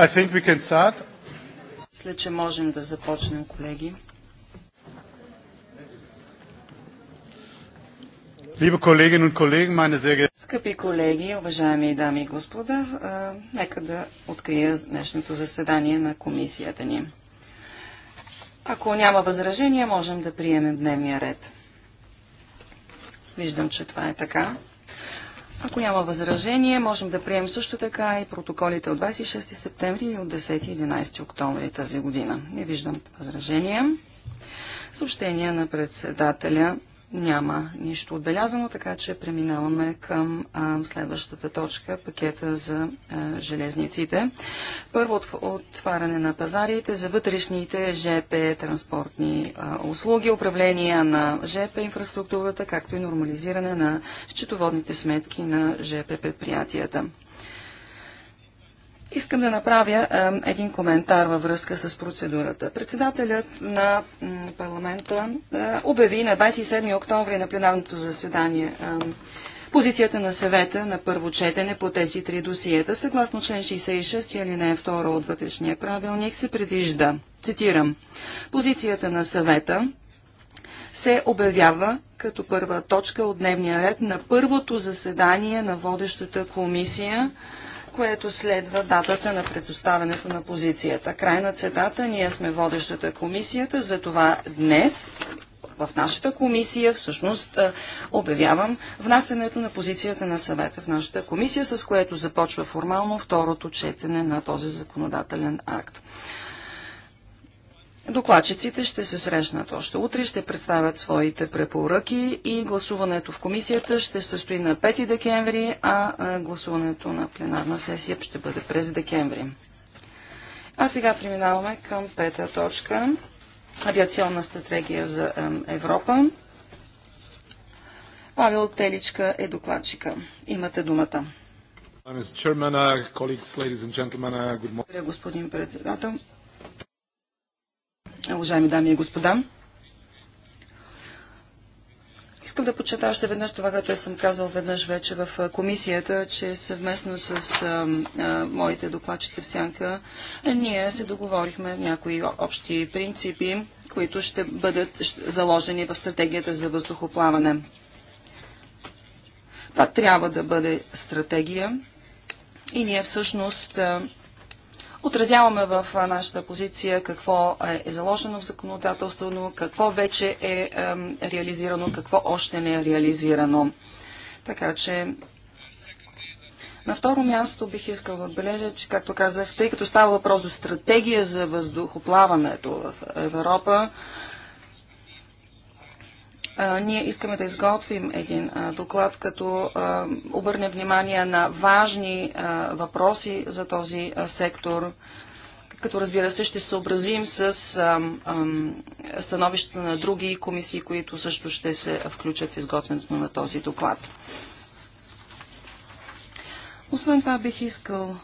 I think we can start. След че можем да започнем, колеги. Liebe Kolleginnen und Kollegen, meine sehr geehrten Скъпи колеги, уважаеми дами и господа, нека да открия днешното заседание на комисията ни. Ако няма възражения, можем да приемем дневния ред. Виждам, че това е така. Ако няма възражение, можем да приемем също така и протоколите от 26 септември и от 10 и 11 октомври тази година. Не виждам възражения. Съобщение на председателя няма нищо отбелязано, така че преминаваме към а, следващата точка, пакета за а, железниците. Първо от, отваряне на пазарите за вътрешните ЖП транспортни а, услуги, управление на ЖП инфраструктурата, както и нормализиране на счетоводните сметки на ЖП предприятията. Искам да направя е, един коментар във връзка с процедурата. Председателят на парламента е, обяви на 27 октомври на пленарното заседание е, позицията на съвета на първо четене по тези три досиета. Съгласно член 66 алинея 2 от вътрешния правилник се предвижда, цитирам, позицията на съвета се обявява като първа точка от дневния ред на първото заседание на водещата комисия което следва датата на предоставянето на позицията. Край на цитата, ние сме водещата комисията, затова днес в нашата комисия всъщност е, обявявам внасянето на позицията на съвета в нашата комисия, с което започва формално второто четене на този законодателен акт. Докладчиците ще се срещнат още утре, ще представят своите препоръки и гласуването в комисията ще се състои на 5 декември, а гласуването на пленарна сесия ще бъде през декември. А сега преминаваме към пета точка авиационна стратегия за Европа. Павел Теличка е докладчика. Имате думата. Uh, uh, Благодаря, господин председател уважаеми дами и господа. Искам да почета още веднъж това, което съм казал веднъж вече в комисията, че съвместно с а, а, моите докладчици в Сянка, ние се договорихме някои общи принципи, които ще бъдат заложени в стратегията за въздухоплаване. Това трябва да бъде стратегия и ние всъщност отразяваме в нашата позиция какво е, е заложено в законодателството, какво вече е реализирано, какво още не е реализирано. Така че на второ място бих искал да отбележа, че, както казах, тъй като става въпрос за стратегия за въздухоплаването в Европа, ние искаме да изготвим един доклад, като обърнем внимание на важни въпроси за този сектор, като разбира се ще съобразим с становищата на други комисии, които също ще се включат в изготвянето на този доклад. Освен това бих искал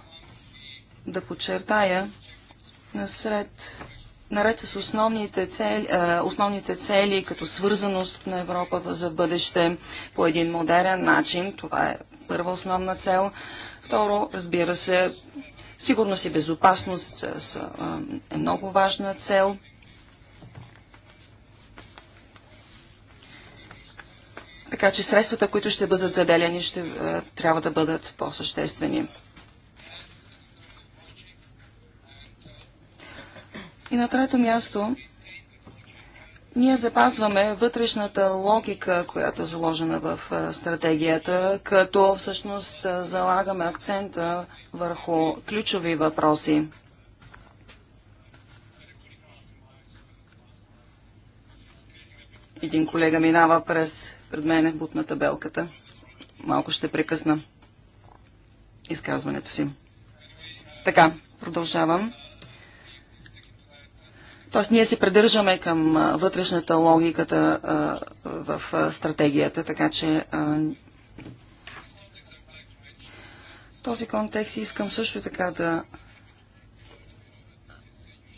да подчертая насред наред с основните цели, е, основните цели като свързаност на Европа за бъдеще по един модерен начин, това е първа основна цел. Второ, разбира се, сигурност и безопасност е, е много важна цел. Така че средствата, които ще бъдат заделени, ще е, трябва да бъдат по-съществени. И на трето място, ние запазваме вътрешната логика, която е заложена в стратегията, като всъщност залагаме акцента върху ключови въпроси. Един колега минава през пред мене бутната белката. Малко ще прекъсна изказването си. Така, продължавам. Тоест, ние се придържаме към вътрешната логиката в стратегията, така че в този контекст искам също така да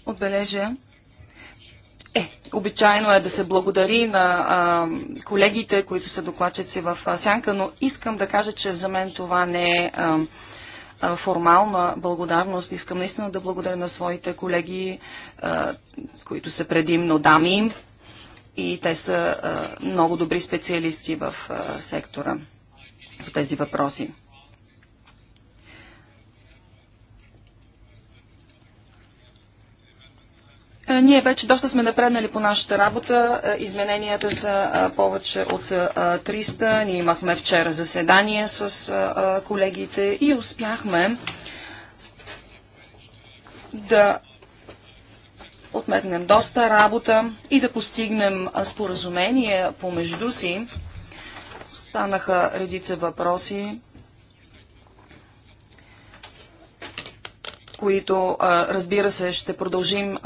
отбележа, е, обичайно е да се благодари на а, колегите, които са докладчици в Сянка, но искам да кажа, че за мен това не е а, формална благодарност. Искам наистина да благодаря на своите колеги, които са предимно дами и те са много добри специалисти в сектора по тези въпроси. Е, ние вече доста сме напреднали по нашата работа. Е, измененията са е, повече от 300. Ние имахме вчера заседание с колегите и успяхме да отметнем доста работа и да постигнем споразумение помежду си. Останаха редица въпроси, които разбира се ще продължим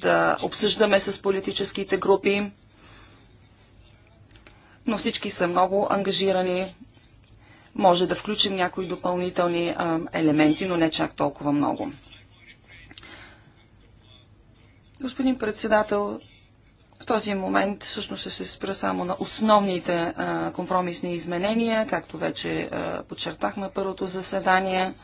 да обсъждаме с политическите групи, но всички са много ангажирани. Може да включим някои допълнителни елементи, но не чак толкова много. Господин председател, в този момент всъщност ще се спра само на основните а, компромисни изменения, както вече а, първото заседание.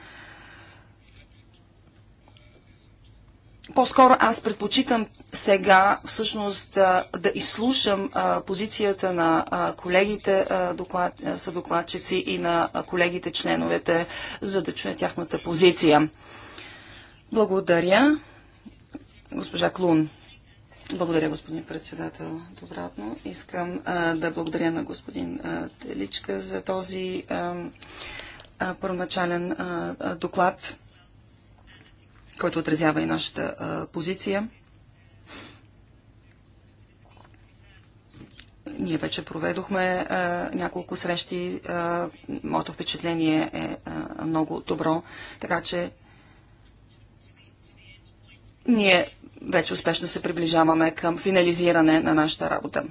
по-скоро аз предпочитам сега всъщност да, изслушам позицията на колегите а, доклад, съдокладчици и на колегите членовете, за да чуя тяхната позиция. Благодаря. Госпожа Клун. Благодаря, господин председател. Добратно. Искам да благодаря на господин Теличка за този първоначален доклад който отразява и нашата а, позиция. Ние вече проведохме а, няколко срещи. А, моето впечатление е а, много добро, така че ние вече успешно се приближаваме към финализиране на нашата работа.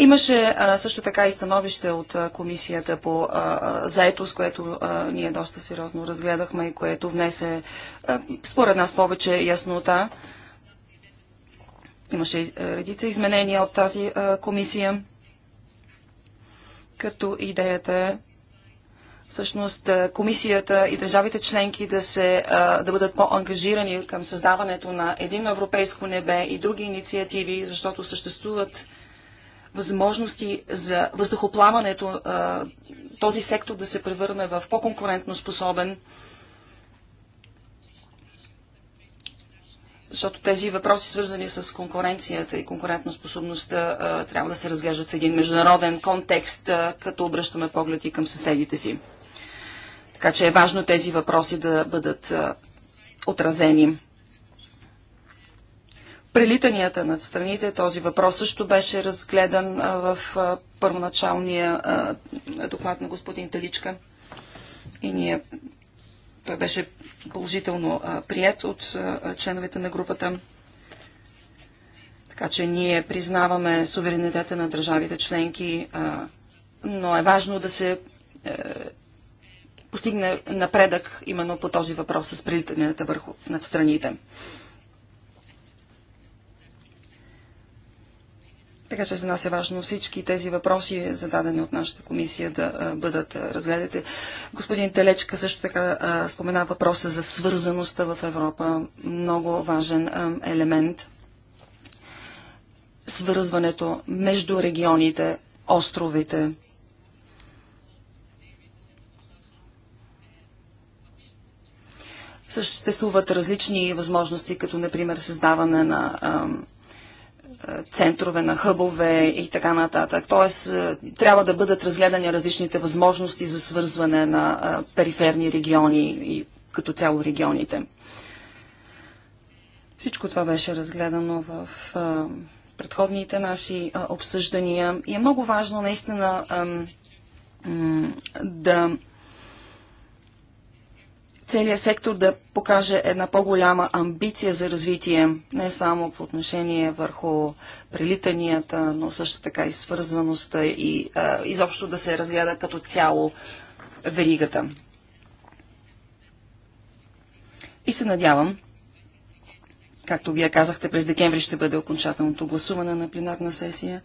Имаше а, също така и становище от а, комисията по а, заетост, което ние доста сериозно разгледахме и което внесе според нас повече яснота. Имаше редица изменения от тази комисия, като идеята е всъщност комисията и държавите членки да, се, да бъдат по-ангажирани към създаването на един европейско небе и други инициативи, защото съществуват възможности за въздухопламането, този сектор да се превърне в по-конкурентно способен, защото тези въпроси, свързани с конкуренцията и конкурентоспособността, трябва да се разглеждат в един международен контекст, като обръщаме поглед и към съседите си. Така че е важно тези въпроси да бъдат отразени прелитанията над страните. Този въпрос също беше разгледан в първоначалния доклад на господин Таличка. И ние той беше положително прият от членовете на групата. Така че ние признаваме суверенитета на държавите членки, но е важно да се е, постигне напредък именно по този въпрос с прилитанията върху над страните. Така че за нас е важно всички тези въпроси, зададени от нашата комисия, да бъдат разгледате. Господин Телечка също така спомена въпроса за свързаността в Европа. Много важен елемент. Свързването между регионите, островите. Съществуват различни възможности, като например създаване на е, центрове, на хъбове и така нататък. Тоест, е, трябва да бъдат разгледани различните възможности за свързване на е, периферни региони и като цяло регионите. Всичко това беше разгледано в предходните наши обсъждания и е много важно наистина да целият сектор да покаже една по-голяма амбиция за развитие, не само по отношение върху прилитанията, но също така и свързаността и а, изобщо да се разгледа като цяло веригата. И се надявам, както вие казахте, през декември ще бъде окончателното гласуване на пленарна сесия.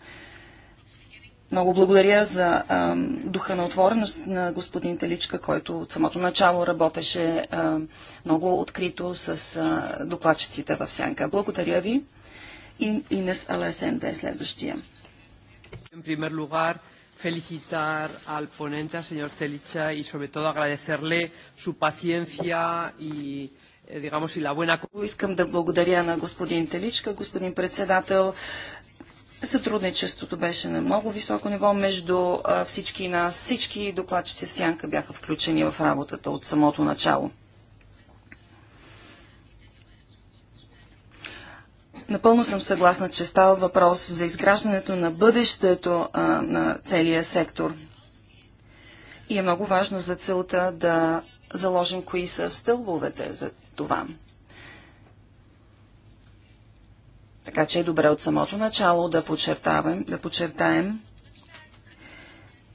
Много благодаря за а, духа на отвореност на господин Теличка, който от самото начало работеше а, много открито с а, докладчиците в Сянка. Благодаря ви. И Инес Алесенде е следващия. En primer lugar, felicitar al ponente, al señor Celicha, y sobre todo agradecerle su paciencia y, eh, digamos, y la buena... Искам да благодаря на господин Теличка, господин председател, Сътрудничеството беше на много високо ниво между всички нас. Всички докладчици в Сянка бяха включени в работата от самото начало. Напълно съм съгласна, че става въпрос за изграждането на бъдещето на целия сектор. И е много важно за целта да заложим кои са стълбовете за това. Така че е добре от самото начало да подчертаем, да подчертаем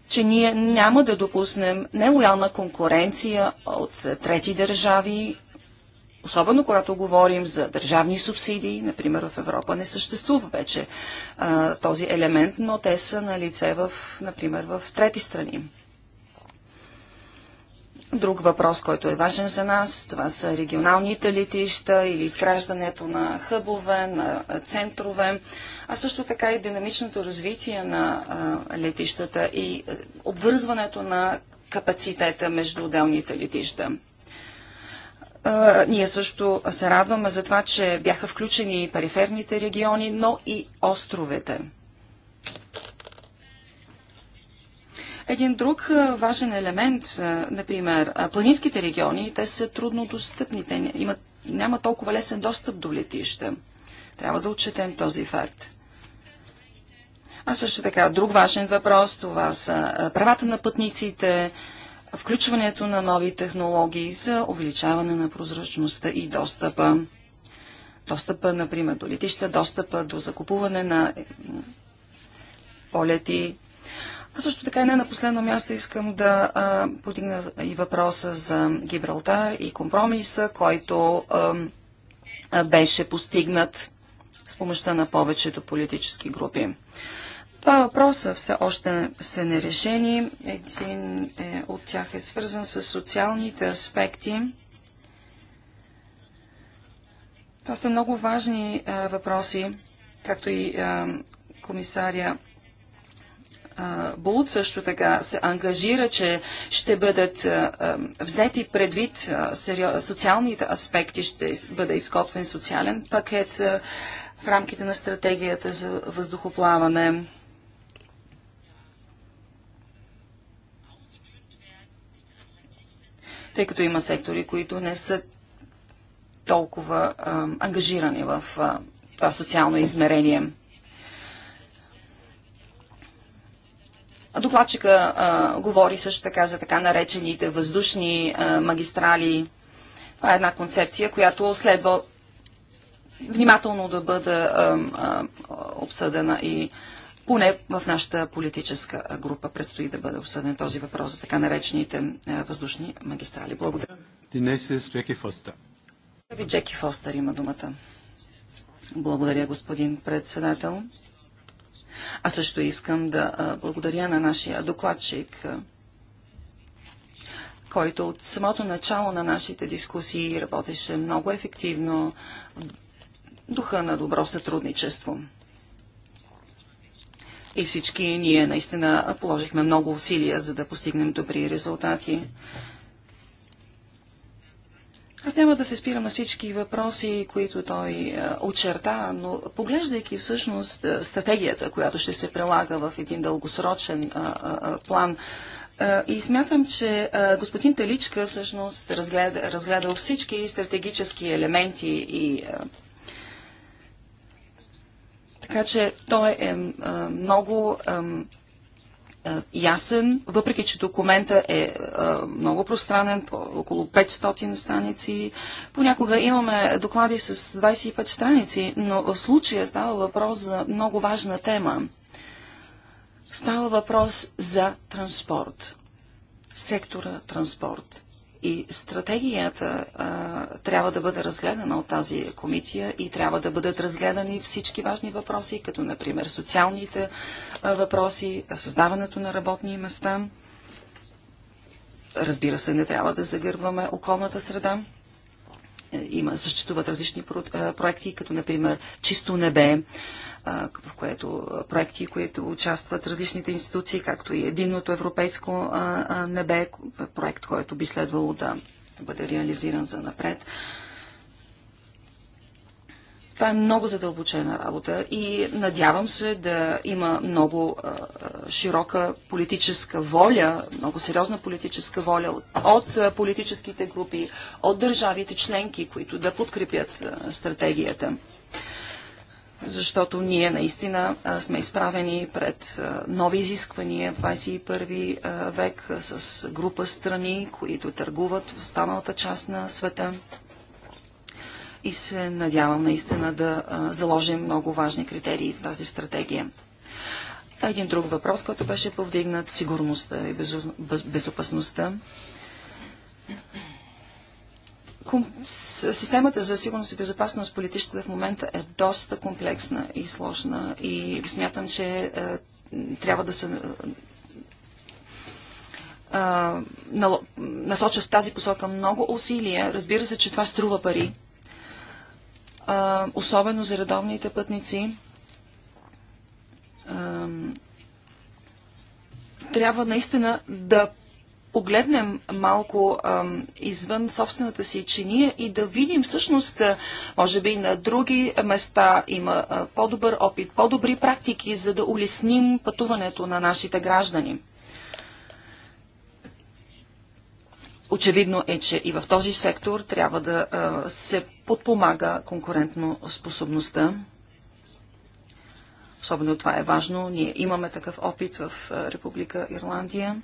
че ние няма да допуснем нелоялна конкуренция от трети държави, особено когато говорим за държавни субсидии, например в Европа не съществува вече а, този елемент, но те са на лице в, например, в трети страни. Друг въпрос, който е важен за нас, това са регионалните летища или изграждането на хъбове, на центрове, а също така и динамичното развитие на летищата и обвързването на капацитета между отделните летища. ние също се радваме за това, че бяха включени и периферните региони, но и островете. Един друг важен елемент, например, планинските региони, те са трудно достъпни, те имат, няма толкова лесен достъп до летища. Трябва да отчетем този факт. А също така, друг важен въпрос, това са правата на пътниците, включването на нови технологии за увеличаване на прозрачността и достъпа. Достъпа, например, до летища, достъпа до закупуване на полети, също така и не на последно място искам да а, подигна и въпроса за Гибралтар и компромиса, който а, а, беше постигнат с помощта на повечето политически групи. Това въпроса все още са нерешени. Един е, от тях е свързан с социалните аспекти. Това са много важни а, въпроси, както и а, комисаря Булт също така се ангажира, че ще бъдат взети предвид социалните аспекти, ще бъде изготвен социален пакет в рамките на стратегията за въздухоплаване. Тъй като има сектори, които не са толкова ангажирани в това социално измерение. Докладчика а, говори също така за така наречените въздушни а, магистрали. Това е една концепция, която следва внимателно да бъде а, а, обсъдена и поне в нашата политическа група предстои да бъде обсъден този въпрос за така наречените а, въздушни магистрали. Благодаря. Днес е Джеки Фостер. Джеки Фостер има думата. Благодаря, господин председател. Аз също искам да благодаря на нашия докладчик, който от самото начало на нашите дискусии работеше много ефективно в духа на добро сътрудничество. И всички ние наистина положихме много усилия, за да постигнем добри резултати. Аз няма да се спирам на всички въпроси, които той е, очерта, но поглеждайки всъщност е, стратегията, която ще се прилага в един дългосрочен е, план, и смятам, че господин Таличка всъщност разгледа, разгледал всички стратегически елементи и така че той е много е, ясен, въпреки че документа е, е много пространен, около 500 страници. Понякога имаме доклади с 25 страници, но в случая става въпрос за много важна тема. Става въпрос за транспорт. Сектора транспорт. И стратегията а, трябва да бъде разгледана от тази комисия и трябва да бъдат разгледани всички важни въпроси, като например социалните а, въпроси, създаването на работни места. Разбира се, не трябва да загърбваме околната среда. Е, има, съществуват различни проекти, като например Чисто небе, в което проекти, които участват различните институции, както и Единното европейско небе, проект, който би следвало да бъде реализиран за напред. Това е много задълбочена работа и надявам се да има много широка политическа воля, много сериозна политическа воля от, политическите групи, от държавите членки, които да подкрепят стратегията защото ние наистина сме изправени пред нови изисквания в 21 век с група страни, които търгуват в останалата част на света. И се надявам наистина да заложим много важни критерии в тази стратегия. Един друг въпрос, който беше повдигнат, сигурността и безопасността. Системата за сигурност и безопасност политическата в момента е доста комплексна и сложна и смятам, че е, трябва да се е, насочат в тази посока много усилия. Разбира се, че това струва пари, е, особено за редовните пътници. Трябва наистина да погледнем малко ам, извън собствената си чиния и да видим всъщност, може би на други места има по-добър опит, по-добри практики, за да улесним пътуването на нашите граждани. Очевидно е, че и в този сектор трябва да а, се подпомага конкурентно способността. Особено това е важно. Ние имаме такъв опит в Република Ирландия.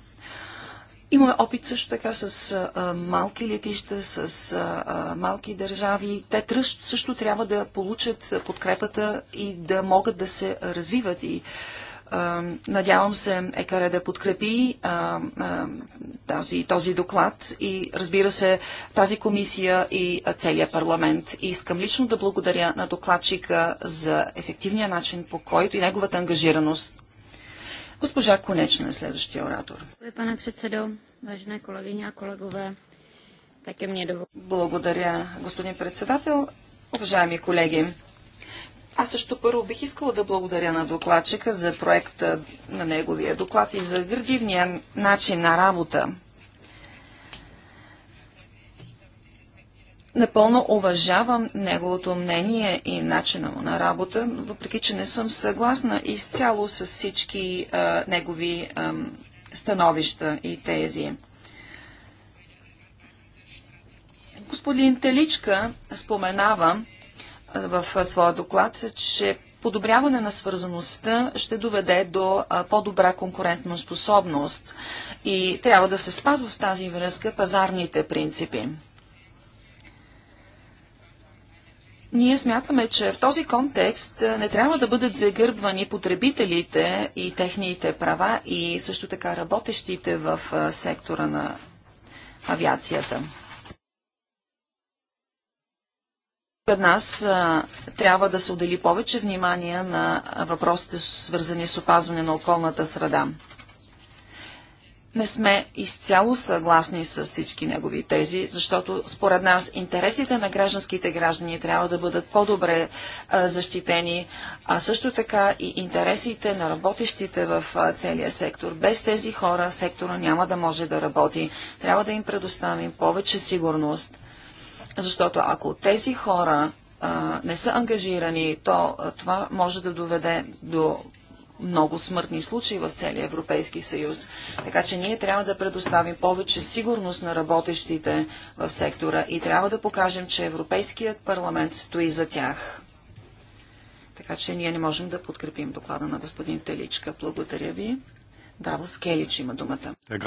Имаме опит също така с а, малки летища, с а, малки държави. Те тръщ, също трябва да получат подкрепата и да могат да се развиват. И, а, надявам се ЕКАРЕ да подкрепи а, а, тази, този доклад и разбира се тази комисия и целият парламент. И искам лично да благодаря на докладчика за ефективния начин по който и неговата ангажираност Госпожа Конечна е следващия оратор. Пане председо, важна колегиня, колегове, така ми е Благодаря, господин председател. Уважаеми колеги, аз също първо бих искала да благодаря на докладчика за проекта на неговия доклад и за градивния начин на работа. Напълно уважавам неговото мнение и начина му на работа, въпреки че не съм съгласна изцяло с всички а, негови а, становища и тези. Господин Теличка споменава в своя доклад, че подобряване на свързаността ще доведе до по-добра конкурентна способност и трябва да се спазва в тази връзка пазарните принципи. Ние смятаме, че в този контекст е, не трябва да бъдат загърбвани потребителите и техните права и също така работещите в е, сектора на авиацията. Пред нас а, е, трябва да се отдели повече внимание на въпросите, свързани с опазване на околната среда не сме изцяло съгласни с всички негови тези, защото според нас интересите на гражданските граждани трябва да бъдат по-добре защитени, а също така и интересите на работещите в целия сектор. Без тези хора сектора няма да може да работи. Трябва да им предоставим повече сигурност, защото ако тези хора не са ангажирани, то това може да доведе до много смъртни случаи в целия Европейски съюз. Така че ние трябва да предоставим повече сигурност на работещите в сектора и трябва да покажем, че Европейският парламент стои за тях. Така че ние не можем да подкрепим доклада на господин Теличка. Благодаря ви. Давос Келич има думата. Е,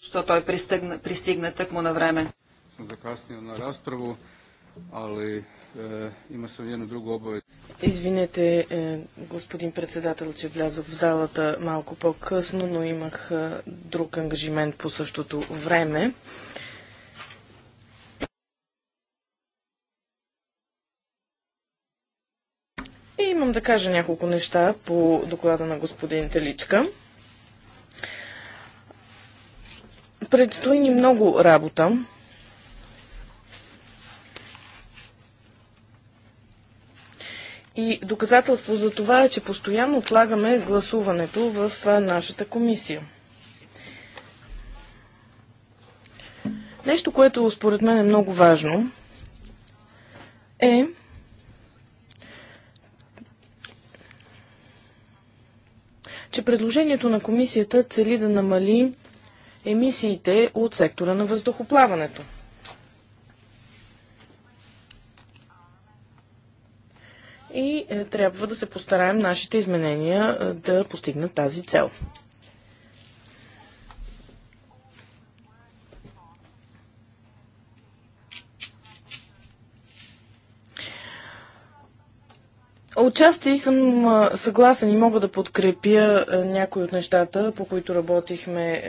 Що той пристигна, пристигна тъкмо на време. Съм на е, има съм едно друго обове. Извинете, е, господин председател, че влязох в залата малко по-късно, но имах е, друг ангажимент по същото време. И имам да кажа няколко неща по доклада на господин Теличка. Предстои ни много работа И доказателство за това е, че постоянно отлагаме гласуването в нашата комисия. Нещо, което според мен е много важно, е че предложението на комисията цели да намали емисиите от сектора на въздухоплаването – и е, трябва да се постараем нашите изменения е, да постигнат тази цел. Отчасти съм е, съгласен и мога да подкрепя някои от нещата, по които работихме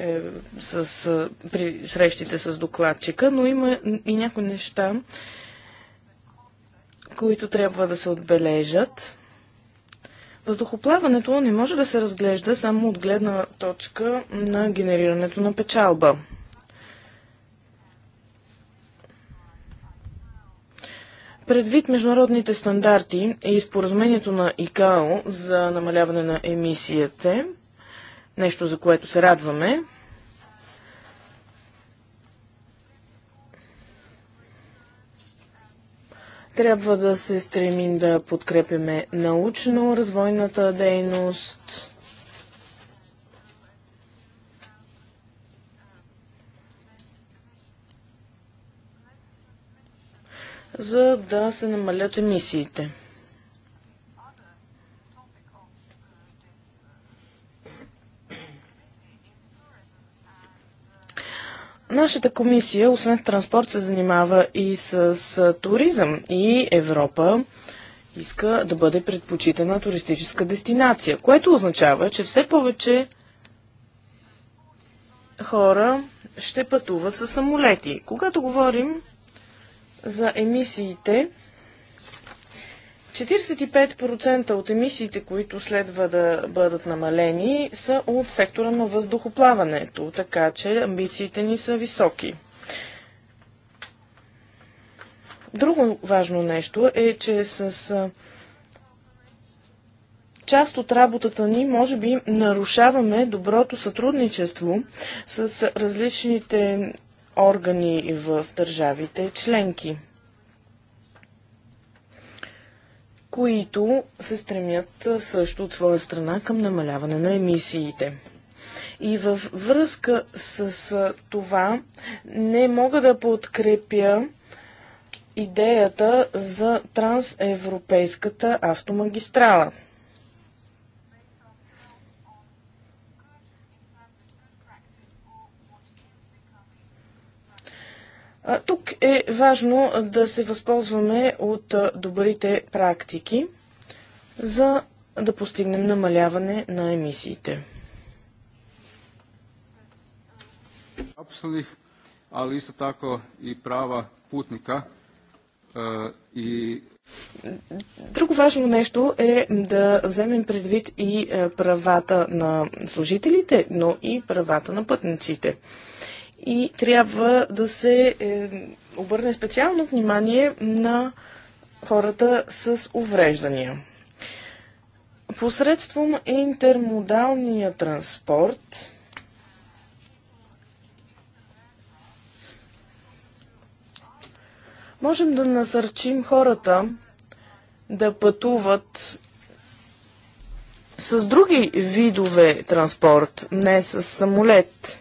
с, при срещите с докладчика, но има и някои неща, които трябва да се отбележат. Въздухоплаването не може да се разглежда само от гледна точка на генерирането на печалба. Предвид международните стандарти и споразумението на ИКАО за намаляване на емисиите, нещо за което се радваме, Трябва да се стремим да подкрепяме научно-развойната дейност, за да се намалят емисиите. Нашата комисия, освен с транспорт, се занимава и с, с туризъм. И Европа иска да бъде предпочитана туристическа дестинация, което означава, че все повече хора ще пътуват с самолети. Когато говорим за емисиите, 45% от емисиите, които следва да бъдат намалени, са от сектора на въздухоплаването, така че амбициите ни са високи. Друго важно нещо е, че с част от работата ни, може би, нарушаваме доброто сътрудничество с различните органи в държавите членки. които се стремят също от своя страна към намаляване на емисиите. И във връзка с това не мога да подкрепя идеята за трансевропейската автомагистрала. Тук е важно да се възползваме от добрите практики, за да постигнем намаляване на емисиите. zaposlenih, ali isto tako i prava putnika и Друго важно нещо е да вземем предвид и правата на служителите, но и правата на пътниците и трябва да се е, обърне специално внимание на хората с увреждания. Посредством интермодалния транспорт можем да насърчим хората да пътуват с други видове транспорт, не с самолет.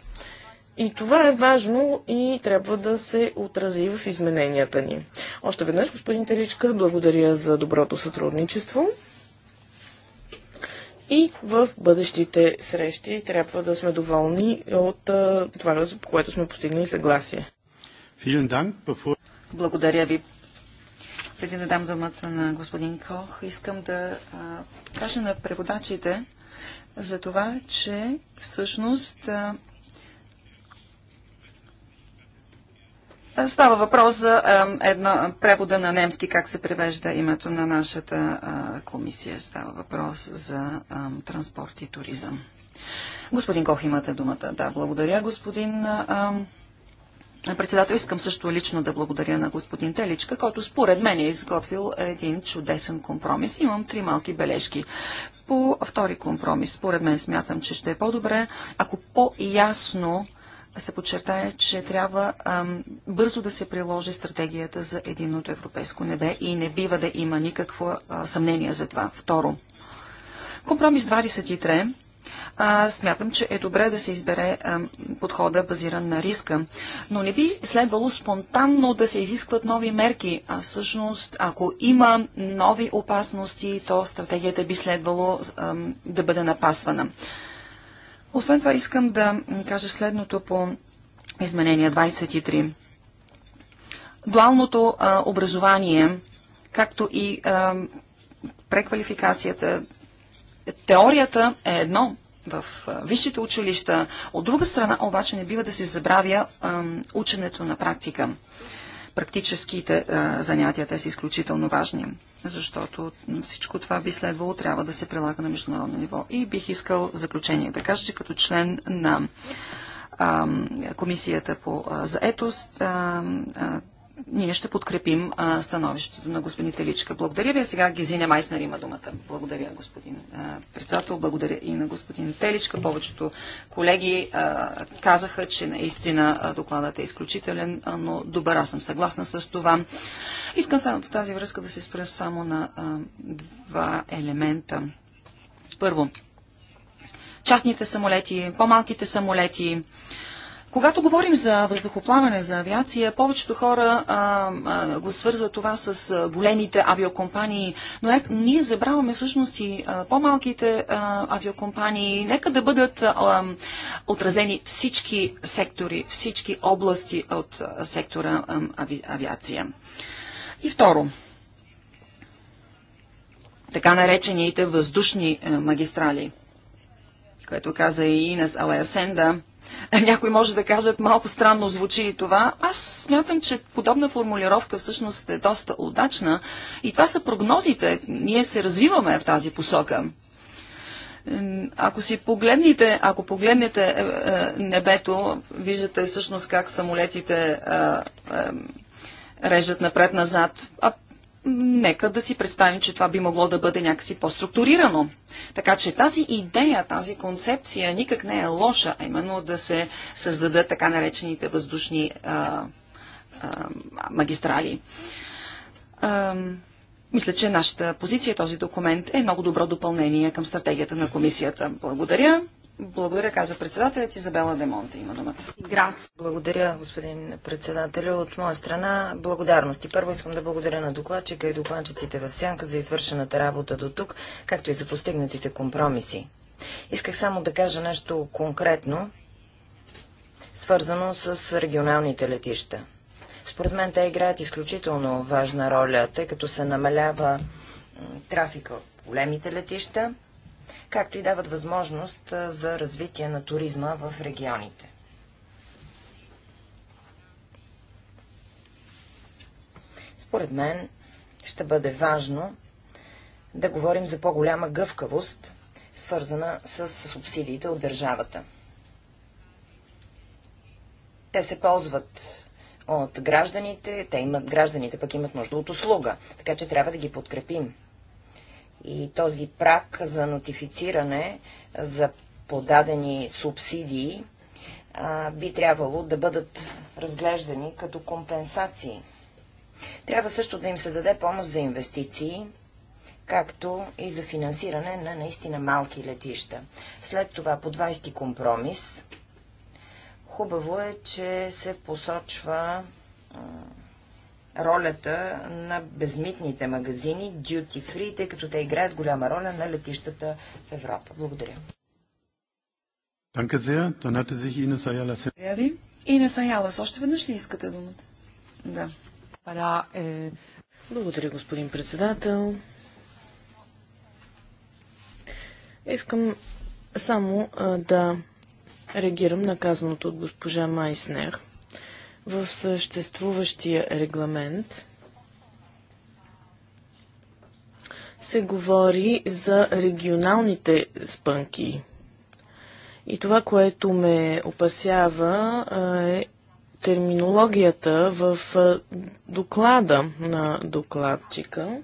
И това е важно и трябва да се отрази в измененията ни. Още веднъж, господин Теричка, благодаря за доброто сътрудничество. И в бъдещите срещи трябва да сме доволни от това, по което сме постигнали съгласие. Благодаря ви. Преди да дам думата на господин Кох, искам да кажа на преводачите за това, че всъщност Става въпрос за едно превода на немски, как се превежда името на нашата комисия. Става въпрос за транспорт и туризъм. Господин Кох, имате думата. Да, благодаря, господин председател. Искам също лично да благодаря на господин Теличка, който според мен е изготвил един чудесен компромис. Имам три малки бележки по втори компромис. Според мен смятам, че ще е по-добре, ако по-ясно се подчертая, че трябва ам, бързо да се приложи стратегията за единното европейско небе и не бива да има никакво а, съмнение за това. Второ, компромис 23 а, смятам, че е добре да се избере а, подхода базиран на риска. Но не би следвало спонтанно да се изискват нови мерки. А всъщност, ако има нови опасности, то стратегията би следвало а, да бъде напасвана. Освен това искам да кажа следното по изменение 23. Дуалното а, образование, както и а, преквалификацията, теорията е едно в а, висшите училища. От друга страна, обаче, не бива да се забравя а, ученето на практика практическите а, е, занятия, те са изключително важни, защото всичко това би следвало трябва да се прилага на международно ниво. И бих искал в заключение да кажа, че като член на а, Комисията по заетост, ние ще подкрепим а, становището на господин Теличка. Благодаря ви. Сега Гизиня Майснер има думата. Благодаря, господин а, председател. Благодаря и на господин Теличка. Повечето колеги а, казаха, че наистина докладът е изключителен, но добър. Аз съм съгласна с това. Искам само в тази връзка да се спра само на два елемента. Първо, частните самолети, по-малките самолети, когато говорим за въздухоплаване, за авиация, повечето хора а, а, го свързват това с големите авиокомпании, но е, ние забравяме всъщност и по-малките авиокомпании. Нека да бъдат а, отразени всички сектори, всички области от сектора а, ави, авиация. И второ, така наречените въздушни магистрали, което каза и Инес Алеасенда, Сенда, Някой може да кажат, малко странно звучи и това. Аз смятам, че подобна формулировка всъщност е доста удачна и това са прогнозите. Ние се развиваме в тази посока. Ако си погледнете, ако погледнете е, е, небето, виждате всъщност как самолетите е, режат напред-назад. А нека да си представим, че това би могло да бъде някакси по-структурирано. Така че тази идея, тази концепция никак не е лоша, а именно да се създадат така наречените въздушни а, а, магистрали. А, мисля, че нашата позиция, този документ е много добро допълнение към стратегията на комисията. Благодаря. Благодаря, каза председателят Изабела Демонта има думата. Грац. Благодаря, господин председател. От моя страна благодарности. Първо искам да благодаря на докладчика и докладчиците в Сянка за извършената работа до тук, както и за постигнатите компромиси. Исках само да кажа нещо конкретно, свързано с регионалните летища. Според мен те играят изключително важна роля, тъй като се намалява трафика от големите летища, както и дават възможност за развитие на туризма в регионите. Според мен ще бъде важно да говорим за по-голяма гъвкавост, свързана с субсидиите от държавата. Те се ползват от гражданите, те имат, гражданите пък имат нужда от услуга, така че трябва да ги подкрепим. И този прак за нотифициране за подадени субсидии а, би трябвало да бъдат разглеждани като компенсации. Трябва също да им се даде помощ за инвестиции, както и за финансиране на наистина малки летища. След това по 20 компромис. Хубаво е, че се посочва ролята на безмитните магазини Duty Free, тъй като те играят голяма роля на летищата в Европа. Благодаря. Благодаря ви. още веднъж ли искате думата? Да. Е, Благодаря, господин председател. Искам само а, да реагирам на казаното от госпожа Майснер в съществуващия регламент се говори за регионалните спънки. И това, което ме опасява, е терминологията в доклада на докладчика.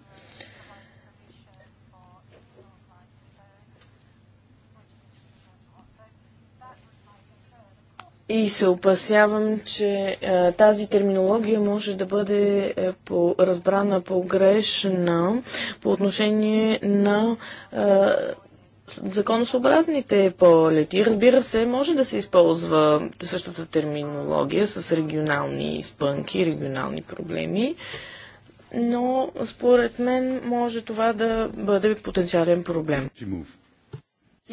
И се опасявам, че а, е, тази терминология може да бъде е, по, разбрана погрешна по отношение на е, законосъобразните полети. Разбира се, може да се използва същата терминология с регионални спънки, регионални проблеми, но според мен може това да бъде потенциален проблем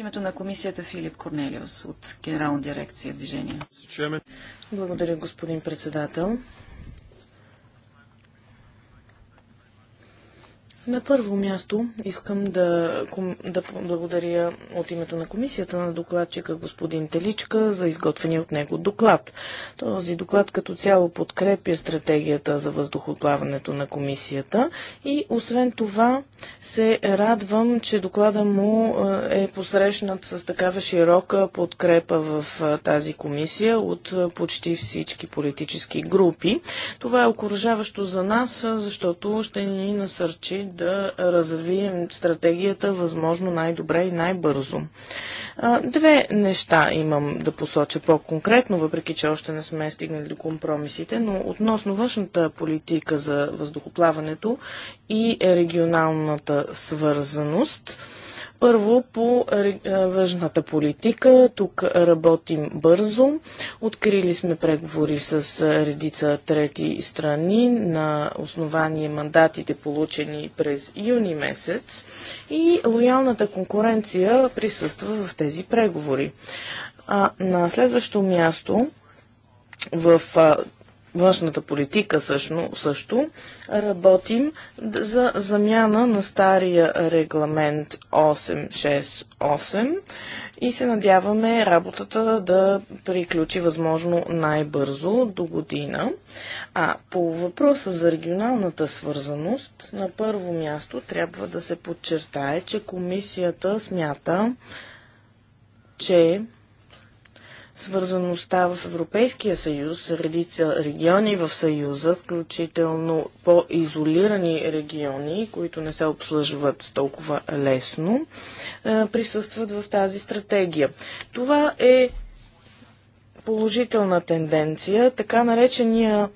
името на комисията Филип Корнелиус от Генерална дирекция Движение. Благодаря, господин председател. На първо място искам да, да благодаря от името на комисията на докладчика господин Теличка за изготвения от него доклад. Този доклад като цяло подкрепя стратегията за въздухоплаването на комисията и освен това се радвам, че доклада му е, е посрещнат с такава широка подкрепа в е, тази комисия от е, почти всички политически групи. Това е окоръжаващо за нас, защото ще ни насърчи да развием стратегията възможно най-добре и най-бързо. Две неща имам да посоча по-конкретно, въпреки че още не сме стигнали до компромисите, но относно външната политика за въздухоплаването и регионалната свързаност. Първо по външната политика. Тук работим бързо. Открили сме преговори с редица трети страни на основание мандатите получени през юни месец и лоялната конкуренция присъства в тези преговори. А на следващо място в външната политика също, също работим за замяна на стария регламент 868 и се надяваме работата да приключи възможно най-бързо до година. А по въпроса за регионалната свързаност, на първо място трябва да се подчертае, че комисията смята, че свързаността в Европейския съюз, редица региони в съюза, включително по-изолирани региони, които не се обслужват толкова лесно, е, присъстват в тази стратегия. Това е положителна тенденция. Така наречения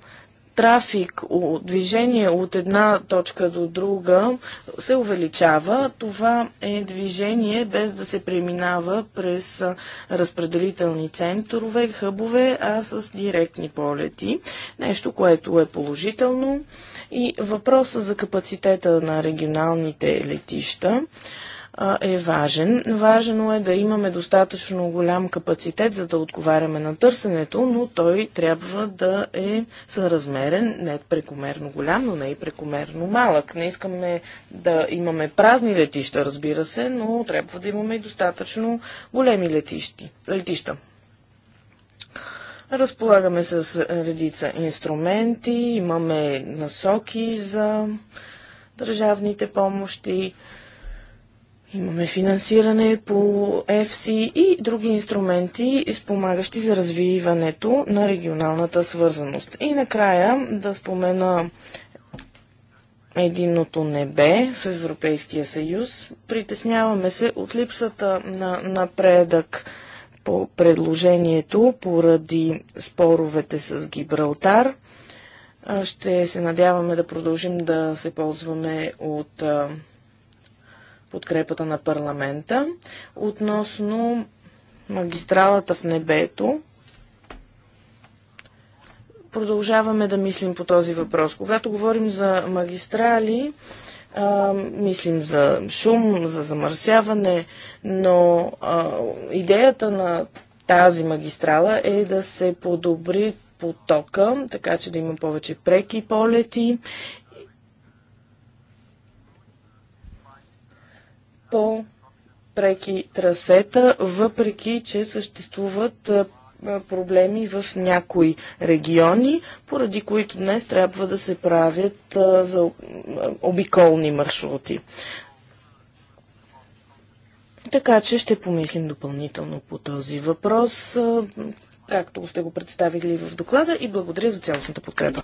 трафик, движение от една точка до друга се увеличава. Това е движение без да се преминава през разпределителни центрове, хъбове, а с директни полети. Нещо, което е положително. И въпроса за капацитета на регионалните летища е важен. Важно е да имаме достатъчно голям капацитет, за да отговаряме на търсенето, но той трябва да е съразмерен, не прекомерно голям, но не и прекомерно малък. Не искаме да имаме празни летища, разбира се, но трябва да имаме и достатъчно големи летищи, летища. Разполагаме с редица инструменти, имаме насоки за държавните помощи. Имаме финансиране по EFSI и други инструменти, спомагащи за развиването на регионалната свързаност. И накрая да спомена единното небе в Европейския съюз. Притесняваме се от липсата на напредък по предложението поради споровете с Гибралтар. Ще се надяваме да продължим да се ползваме от подкрепата на парламента относно магистралата в небето. Продължаваме да мислим по този въпрос. Когато говорим за магистрали, а, мислим за шум, за замърсяване, но а, идеята на тази магистрала е да се подобри потока, така че да има повече преки полети по-преки трасета, въпреки че съществуват проблеми в някои региони, поради които днес трябва да се правят за обиколни маршрути. Така че ще помислим допълнително по този въпрос, както сте го представили в доклада и благодаря за цялостната подкрепа.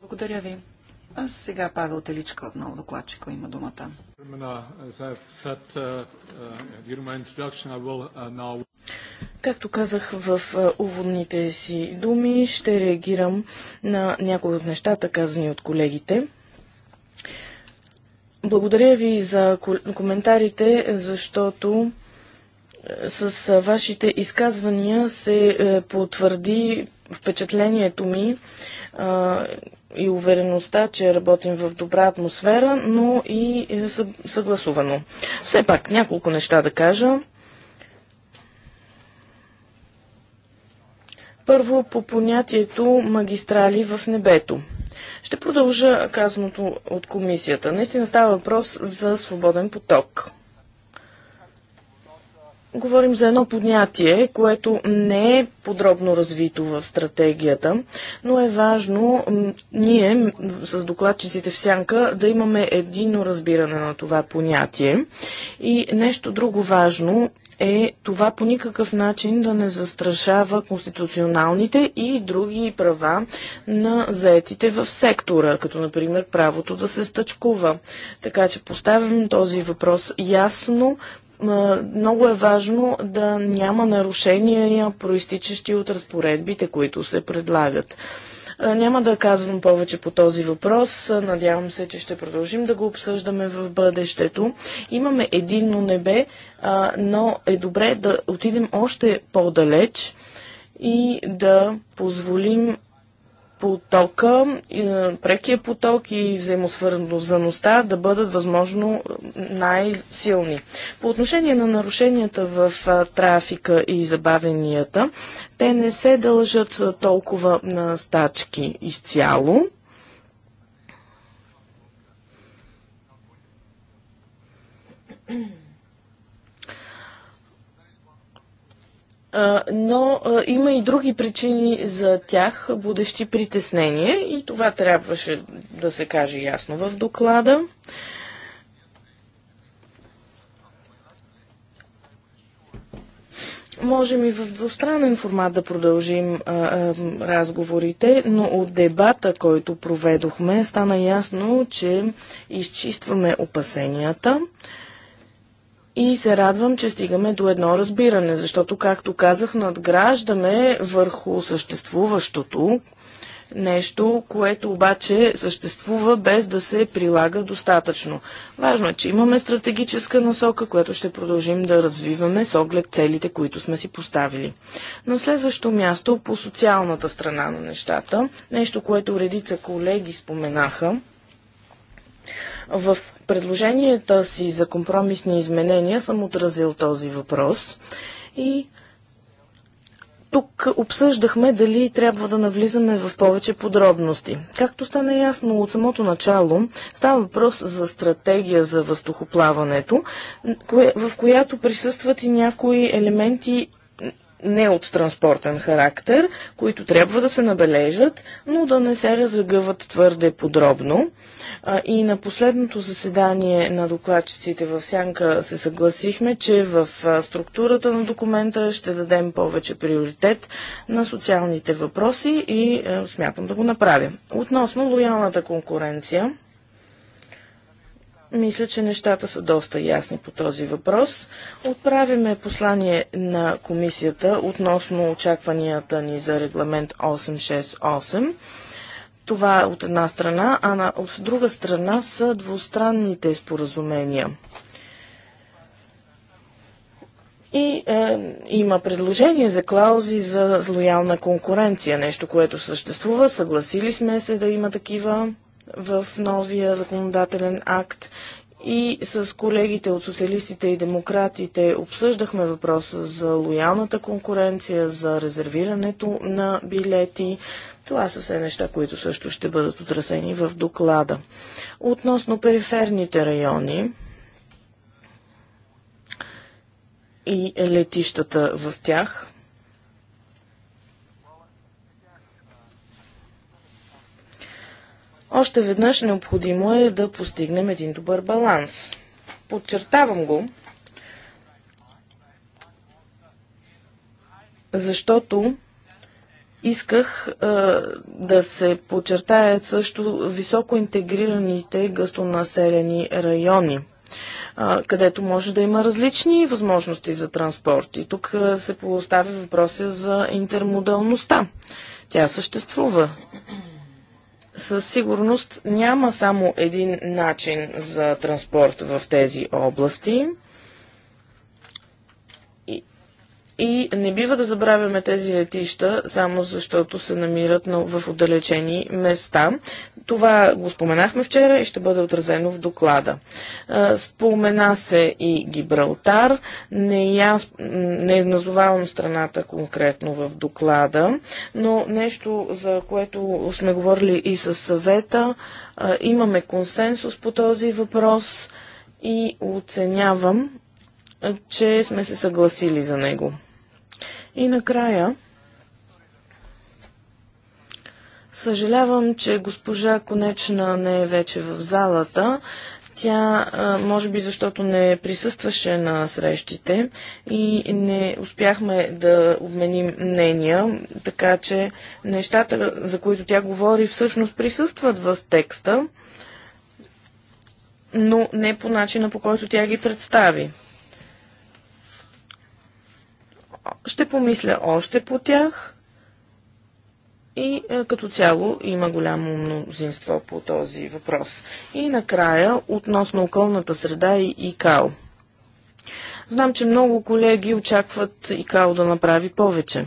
Благодаря ви. А сега Павел Теличка отново докладчика има думата. Както казах в уводните си думи, ще реагирам на някои от нещата, казани от колегите. Благодаря ви за коментарите, защото с вашите изказвания се потвърди впечатлението ми и увереността, че работим в добра атмосфера, но и е, съгласувано. Все пак няколко неща да кажа. Първо по понятието магистрали в небето. Ще продължа казаното от комисията. Наистина става въпрос за свободен поток. Говорим за едно понятие, което не е подробно развито в стратегията, но е важно ние с докладчиците в сянка да имаме едино разбиране на това понятие. И нещо друго важно е това по никакъв начин да не застрашава конституционалните и други права на заетите в сектора, като например правото да се стъчкува. Така че поставям този въпрос ясно, много е важно да няма нарушения, проистичащи от разпоредбите, които се предлагат. Няма да казвам повече по този въпрос. Надявам се, че ще продължим да го обсъждаме в бъдещето. Имаме единно небе, но е добре да отидем още по-далеч и да позволим потока, е, прекия поток и взаимосвързаността да бъдат възможно най-силни. По отношение на нарушенията в е, трафика и забавенията, те не се дължат е, толкова на стачки изцяло, Mm-hmm. но има и други причини за тях, будещи притеснение и това трябваше да се каже ясно в доклада. можем и в двустранен формат да продължим а, а, разговорите, но от дебата, който проведохме, стана ясно, че изчистваме опасенията. А, и се радвам, че стигаме до едно разбиране, защото, както казах, надграждаме върху съществуващото нещо, което обаче съществува без да се прилага достатъчно. Важно е, че имаме стратегическа насока, която ще продължим да развиваме с оглед целите, които сме си поставили. На следващо място по социалната страна на нещата, нещо, което редица колеги споменаха, в предложенията си за компромисни изменения съм отразил този въпрос и тук обсъждахме дали трябва да навлизаме в повече подробности. Както стана ясно от самото начало, става въпрос за стратегия за въздухоплаването, в която присъстват и някои елементи не от транспортен характер, които трябва да се набележат, но да не се разъгъват твърде подробно. И на последното заседание на докладчиците в Сянка се съгласихме, че в структурата на документа ще дадем повече приоритет на социалните въпроси и смятам да го направим. Относно лоялната конкуренция, мисля, че нещата са доста ясни по този въпрос. Отправиме послание на комисията относно очакванията ни за регламент 868. Това е от една страна, а на, от друга страна са двустранните споразумения. И е, има предложение за клаузи за злоялна конкуренция, нещо, което съществува. Съгласили сме се да има такива в новия законодателен акт и с колегите от социалистите и демократите обсъждахме въпроса за лоялната конкуренция, за резервирането на билети. Това са все неща, които също ще бъдат отразени в доклада. Относно периферните райони и летищата в тях – Още веднъж необходимо е да постигнем един добър баланс. Подчертавам го, защото исках а, да се подчертаят също високо интегрираните гъстонаселени райони, а, където може да има различни възможности за транспорт. И тук се поставя въпроса за интермодалността. Тя съществува със сигурност няма само един начин за транспорт в тези области. И, и не бива да забравяме тези летища, само защото се намират в отдалечени места. Това го споменахме вчера и ще бъде отразено в доклада. Спомена се и Гибралтар. Не, я, не назовавам страната конкретно в доклада, но нещо, за което сме говорили и с съвета, имаме консенсус по този въпрос и оценявам, че сме се съгласили за него. И накрая, Съжалявам, че госпожа Конечна не е вече в залата. Тя, може би защото не присъстваше на срещите и не успяхме да обменим мнения, така че нещата, за които тя говори, всъщност присъстват в текста, но не по начина, по който тя ги представи. Ще помисля още по тях и е, като цяло има голямо мнозинство по този въпрос. И накрая, относно околната среда и ИКАО. Знам, че много колеги очакват ИКАО да направи повече.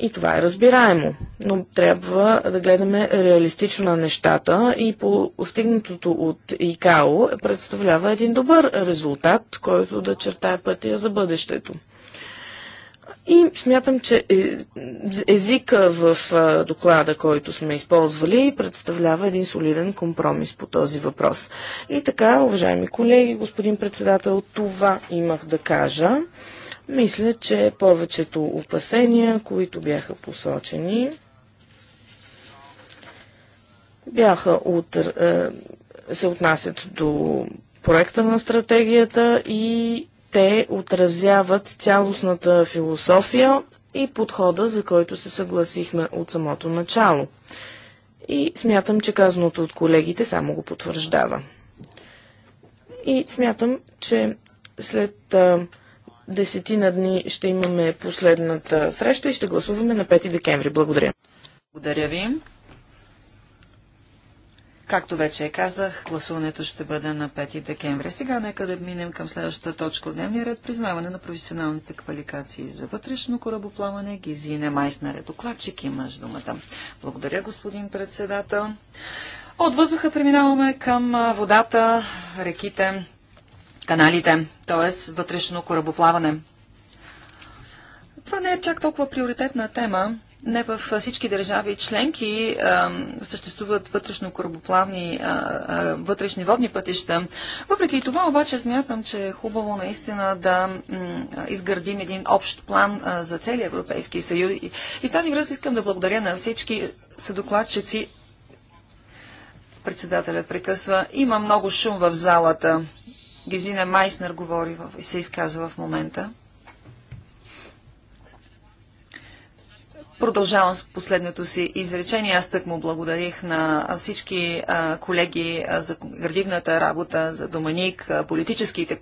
И това е разбираемо, но трябва да гледаме реалистично на нещата и по постигнатото от ИКАО представлява един добър резултат, който да чертае пътя за бъдещето. И смятам, че е, езика в доклада, който сме използвали, представлява един солиден компромис по този въпрос. И така, уважаеми колеги, господин председател, това имах да кажа. Мисля, че повечето опасения, които бяха посочени, бяха от, е, се отнасят до проекта на стратегията и те отразяват цялостната философия и подхода, за който се съгласихме от самото начало. И смятам, че казаното от колегите само го потвърждава. И смятам, че след а, десетина дни ще имаме последната среща и ще гласуваме на 5 декември. Благодаря. Благодаря ви. Както вече казах, гласуването ще бъде на 5 декември. Сега нека да минем към следващата точка от дневния ред. Признаване на професионалните квалификации за вътрешно корабоплаване, Гизине Майснер е докладчик. Имаш думата. Благодаря, господин председател. От въздуха преминаваме към водата, реките, каналите, т.е. вътрешно корабоплаване. Това не е чак толкова приоритетна тема, не във всички държави членки съществуват вътрешно корабоплавни, вътрешни водни пътища. Въпреки това обаче смятам, че е хубаво наистина да изградим един общ план за целия Европейски съюз. И, и в тази връзка искам да благодаря на всички съдокладчици. Председателят прекъсва. Има много шум в залата. Гезина Майснер говори, се изказва в момента. Продължавам с последното си изречение. Аз тък му благодарих на всички колеги за градивната работа, за Доманик, политическите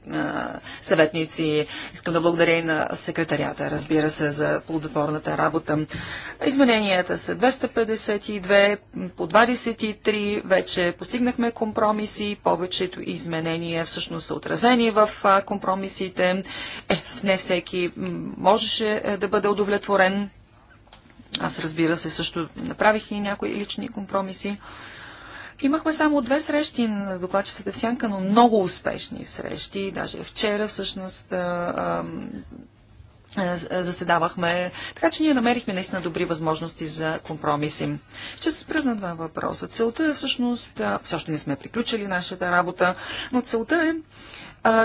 съветници. Искам да благодаря и на секретарията, разбира се, за плодотворната работа. Измененията са 252, по 23 вече постигнахме компромиси. Повечето изменения всъщност са отразени в компромисите. Е, не всеки можеше е, да бъде удовлетворен аз разбира се също направих и някои лични компромиси. Имахме само две срещи на докладчицата в Сянка, но много успешни срещи. Даже вчера всъщност заседавахме. Така че ние намерихме наистина добри възможности за компромиси. Ще се спра на два въпроса. Целта е всъщност, още не сме приключили нашата работа, но целта е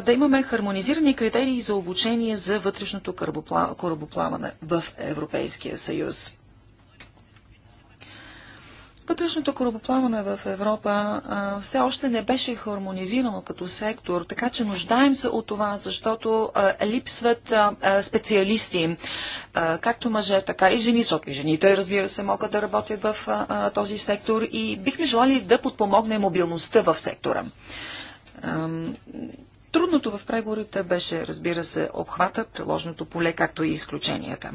да имаме хармонизирани критерии за обучение за вътрешното корабоплаване в Европейския съюз. Вътрешното корабоплаване в Европа а, все още не беше хармонизирано като сектор, така че нуждаем се от това, защото а, липсват а, специалисти, както мъже, така и жени, защото и жените, разбира се, могат да работят в този сектор и бихме желали да подпомогне мобилността в сектора. Трудното в преговорите беше, разбира се, обхвата, приложното поле, както и изключенията.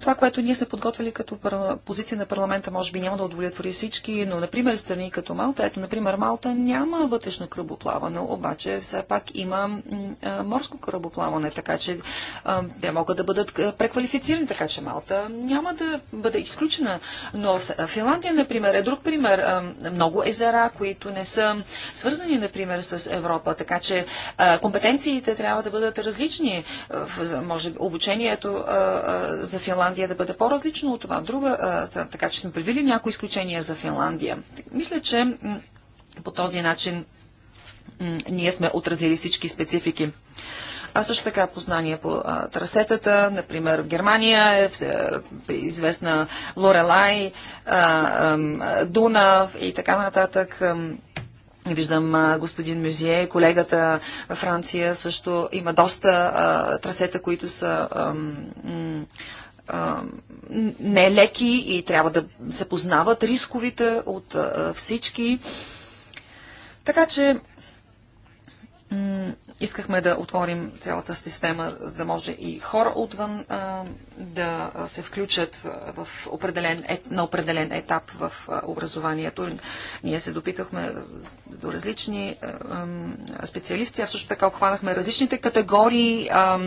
Това, което ние сме подготвили като позиция на парламента, може би няма да удовлетвори всички, но, например, страни като Малта, ето, например, Малта няма вътрешно кръбоплаване, обаче все пак има морско кръбоплаване, така че те могат да бъдат преквалифицирани, така че Малта няма да бъде изключена. Но Финландия, например, е друг пример. много езера, които не са свързани, например, с Европа, така че компетенциите трябва да бъдат различни. може би обучението за Финландия Финландия да бъде по-различно от това друга страна, така че сме предвидили някои изключения за Финландия. Мисля, че по този начин ние сме отразили всички специфики. А също така познания по а, трасетата, например в Германия е, е известна Лорелай, Дунав и така нататък. Виждам господин Мюзие, колегата във Франция също има доста а, трасета, които са а, нелеки и трябва да се познават рисковите от а, всички. Така че искахме да отворим цялата система, за да може и хора отвън а, да се включат в определен, на определен етап в а, образованието. Ние се допитахме до различни а, специалисти, а също така обхванахме различните категории. А,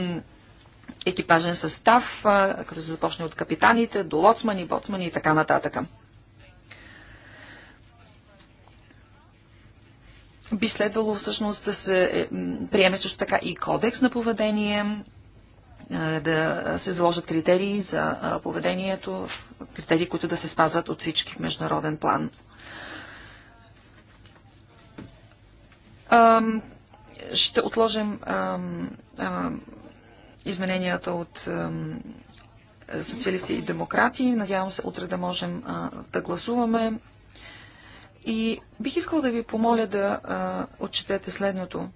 екипажен състав, като се започне от капитаните до лоцмани, боцмани и така нататък. Би следвало всъщност да се е, приеме също така и кодекс на поведение, да се заложат критерии за поведението, критерии, които да се спазват от всички в международен план. Ще отложим измененията от социалисти и демократи. Надявам се утре да можем да гласуваме. И бих искала да ви помоля да отчетете следното.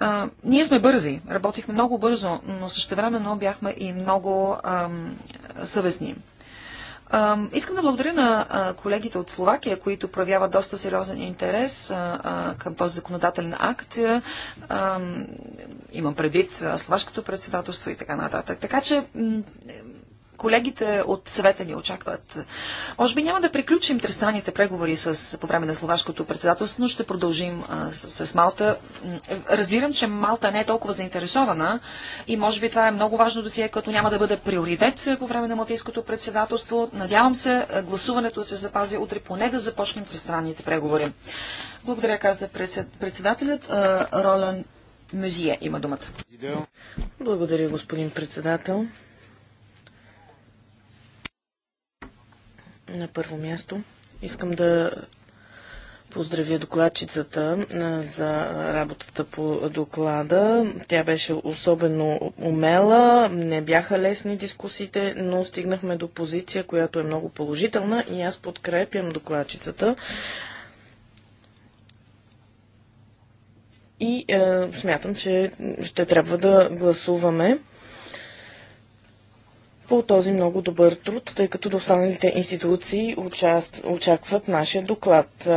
А, ние сме бързи, работихме много бързо, но същевременно бяхме и много ам, съвестни. Искам да благодаря на колегите от Словакия, които проявяват доста сериозен интерес към този законодателен акт. Имам предвид словашкото председателство и така нататък. Така че колегите от съвета ни очакват. Може би няма да приключим тристранните преговори с, по време на словашкото председателство, но ще продължим а, с, с Малта. Разбирам, че Малта не е толкова заинтересована и може би това е много важно досие, като няма да бъде приоритет по време на малтийското председателство. Надявам се гласуването се запази утре, поне да започнем тристранните преговори. Благодаря, каза председателят. Ролан Мюзие има думата. Благодаря, господин председател. На първо място искам да поздравя докладчицата за работата по доклада. Тя беше особено умела, не бяха лесни дискусиите, но стигнахме до позиция, която е много положителна и аз подкрепям докладчицата. И е, смятам, че ще трябва да гласуваме по този много добър труд, тъй като до останалите институции участ... очакват нашия доклад.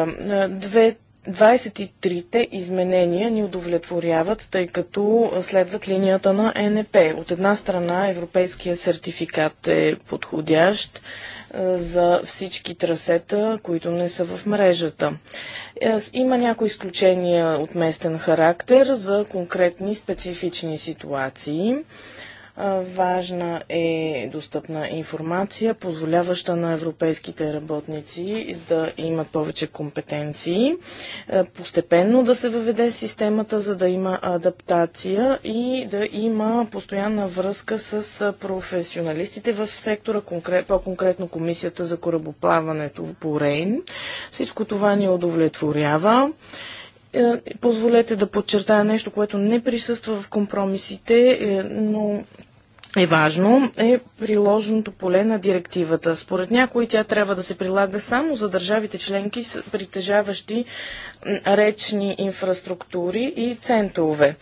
Две 23-те изменения ни удовлетворяват, тъй като следват линията на НП. От една страна европейския сертификат е подходящ за всички трасета, които не са в мрежата. Е, има някои изключения от местен характер за конкретни специфични ситуации. Важна е достъпна информация, позволяваща на европейските работници да имат повече компетенции, постепенно да се въведе системата, за да има адаптация и да има постоянна връзка с професионалистите в сектора, по-конкретно Комисията за корабоплаването по Рейн. Всичко това ни удовлетворява е, позволете да подчертая нещо, което не присъства в компромисите, е, но е важно, е приложеното поле на директивата. Според някои тя трябва да се прилага само за държавите членки, притежаващи речни инфраструктури и центрове.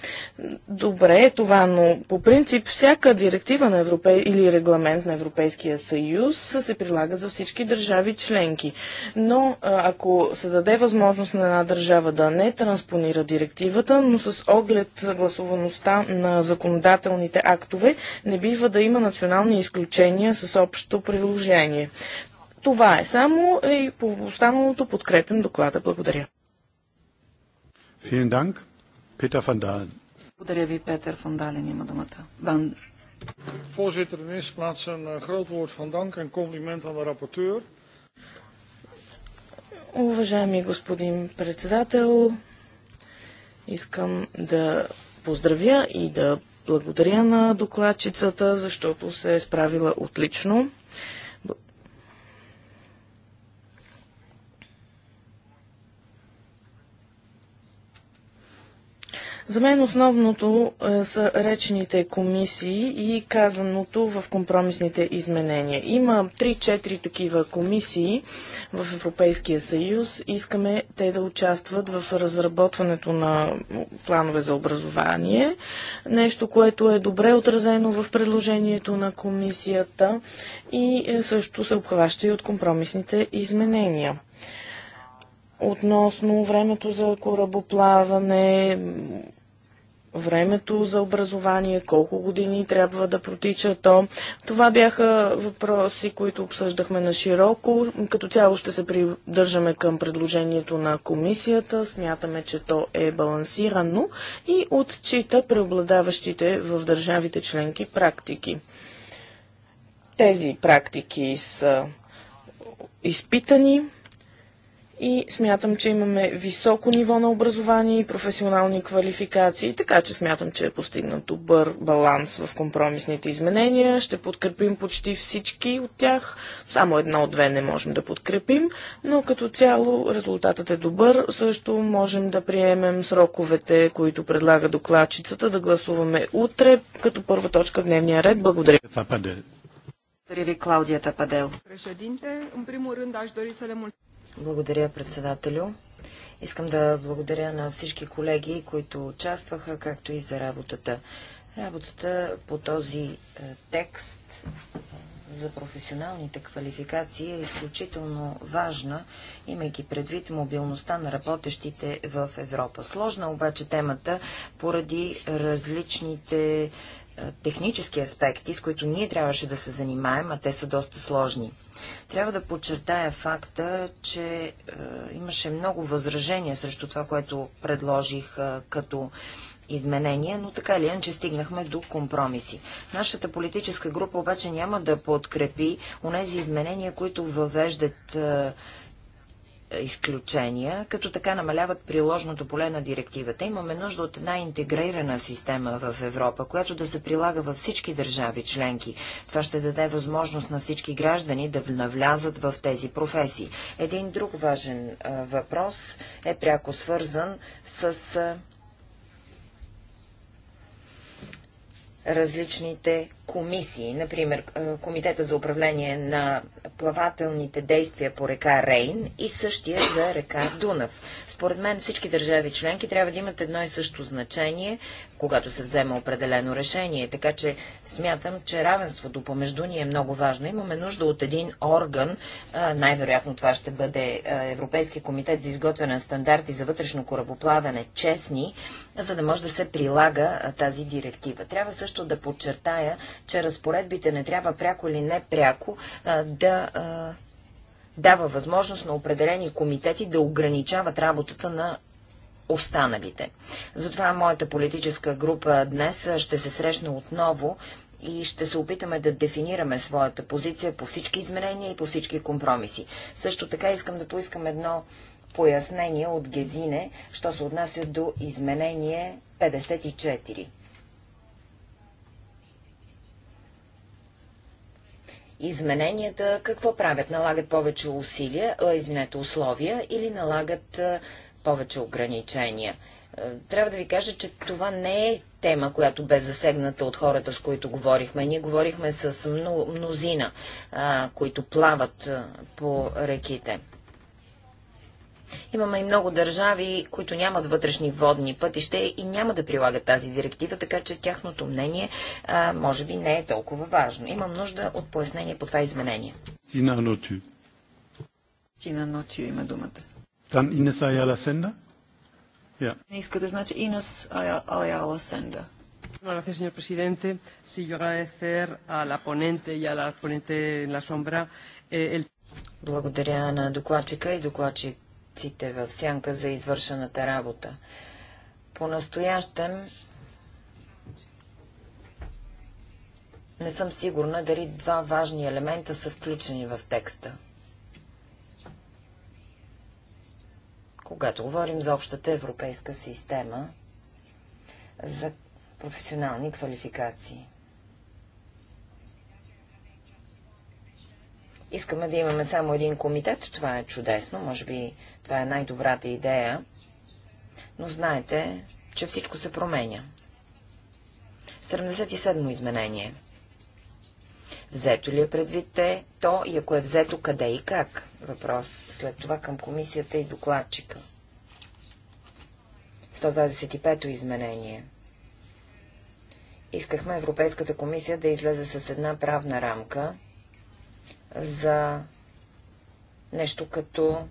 Добре е това, но по принцип всяка директива на Европе... или регламент на Европейския съюз се прилага за всички държави членки. Но ако се даде възможност на една държава да не транспонира директивата, но с оглед гласуваността на законодателните актове, не бива да има национални изключения с общо приложение. Това е само и по останалото подкрепим доклада. Благодаря. Vielen Dank. Peter van Dalen. Благодаря ви, Петър Ван Дален има думата. Ван... Voorzitter, in eerste plaats een eh, groot woord van dank en compliment aan de rapporteur. Уважаеми господин председател, искам да поздравя и да благодаря на докладчицата, защото се е справила отлично. За мен основното е, са речните комисии и казаното в компромисните изменения. Има 3-4 такива комисии в Европейския съюз. Искаме те да участват в разработването на планове за образование. Нещо, което е добре отразено в предложението на комисията и е, също се обхваща и от компромисните изменения относно времето за корабоплаване, времето за образование, колко години трябва да протича то. Това бяха въпроси, които обсъждахме на широко. Като цяло ще се придържаме към предложението на комисията. Смятаме, че то е балансирано и отчита преобладаващите в държавите членки практики. Тези практики са изпитани, и смятам, че имаме високо ниво на образование и професионални квалификации, така че смятам, че е постигнат добър баланс в компромисните изменения. Ще подкрепим почти всички от тях, само едно от две не можем да подкрепим, но като цяло резултатът е добър. Също можем да приемем сроковете, които предлага докладчицата, да гласуваме утре като първа точка в дневния ред. Благодаря. Благодаря ви, Клаудията Падел. Благодаря, председателю. Искам да благодаря на всички колеги, които участваха, както и за работата. Работата по този е, текст е, за професионалните квалификации е изключително важна, имайки предвид мобилността на работещите в Европа. Сложна обаче темата поради различните е, е, технически аспекти, с които ние трябваше да се занимаем, а те са доста сложни. Трябва да подчертая факта, че е, имаше много възражения срещу това, което предложих е, като изменения, но така или иначе стигнахме до компромиси. Нашата политическа група обаче няма да подкрепи онези изменения, които въвеждат изключения, като така намаляват приложното поле на директивата. Имаме нужда от една интегрирана система в Европа, която да се прилага във всички държави членки. Това ще даде възможност на всички граждани да навлязат в тези професии. Един друг важен а, въпрос е пряко свързан с а, различните комисии. Например, е, Комитета за управление на плавателните действия по река Рейн и същия за река Дунав. Според мен всички държави членки трябва да имат едно и също значение когато се взема определено решение. Така че смятам, че равенството помежду ни е много важно. Имаме нужда от един орган, най-вероятно това ще бъде Европейски комитет за изготвяне на стандарти за вътрешно корабоплаване, честни, за да може да се прилага тази директива. Трябва също да подчертая, че разпоредбите не трябва пряко или непряко да дава възможност на определени комитети да ограничават работата на останалите. Затова моята политическа група днес ще се срещна отново и ще се опитаме да дефинираме своята позиция по всички изменения и по всички компромиси. Също така искам да поискам едно пояснение от Гезине, що се отнася до изменение 54. измененията какво правят? Налагат повече усилия, извинете, условия или налагат повече ограничения. Е, трябва да ви кажа, че това не е тема, която бе засегната от хората, с които говорихме. Ние говорихме с мнозина, които плават по реките. Имаме и много държави, които нямат вътрешни водни пътища и няма да прилагат тази директива, така че тяхното мнение а, може би не е толкова важно. Имам нужда от пояснение по това изменение. Тина Нотю. Тина Нотю има думата. Dann Ines Ayala Sender. Ja. Не искате, значи Ines Ayala Sender. Gracias, señor presidente. Sí, yo agradecer a la ponente y a la ponente en la sombra eh, el... Благодаря на докладчика и докладчиците в сянка за извършената работа. По-настоящем не съм сигурна дали два важни елемента са включени в текста – когато говорим за общата европейска система за професионални квалификации. Искаме да имаме само един комитет, това е чудесно, може би това е най-добрата идея, но знаете, че всичко се променя. 77-мо изменение – Взето ли е предвид те, то и ако е взето къде и как? Въпрос след това към комисията и докладчика. 125-то изменение. Искахме Европейската комисия да излезе с една правна рамка за нещо като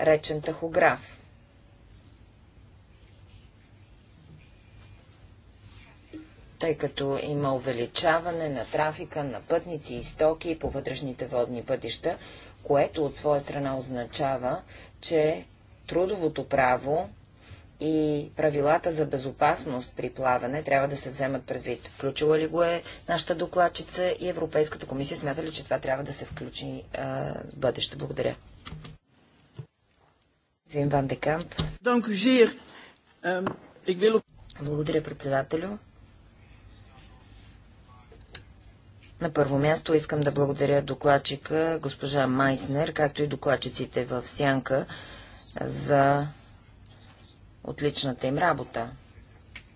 речен тахограф. тъй като има увеличаване на трафика на пътници и стоки по вътрешните водни пътища, което от своя страна означава, че трудовото право и правилата за безопасност при плаване трябва да се вземат предвид. Включила ли го е нашата докладчица и Европейската комисия? Смята ли, че това трябва да се включи а, в бъдеще? Благодаря. Вин Ван Декамп. Euh, Благодаря, председателю. На първо място искам да благодаря докладчика госпожа Майснер, както и докладчиците в Сянка за отличната им работа.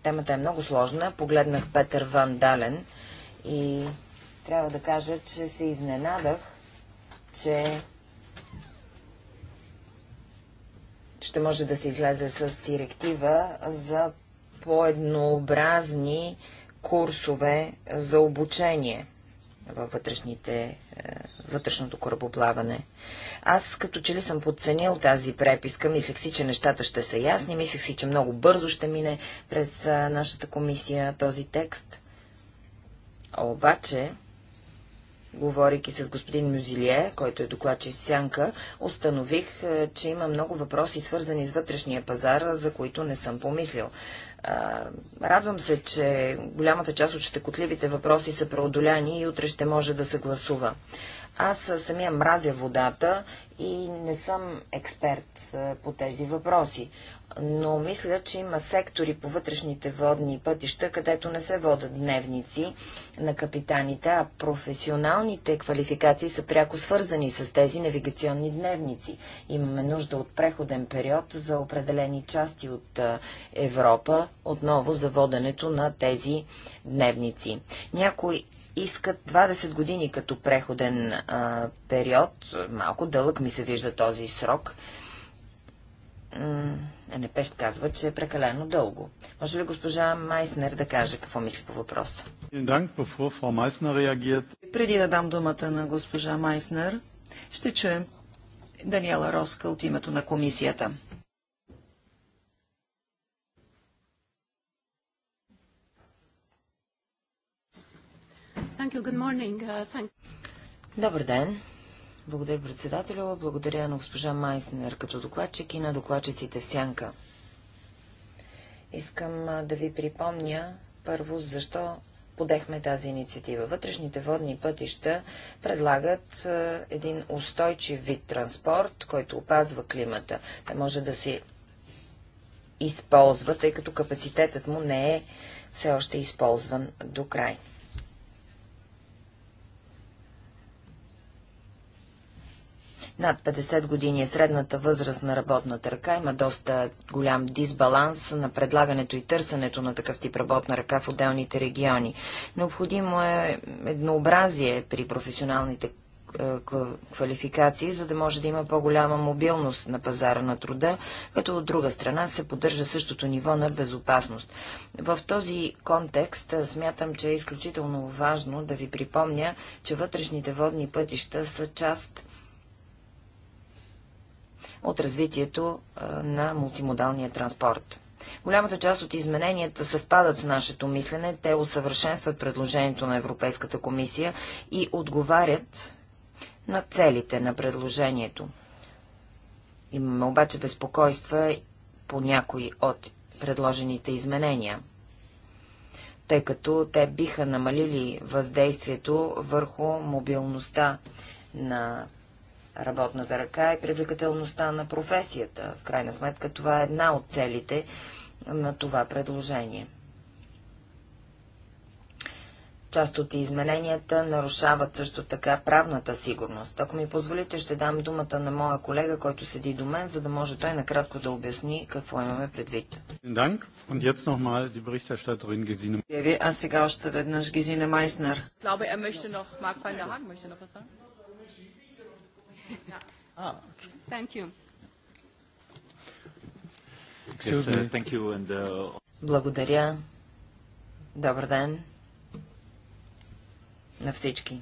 Темата е много сложна. Погледнах Петър Ван Дален и трябва да кажа, че се изненадах, че ще може да се излезе с директива за по-еднообразни курсове за обучение във вътрешните, е, вътрешното корабоплаване. Аз като че ли съм подценил тази преписка, мислех си, че нещата ще са ясни, мислех си, че много бързо ще мине през е, нашата комисия този текст. Обаче, говорейки с господин Мюзилие, който е докладчик Сянка, установих, е, че има много въпроси, свързани с вътрешния пазар, за които не съм помислил. Радвам се, че голямата част от щекотливите въпроси са преодоляни и утре ще може да се гласува. Аз самия мразя водата и не съм експерт по тези въпроси. Но мисля, че има сектори по вътрешните водни пътища, където не се водат дневници на капитаните, а професионалните квалификации са пряко свързани с тези навигационни дневници. Имаме нужда от преходен период за определени части от Европа, отново за воденето на тези дневници. Някои искат 20 години като преходен а, период. Малко дълъг ми се вижда този срок. Енепешт казва, че е прекалено дълго. Може ли госпожа Майснер да каже какво мисли по въпроса? Преди да дам думата на госпожа Майснер, ще чуем Даниела Роска от името на комисията. Thank you. Good morning. Uh, thank... Добър ден. Благодаря председателю, благодаря на госпожа Майснер като докладчик и на докладчиците в Сянка. Искам да ви припомня първо защо подехме тази инициатива. Вътрешните водни пътища предлагат един устойчив вид транспорт, който опазва климата. Не може да се използва, тъй като капацитетът му не е все още използван до край. Над 50 години е средната възраст на работната ръка. Има доста голям дисбаланс на предлагането и търсенето на такъв тип работна ръка в отделните региони. Необходимо е еднообразие при професионалните е, квалификации, за да може да има по-голяма мобилност на пазара на труда, като от друга страна се поддържа същото ниво на безопасност. В този контекст е, смятам, че е изключително важно да ви припомня, че вътрешните водни пътища са част от развитието на мултимодалния транспорт. Голямата част от измененията съвпадат с нашето мислене, те усъвършенстват предложението на Европейската комисия и отговарят на целите на предложението. Имаме обаче безпокойства по някои от предложените изменения, тъй като те биха намалили въздействието върху мобилността на работната ръка и привлекателността на професията. В крайна сметка това е една от целите на това предложение. Част от измененията нарушават също така правната сигурност. Ако ми позволите, ще дам думата на моя колега, който седи до мен, за да може той накратко да обясни какво имаме предвид. Е, а сега още веднъж Гезина Майснер. Ah, thank you. Yes, uh, thank you and, uh... Благодаря. Добър ден на всички.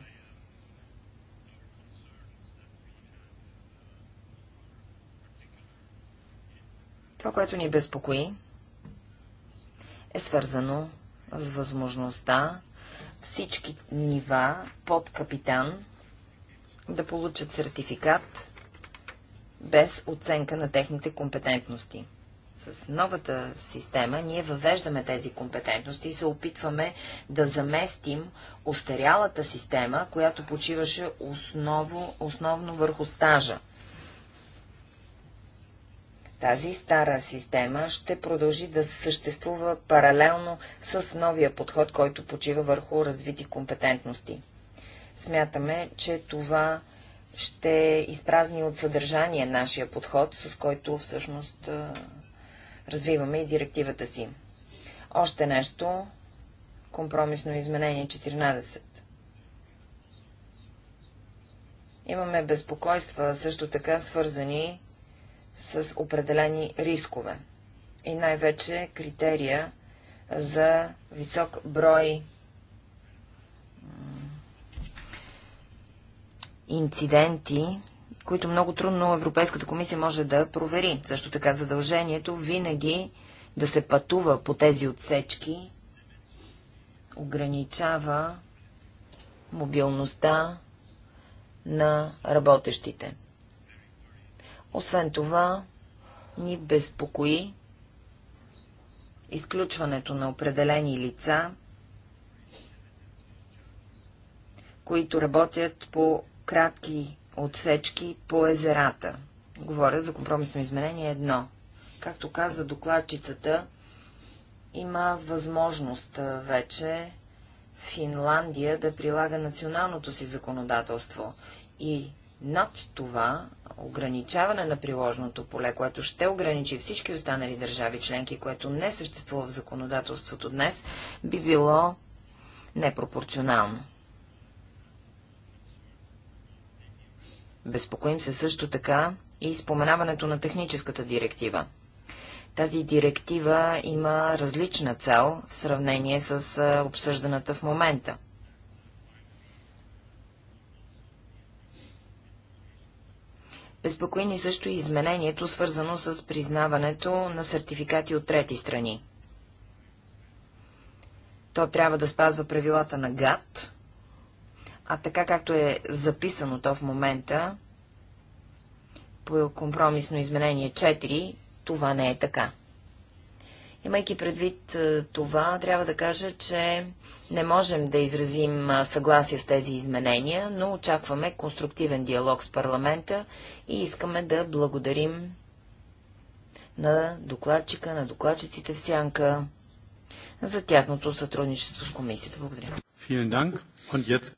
Това, което ни безпокои, е свързано с възможността всички нива под капитан да получат сертификат без оценка на техните компетентности. С новата система ние въвеждаме тези компетентности и се опитваме да заместим остарялата система, която почиваше осново, основно върху стажа. Тази стара система ще продължи да съществува паралелно с новия подход, който почива върху развити компетентности. Смятаме, че това ще изпразни от съдържание нашия подход, с който всъщност развиваме и директивата си. Още нещо. Компромисно изменение 14. Имаме безпокойства, също така свързани с определени рискове и най-вече критерия за висок брой инциденти, които много трудно Европейската комисия може да провери. Също така задължението винаги да се пътува по тези отсечки ограничава мобилността на работещите. Освен това, ни безпокои изключването на определени лица, които работят по кратки отсечки по езерата. Говоря за компромисно изменение едно. Както каза докладчицата, има възможност вече Финландия да прилага националното си законодателство и над това ограничаване на приложното поле, което ще ограничи всички останали държави членки, което не съществува в законодателството днес, би било непропорционално. Безпокоим се също така и споменаването на техническата директива. Тази директива има различна цел в сравнение с обсъжданата в момента. Безпокоини също и изменението, свързано с признаването на сертификати от трети страни. То трябва да спазва правилата на ГАТ, а така както е записано то в момента, по компромисно изменение 4, това не е така. Имайки предвид е, това, трябва да кажа, че не можем да изразим е, съгласие с тези изменения, но очакваме конструктивен диалог с парламента и искаме да благодарим на докладчика, на докладчиците в Сянка за тясното сътрудничество с комисията. Благодаря.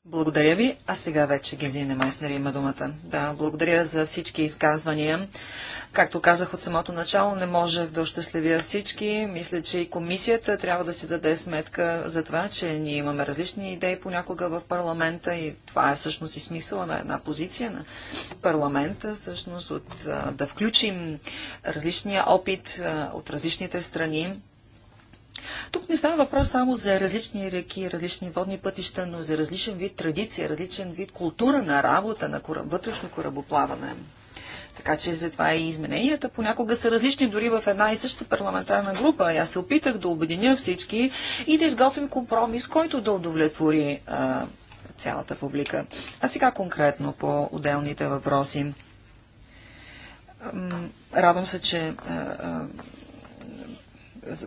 Благодаря ви. А сега вече Гезине Майснер има думата. Да, благодаря за всички изказвания. Както казах от самото начало, не можех да ощастливя всички. Мисля, че и комисията трябва да си даде сметка за това, че ние имаме различни идеи понякога в парламента и това е всъщност и смисъла на една позиция на парламента, всъщност от, да включим различния опит от различните страни тук не става въпрос само за различни реки, различни водни пътища, но за различен вид традиция, различен вид култура на работа, на кораб, вътрешно корабоплаване. Така че затова и измененията понякога са различни дори в една и съща парламентарна група. Аз се опитах да обединя всички и да изготвим компромис, който да удовлетвори а, цялата публика. А сега конкретно по отделните въпроси. Радвам се, че а, а,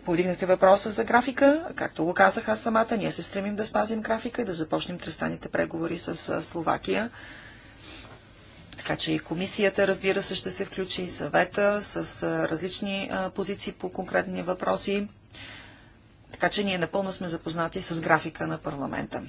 Повдигнахте въпроса за графика. Както го казах аз самата, ние се стремим да спазим графика и да започнем тръстаните преговори с Словакия. Така че и комисията, разбира се, ще се включи и съвета с различни позиции по конкретни въпроси. Така че ние напълно сме запознати с графика на парламента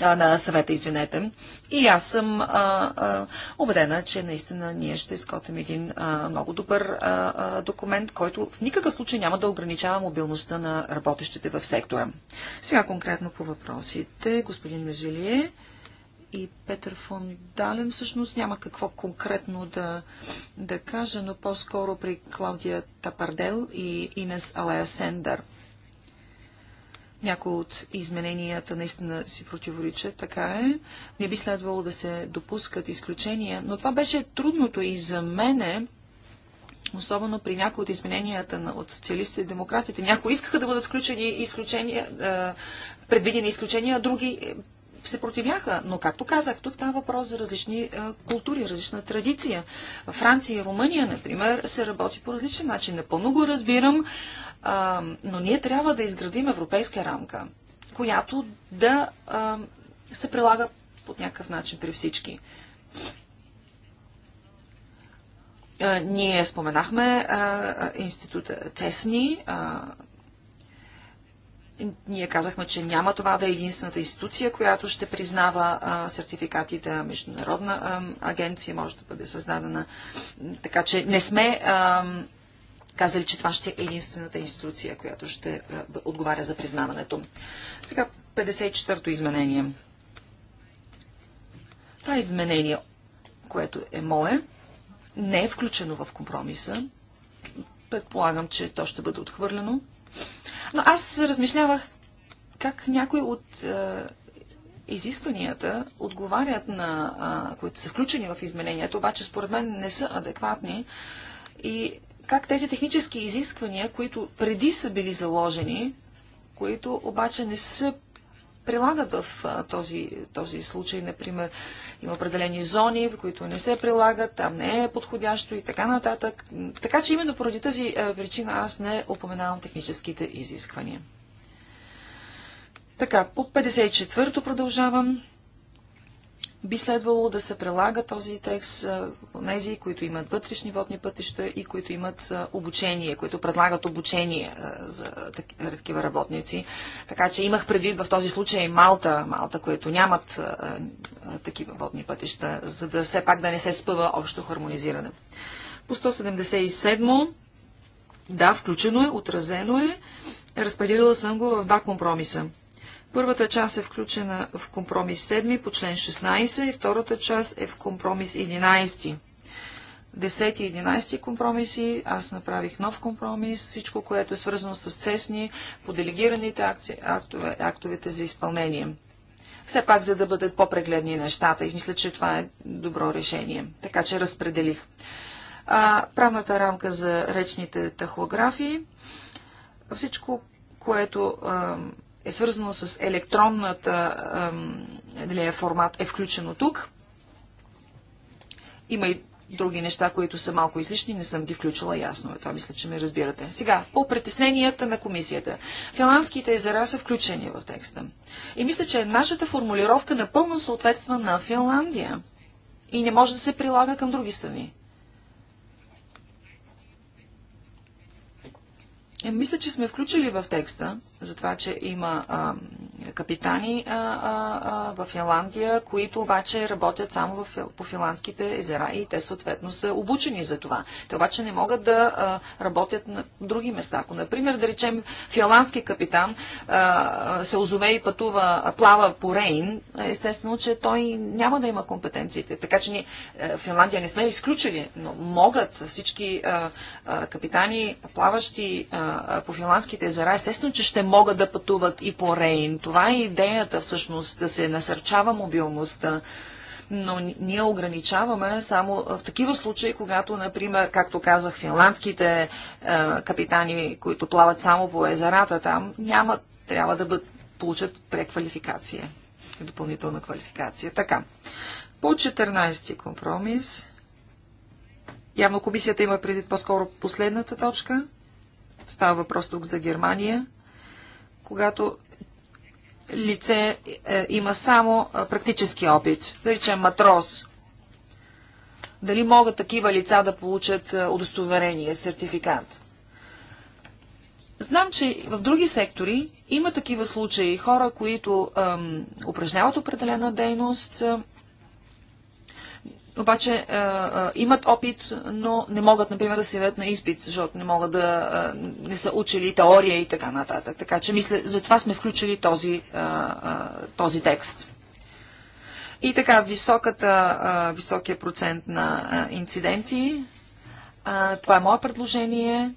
а, на съвета, извинете. И аз съм а, а, убедена, че наистина ние ще изготвим един а, много добър а, а, документ, който в никакъв случай няма да ограничава мобилността на работещите в сектора. Сега конкретно по въпросите. Господин Межелие и Петър фон Дален всъщност няма какво конкретно да, да кажа, но по-скоро при Клаудия Тапардел и Инес Алея Сендър. Някои от измененията наистина си противоречат, така е. Не би следвало да се допускат изключения, но това беше трудното и за мене, особено при някои от измененията на, от социалистите и демократите. Някои искаха да бъдат включени изключения, е, предвидени изключения, а други е, се противяха. Но, както казах, тук става въпрос за различни е, култури, различна традиция. В Франция и Румъния, например, се работи по различен начин. Напълно го разбирам. А, но ние трябва да изградим европейска рамка, която да а, се прилага по някакъв начин при всички. А, ние споменахме а, института ЦЕСНИ. А, ние казахме, че няма това да е единствената институция, която ще признава а, сертификатите. Международна а, агенция може да бъде създадена. Така че не сме. А, казали, че това ще е единствената институция, която ще е, отговаря за признаването. Сега 54-то изменение. Това е изменение, което е мое, не е включено в компромиса. Предполагам, че то ще бъде отхвърлено. Но аз размишлявах как някои от е, изискванията отговарят на, е, които са включени в изменението, обаче според мен не са адекватни и как тези технически изисквания, които преди са били заложени, които обаче не са прилагат в а, този, този случай. Например, има определени зони, в които не се прилагат, там не е подходящо и така нататък. Така че именно поради тази а, причина аз не упоменавам техническите изисквания. Така, по 54-то продължавам би следвало да се прилага този текст нези, които имат вътрешни водни пътища и които имат обучение, които предлагат обучение за такива работници. Така че имах предвид в този случай Малта, Малта, които нямат такива водни пътища, за да все пак да не се спъва общо хармонизиране. По 177 да, включено е, отразено е. Разпределила съм го в два компромиса. Първата част е включена в компромис 7 по член 16 и втората част е в компромис 11. 10 и 11 компромиси, аз направих нов компромис, всичко, което е свързано с цесни, по делегираните актове, актовете за изпълнение. Все пак, за да бъдат по-прегледни нещата и мисля, че това е добро решение. Така че разпределих. А, правната рамка за речните тахографии, всичко, което а, е свързано с електронната е, формат е включено тук. Има и други неща, които са малко излишни, не съм ги включила ясно. Това мисля, че ме разбирате. Сега, по притесненията на комисията. Финландските езера са включени в текста. И мисля, че нашата формулировка напълно съответства на Финландия и не може да се прилага към други страни. Мисля, че сме включили в текста за това, че има а, капитани а, а, а, в Финландия, които обаче работят само в, по финландските езера и те съответно са обучени за това. Те обаче не могат да а, работят на други места. Ако, например, да речем, финландски капитан а, се озове и пътува, плава по Рейн, естествено, че той няма да има компетенциите. Така че ние, е, Финландия не сме изключили, но могат всички а, а, капитани, плаващи а, по финландските езера, естествено, че ще могат да пътуват и по Рейн това е идеята всъщност, да се насърчава мобилността но ние ограничаваме само в такива случаи, когато, например, както казах, финландските е, капитани, които плават само по езерата там, няма, трябва да бъд, получат преквалификация, допълнителна квалификация. Така, по 14 ти компромис, явно комисията има преди по-скоро последната точка, става въпрос тук за Германия, когато лице е, има само е, практически опит, да речем матрос. Дали могат такива лица да получат е, удостоверение, сертификат? Знам, че в други сектори има такива случаи. Хора, които ам, упражняват определена дейност, обаче е, е, имат опит, но не могат, например, да се явят на изпит, защото не могат да е, не са учили теория и така нататък. Така че, мисля, затова сме включили този, този текст. И така, високата, високия процент на инциденти. Това е мое предложение.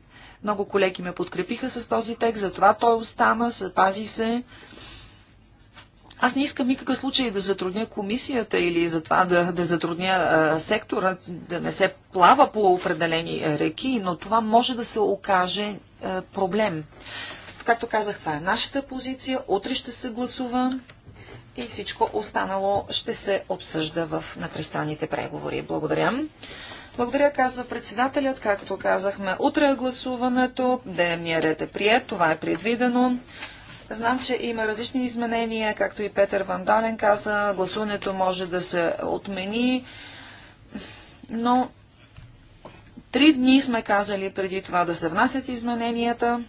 Много колеги ме подкрепиха с този текст, затова той остана, запази се. Аз не искам никакъв случай да затрудня комисията или за това да, да затрудня а, сектора, да не се плава по определени реки, но това може да се окаже а, проблем. Както казах, това е нашата позиция. Утре ще се гласува и всичко останало ще се обсъжда в натристаните преговори. Благодаря. Благодаря, казва председателят. Както казахме, утре е гласуването, дневния ред е прият, това е предвидено. Знам, че има различни изменения, както и Петър Вандален каза, гласуването може да се отмени, но три дни сме казали преди това да се внасят измененията,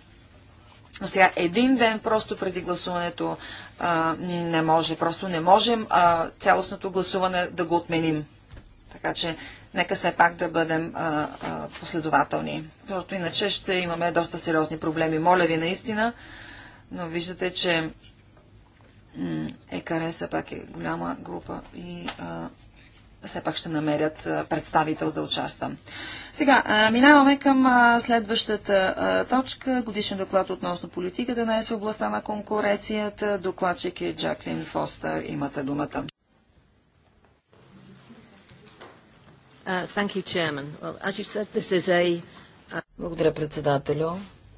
но сега един ден просто преди гласуването а, не може, просто не можем а, цялостното гласуване да го отменим. Така че нека все пак да бъдем а, а, последователни, защото иначе ще имаме доста сериозни проблеми. Моля ви наистина но виждате, че ЕКР все пак е голяма група и а, все пак ще намерят представител да участва. Сега, а, минаваме към а, следващата а, точка. Годишен доклад относно политиката на ЕС в областта на конкуренцията. Докладчик е Джаклин Фостер. Имате думата. Uh, uh, Благодаря, председателю.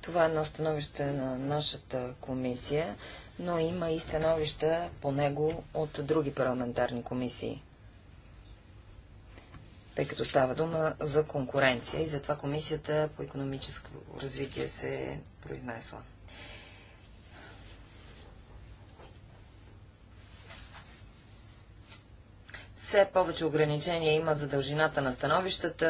Това е едно становище на нашата комисия, но има и становища по него от други парламентарни комисии. Тъй като става дума за конкуренция и затова комисията по економическо развитие се е произнесла. все повече ограничения има за дължината на становищата,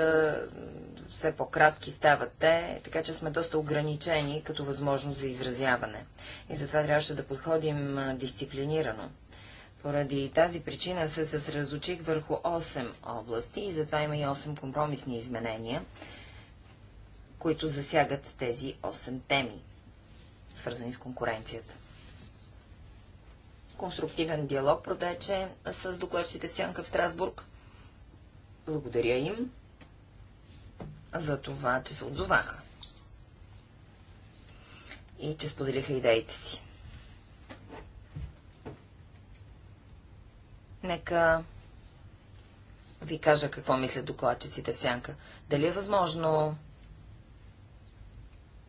все по-кратки стават те, така че сме доста ограничени като възможност за изразяване. И затова трябваше да подходим дисциплинирано. Поради тази причина се съсредоточих върху 8 области и затова има и 8 компромисни изменения, които засягат тези 8 теми, свързани с конкуренцията. Конструктивен диалог протече с докладчите в Сянка в Страсбург. Благодаря им за това, че се отзоваха и че споделиха идеите си. Нека ви кажа какво мислят докладчиците в сянка. Дали е възможно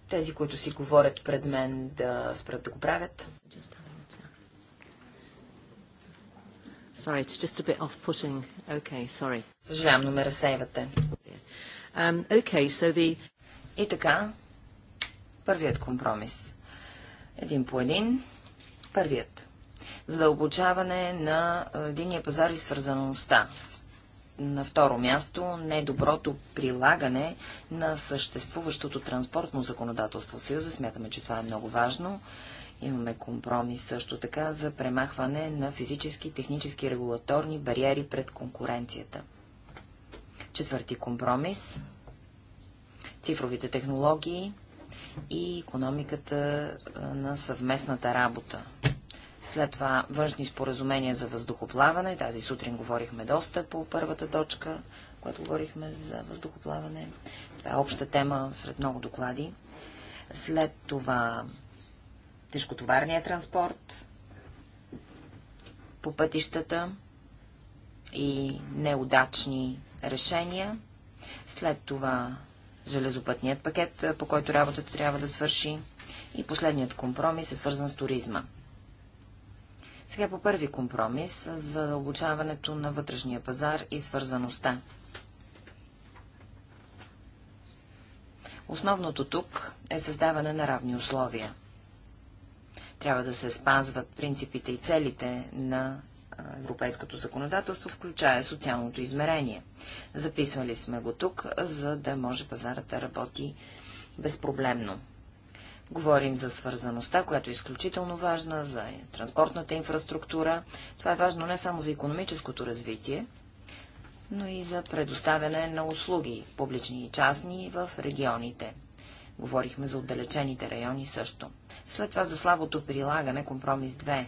тези, които си говорят пред мен, да спрат да го правят? Съжалявам, но ме разсейвате okay, so the... И така, първият компромис. Един по един. Първият. Задълбочаване на единия пазар и свързаността. На второ място, недоброто прилагане на съществуващото транспортно законодателство в Съюза. Смятаме, че това е много важно. Имаме компромис също така за премахване на физически, технически, регулаторни бариери пред конкуренцията. Четвърти компромис – цифровите технологии и економиката на съвместната работа. След това външни споразумения за въздухоплаване. Тази сутрин говорихме доста по първата точка, когато говорихме за въздухоплаване. Това е обща тема сред много доклади. След това тежкотоварния транспорт по пътищата и неудачни решения. След това железопътният пакет, по който работата трябва да свърши. И последният компромис е свързан с туризма. Сега по първи компромис за обучаването на вътрешния пазар и свързаността. Основното тук е създаване на равни условия. Трябва да се спазват принципите и целите на европейското законодателство, включая социалното измерение. Записвали сме го тук, за да може пазарът да работи безпроблемно. Говорим за свързаността, която е изключително важна, за транспортната инфраструктура. Това е важно не само за економическото развитие, но и за предоставяне на услуги, публични и частни, в регионите. Говорихме за отдалечените райони също. След това за слабото прилагане, компромис 2.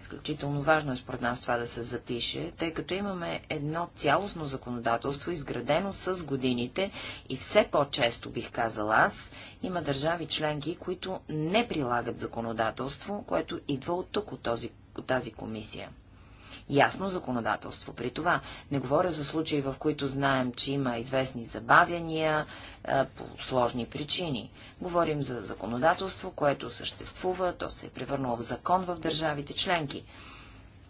Изключително важно е според нас това да се запише, тъй като имаме едно цялостно законодателство, изградено с годините и все по-често, бих казала аз, има държави членки, които не прилагат законодателство, което идва от тук, от, този, от тази комисия ясно законодателство. При това не говоря за случаи, в които знаем, че има известни забавяния а, по сложни причини. Говорим за законодателство, което съществува, то се е превърнало в закон в държавите членки.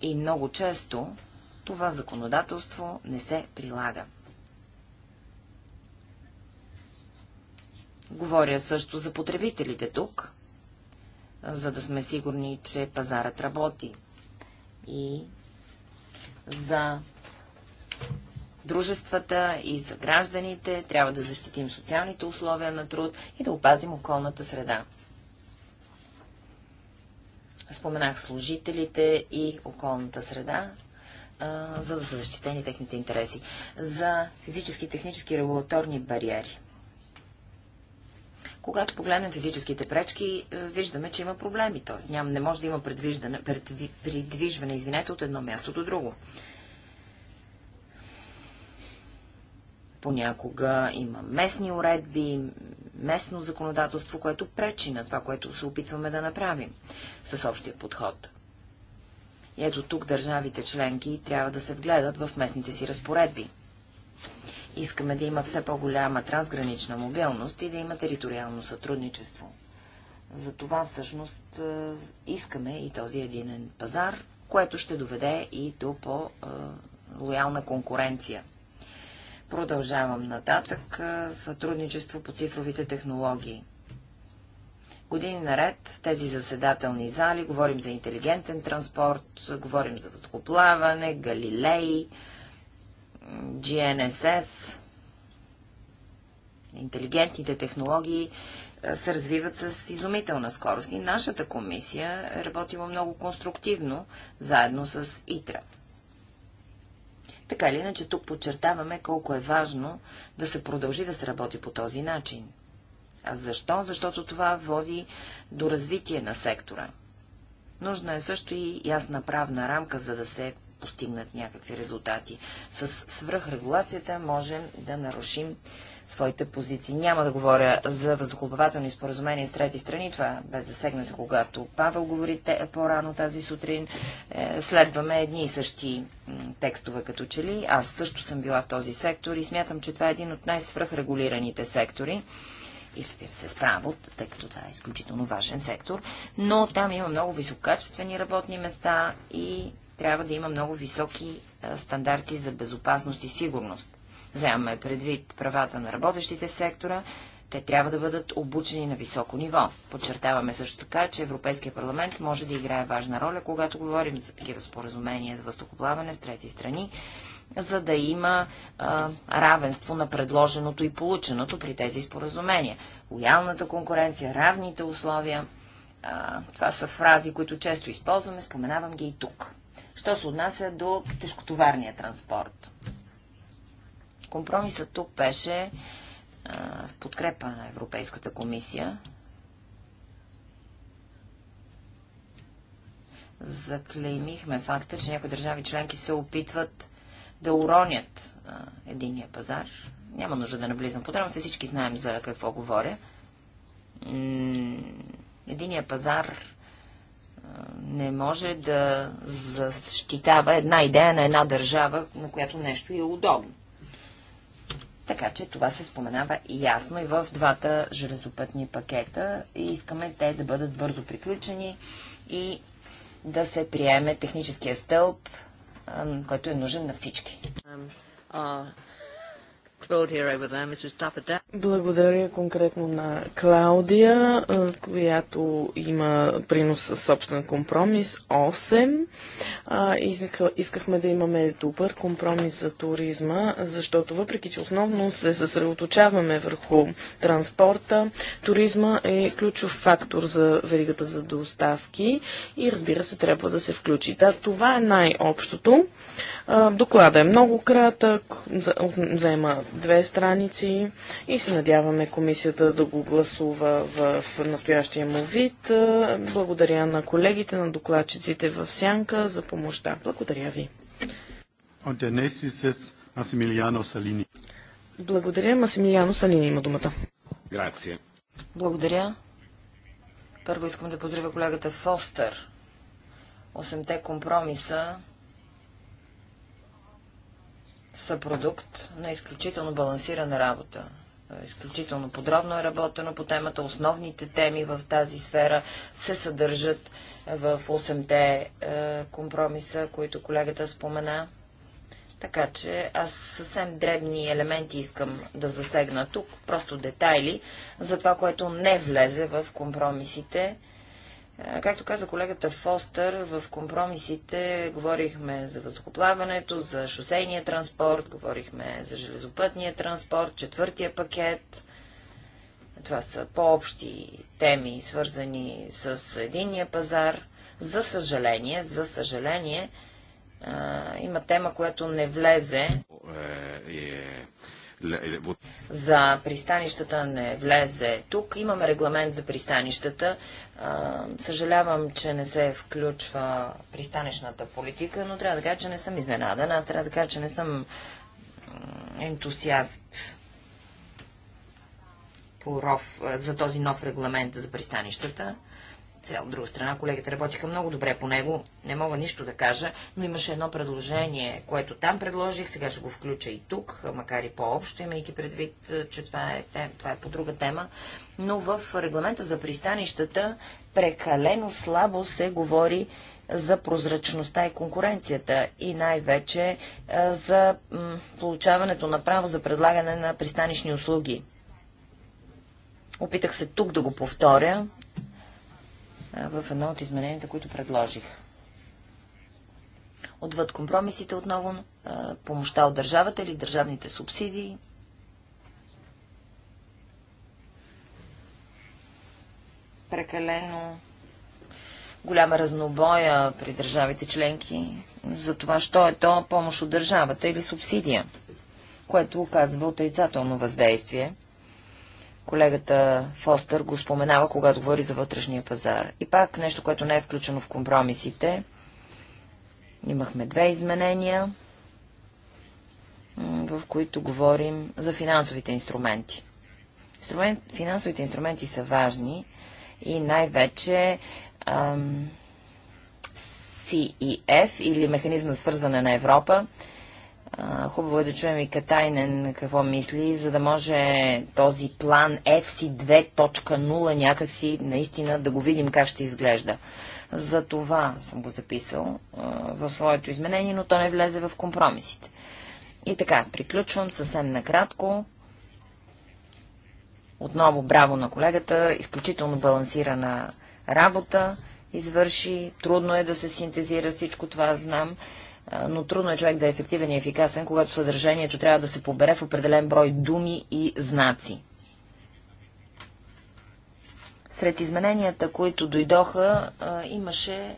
И много често това законодателство не се прилага. Говоря също за потребителите тук, за да сме сигурни, че пазарът работи и за дружествата и за гражданите, трябва да защитим социалните условия на труд и да опазим околната среда. Споменах служителите и околната среда, за да са защитени техните интереси. За физически и технически регулаторни бариери. Когато погледнем физическите пречки, е, виждаме, че има проблеми. Т.е. Ням, не може да има предвиждане, предви, придвижване извинете, от едно място до друго. Понякога има местни уредби, местно законодателство, което пречи на това, което се опитваме да направим с общия подход. И ето тук държавите членки трябва да се вгледат в местните си разпоредби – Искаме да има все по-голяма трансгранична мобилност и да има териториално сътрудничество. За това всъщност е, искаме и този единен пазар, което ще доведе и до по-лоялна конкуренция. Продължавам нататък е, сътрудничество по цифровите технологии. Години наред в тези заседателни зали говорим за интелигентен транспорт, говорим за въздухоплаване, галилей, GNSS, интелигентните технологии се развиват с изумителна скорост. И нашата комисия е работила много конструктивно, заедно с ИТРА. Така или иначе, тук подчертаваме колко е важно да се продължи да се работи по този начин. А защо? Защото това води до развитие на сектора. Нужна е също и ясна правна рамка, за да се постигнат някакви резултати. С свръхрегулацията можем да нарушим своите позиции. Няма да говоря за въздухоплавателни споразумения с трети страни, това е бе засегнато, когато Павел говори по-рано тази сутрин. Е, следваме едни и същи текстове като че ли. Аз също съм била в този сектор и смятам, че това е един от най-свръхрегулираните сектори. И се справо, тъй като това е изключително важен сектор, но там има много висококачествени работни места и трябва да има много високи стандарти за безопасност и сигурност. Вземаме предвид правата на работещите в сектора, те трябва да бъдат обучени на високо ниво. Подчертаваме също така, че Европейския парламент може да играе важна роля, когато говорим за такива споразумения за въздухоплаване с трети страни, за да има а, равенство на предложеното и полученото при тези споразумения. Лоялната конкуренция, равните условия. А, това са фрази, които често използваме, споменавам ги и тук що се отнася до тежкотоварния транспорт. Компромисът тук беше а, в подкрепа на Европейската комисия заклеймихме факта, че някои държави членки се опитват да уронят а, единия пазар. Няма нужда да наблизам подробности, всички знаем за какво говоря. М- единия пазар не може да защитава една идея на една държава, на която нещо е удобно. Така че това се споменава и ясно и в двата железопътни пакета и искаме те да бъдат бързо приключени и да се приеме техническия стълб, който е нужен на всички. Благодаря конкретно на Клаудия, която има принос със собствен компромис 8. Искахме да имаме добър компромис за туризма, защото въпреки, че основно се съсредоточаваме върху транспорта, туризма е ключов фактор за веригата за доставки и разбира се, трябва да се включи. Да, това е най-общото. Доклада е много кратък, заема две страници и се надяваме комисията да го гласува в настоящия му вид. Е, благодаря на колегите, на докладчиците в Сянка за помощта. Благодаря ви. Благодаря. Масимилиано Салини има думата. Грация. Благодаря. Първо искам да поздравя колегата Фостер. Осемте компромиса са продукт на изключително балансирана работа. Е, изключително подробно е работено по темата. Основните теми в тази сфера се съдържат в 8-те е, компромиса, които колегата спомена. Така че аз съвсем дребни елементи искам да засегна тук, просто детайли за това, което не влезе в компромисите Както каза колегата Фостър, в компромисите говорихме за въздухоплаването, за шосейния транспорт, говорихме за железопътния транспорт, четвъртия пакет. Това са по-общи теми, свързани с единния пазар. За съжаление, за съжаление, има тема, която не влезе. Е, е, за пристанищата не влезе тук. Имаме регламент за пристанищата. Съжалявам, че не се включва пристанищната политика, но трябва да кажа, че не съм изненадан. Аз трябва да кажа, че не съм ентусиаст по ров, за този нов регламент за пристанищата цел. От друга страна, колегите работиха много добре по него, не мога нищо да кажа, но имаше едно предложение, което там предложих, сега ще го включа и тук, макар и по-общо, имайки предвид, е, че това е, тем, това е по друга тема, но в регламента за пристанищата прекалено слабо се говори за прозрачността и конкуренцията и най-вече е, за получаването на право за предлагане на пристанищни услуги. Опитах се тук да го повторя в едно от измененията, които предложих. Отвъд компромисите отново, помощта от държавата или държавните субсидии. Прекалено голяма разнобоя при държавите членки за това, що е то помощ от държавата или субсидия, което оказва отрицателно въздействие Колегата Фостър го споменава, когато говори за вътрешния пазар. И пак нещо, което не е включено в компромисите. Имахме две изменения, в които говорим за финансовите инструменти. Инструмент, финансовите инструменти са важни и най-вече CEF или Механизма за свързване на Европа Хубаво е да чуем и Катайнен какво мисли, за да може този план FC 2.0 някакси наистина да го видим как ще изглежда. За това съм го записал в своето изменение, но то не влезе в компромисите. И така, приключвам съвсем накратко. Отново браво на колегата, изключително балансирана работа извърши. Трудно е да се синтезира всичко това, знам но трудно е човек да е ефективен и ефикасен, когато съдържанието трябва да се побере в определен брой думи и знаци. Сред измененията, които дойдоха, имаше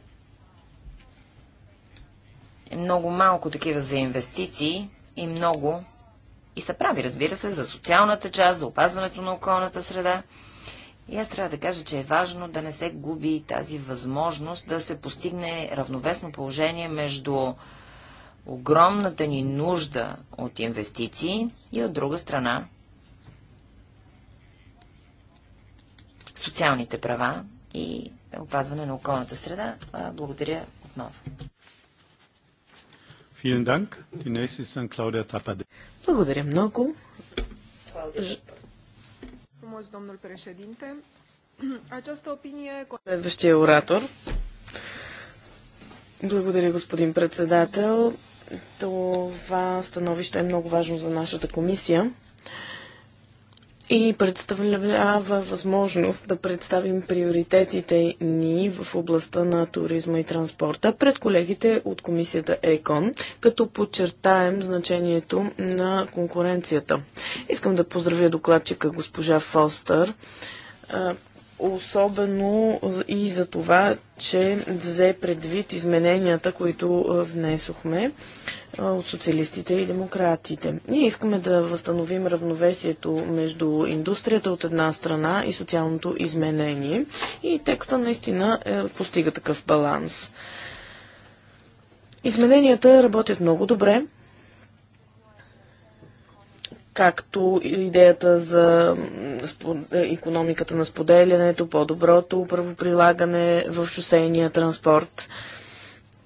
много малко такива за инвестиции и много и са прави, разбира се, за социалната част, за опазването на околната среда. И аз трябва да кажа, че е важно да не се губи тази възможност да се постигне равновесно положение между огромната ни нужда от инвестиции и от друга страна социалните права и опазване на околната среда. Благодаря отново. Благодаря много. E Следващия оратор. Благодаря, господин председател. Това становище е много важно за нашата комисия и представлява възможност да представим приоритетите ни в областта на туризма и транспорта пред колегите от комисията ЕКОН, като подчертаем значението на конкуренцията. Искам да поздравя докладчика госпожа Фостър особено и за това, че взе предвид измененията, които внесохме от социалистите и демократите. Ние искаме да възстановим равновесието между индустрията от една страна и социалното изменение. И текста наистина е, постига такъв баланс. Измененията работят много добре както идеята за економиката на споделянето, по-доброто правоприлагане в шосейния транспорт.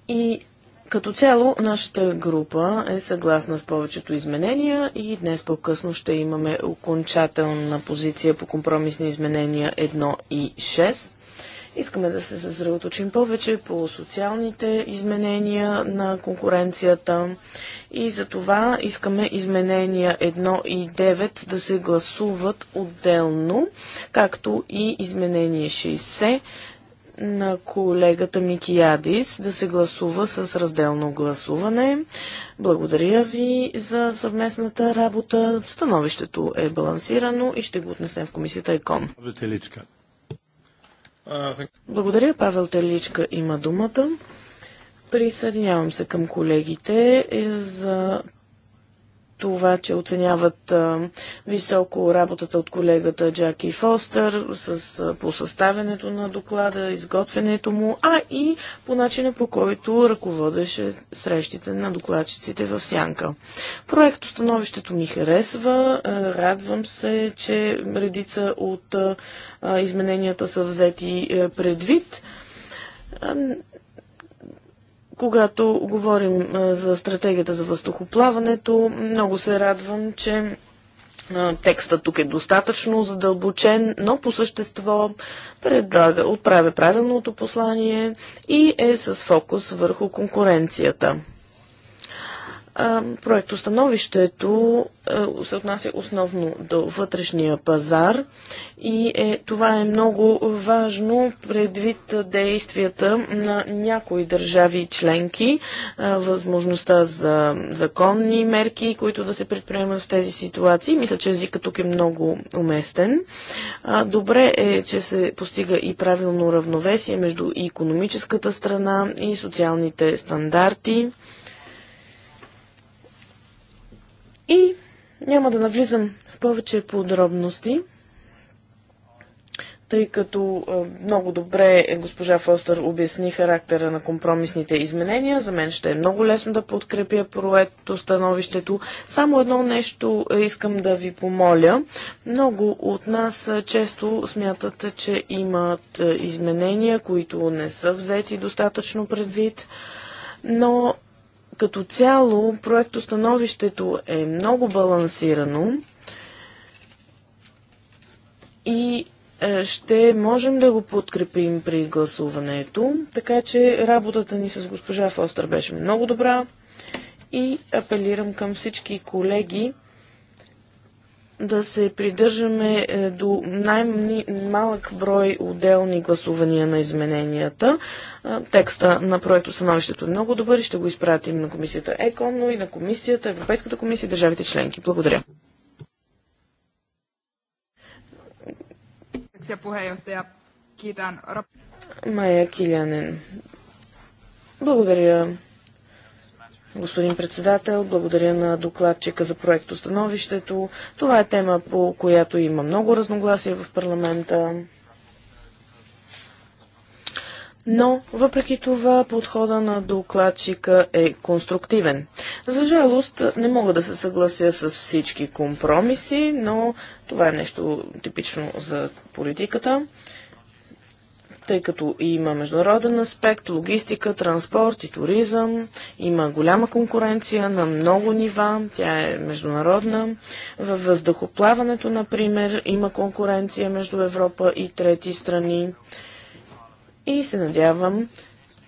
И като цяло нашата група е съгласна с повечето изменения и днес по-късно ще имаме окончателна позиция по компромисни изменения 1 и 6. Искаме да се съсредоточим повече по социалните изменения на конкуренцията и за това искаме изменения 1 и 9 да се гласуват отделно, както и изменение 60 на колегата Микиадис да се гласува с разделно гласуване. Благодаря ви за съвместната работа. Становището е балансирано и ще го отнесем в комисията ЕКОН. Благодаря. Павел Теличка има думата. Присъединявам се към колегите е, за това, че оценяват а, високо работата от колегата Джаки Фостър с, а, по съставянето на доклада, изготвянето му, а и по начина по който ръководеше срещите на докладчиците в Сянка. Проект становището ми харесва. А, радвам се, че редица от а, измененията са взети а, предвид. Когато говорим за стратегията за въздухоплаването, много се радвам, че текста тук е достатъчно задълбочен, но по същество предлага, отправя правилното послание и е с фокус върху конкуренцията. Проектостановището се отнася основно до вътрешния пазар и е, това е много важно предвид действията на някои държави членки, възможността за законни мерки, които да се предприемат в тези ситуации. Мисля, че езикът тук е много уместен. Добре е, че се постига и правилно равновесие между и економическата страна и социалните стандарти. И няма да навлизам в повече подробности, тъй като много добре госпожа Фостер обясни характера на компромисните изменения. За мен ще е много лесно да подкрепя проекто становището. Само едно нещо искам да ви помоля. Много от нас често смятат, че имат изменения, които не са взети достатъчно предвид но като цяло, проектостановището е много балансирано и е, ще можем да го подкрепим при гласуването, така че работата ни с госпожа Фостър беше много добра и апелирам към всички колеги да се придържаме е, до най-малък брой отделни гласувания на измененията. Е, текста на проекто становището е много добър и ще го изпратим на комисията ЕКОН, но и на комисията, Европейската комисия и държавите членки. Благодаря. Майя Килянен. Благодаря, Господин председател, благодаря на докладчика за становището. Това е тема, по която има много разногласия в парламента. Но, въпреки това, подхода на докладчика е конструктивен. За жалост, не мога да се съглася с всички компромиси, но това е нещо типично за политиката тъй като има международен аспект, логистика, транспорт и туризъм. Има голяма конкуренция на много нива, тя е международна. Във въздухоплаването, например, има конкуренция между Европа и трети страни. И се надявам,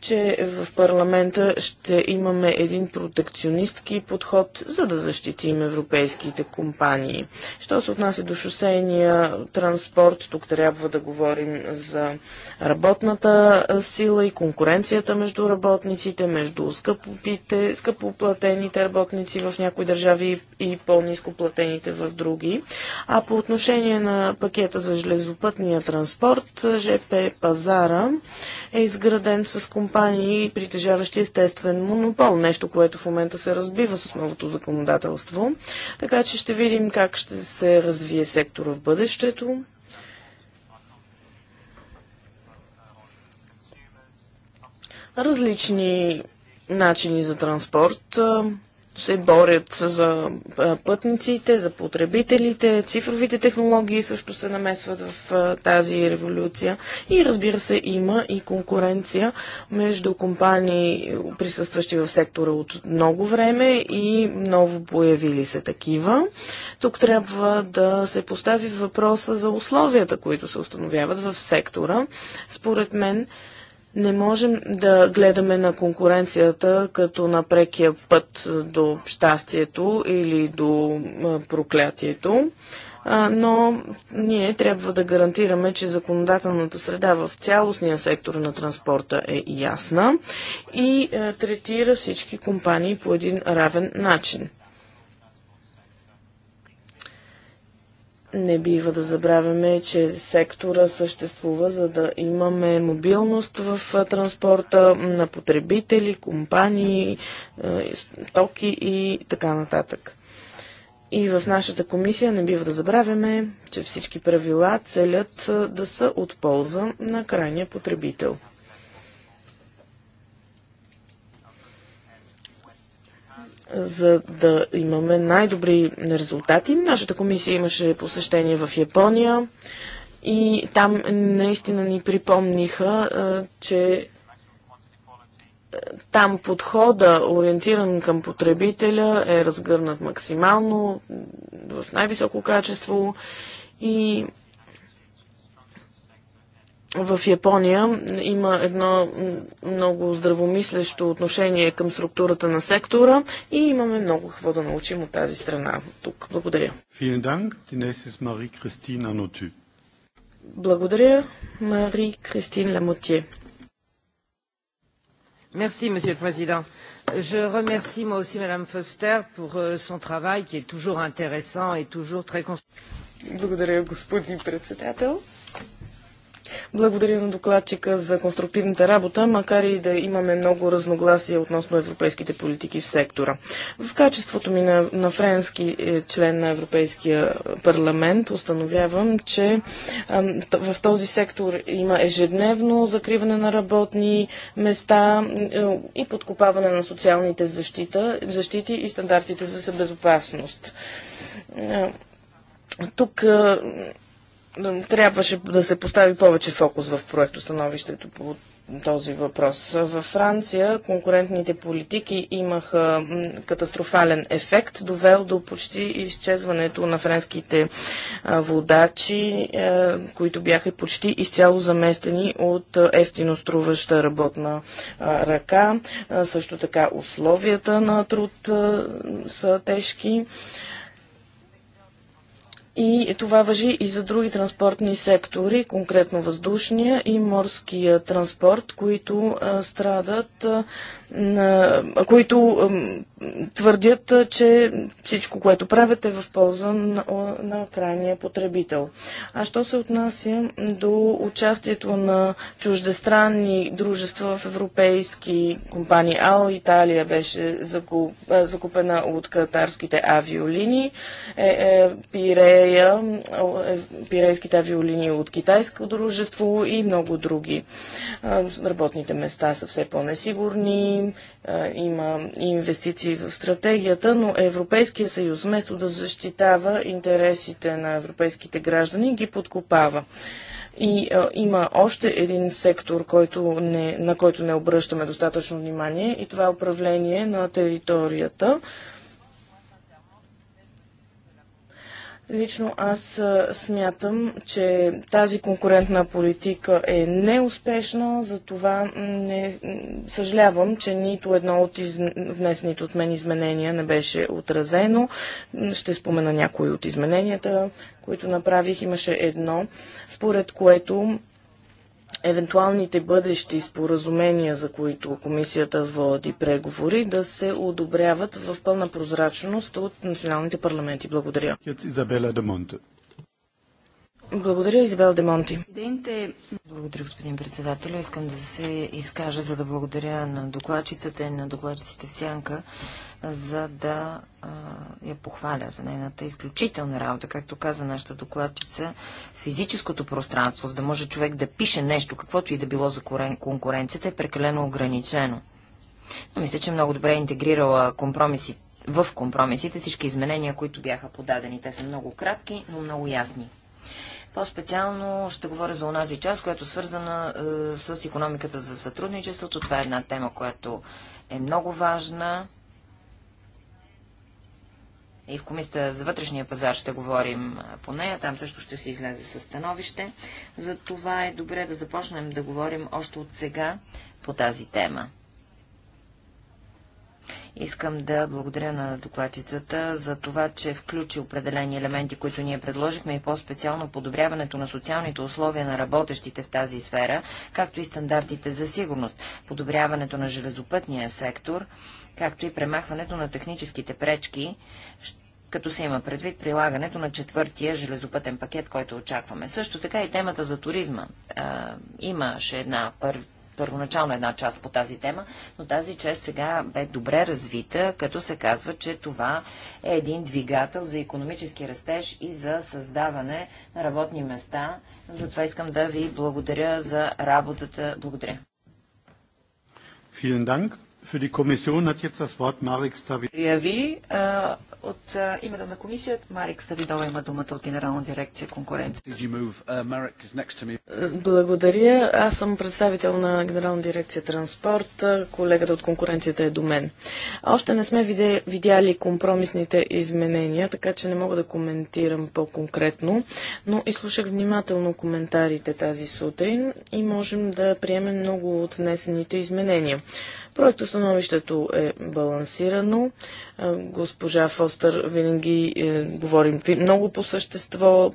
че в парламента ще имаме един протекционистки подход, за да защитим европейските компании. Що се отнася до шосейния транспорт, тук трябва да говорим за работната сила и конкуренцията между работниците, между скъпопите, скъпоплатените работници в някои държави и по-низко платените в други. А по отношение на пакета за железопътния транспорт, ЖП пазара е изграден с компания компании, притежаващи естествен монопол, нещо, което в момента се разбива с новото законодателство. Така че ще видим как ще се развие сектора в бъдещето. Различни начини за транспорт се борят за пътниците, за потребителите, цифровите технологии също се намесват в тази революция и разбира се има и конкуренция между компании, присъстващи в сектора от много време и много появили се такива. Тук трябва да се постави въпроса за условията, които се установяват в сектора. Според мен не можем да гледаме на конкуренцията като на прекия път до щастието или до проклятието, но ние трябва да гарантираме, че законодателната среда в цялостния сектор на транспорта е ясна и третира всички компании по един равен начин. Не бива да забравяме, че сектора съществува, за да имаме мобилност в транспорта на потребители, компании, токи и така нататък. И в нашата комисия не бива да забравяме, че всички правила целят да са от полза на крайния потребител. за да имаме най-добри резултати. Нашата комисия имаше посещение в Япония и там наистина ни припомниха, че там подхода, ориентиран към потребителя, е разгърнат максимално, в най-високо качество и в Япония има едно много здравомислещо отношение към структурата на сектора и имаме много какво да научим от тази страна тук. Благодаря. Благодаря, Мари Кристин Ламотие. Merci, Monsieur le Président. Je remercie moi aussi Madame Foster pour euh, son travail qui est toujours intéressant et toujours très constructif. Благодаря, господин председател. Благодаря на докладчика за конструктивната работа, макар и да имаме много разногласия относно европейските политики в сектора. В качеството ми на, на френски е, член на Европейския парламент установявам, че в този сектор има ежедневно закриване на работни места е, и подкопаване на социалните защита, защити и стандартите за безопасност. Е, тук трябваше да се постави повече фокус в проектостановището по този въпрос. Във Франция конкурентните политики имаха катастрофален ефект, довел до почти изчезването на френските водачи, е, които бяха почти изцяло заместени от ефтино струваща работна ръка. Също така условията на труд са тежки. И това въжи и за други транспортни сектори, конкретно въздушния и морския транспорт, които а, страдат, а, които а, твърдят, че всичко, което правят е в полза на, на крайния потребител. А що се отнася до участието на чуждестранни дружества в европейски компании, Ал Италия беше закуп, закупена от катарските авиолинии, е, е, Пире Пирея, е, пирейските авиолини от китайско дружество и много други. Работните места са все по-несигурни, има инвестиции в стратегията, но Европейския съюз, вместо да защитава интересите на европейските граждани, ги подкопава. И а, има още един сектор, който не, на който не обръщаме достатъчно внимание и това е управление на територията. Лично аз смятам, че тази конкурентна политика е неуспешна, затова не съжалявам, че нито едно от из... внесените от мен изменения не беше отразено. Ще спомена някои от измененията, които направих. Имаше едно, според което евентуалните бъдещи споразумения, за които комисията води преговори, да се одобряват в пълна прозрачност от националните парламенти. Благодаря. Изабела Демонте. Благодаря, Изабел Демонти. Благодаря, господин председател. Искам да се изкажа, за да благодаря на докладчицата и на докладчиците в Сянка за да а, я похваля за нейната изключителна работа. Както каза нашата докладчица, физическото пространство, за да може човек да пише нещо, каквото и да било за конкуренцията, е прекалено ограничено. Но мисля, че много добре е интегрирала компромиси, в компромисите всички изменения, които бяха подадени. Те са много кратки, но много ясни. По-специално ще говоря за онази част, която е свързана е, с економиката за сътрудничеството. Това е една тема, която е много важна и в Комисията за вътрешния пазар ще говорим по нея, там също ще се излезе със становище. За това е добре да започнем да говорим още от сега по тази тема. Искам да благодаря на докладчицата за това, че включи определени елементи, които ние предложихме и по-специално подобряването на социалните условия на работещите в тази сфера, както и стандартите за сигурност, подобряването на железопътния сектор, както и премахването на техническите пречки, като се има предвид прилагането на четвъртия железопътен пакет, който очакваме. Също така и темата за туризма. А, имаше една пър... първоначална една част по тази тема, но тази част сега бе добре развита, като се казва, че това е един двигател за економически растеж и за създаване на работни места. Затова искам да ви благодаря за работата. Благодаря. Vielen Dank. Благодаря ви. От името на комисията Марик Ставидова има думата от Генерална дирекция конкуренция. Uh, е, благодаря. Аз съм представител на Генерална дирекция транспорт. Колегата от конкуренцията е до мен. Още не сме видяли компромисните изменения, така че не мога да коментирам по-конкретно, но изслушах внимателно коментарите тази сутрин и можем да приемем много от внесените изменения. Проектостановището е балансирано. Е, госпожа Фостър винаги е, говорим много по същество,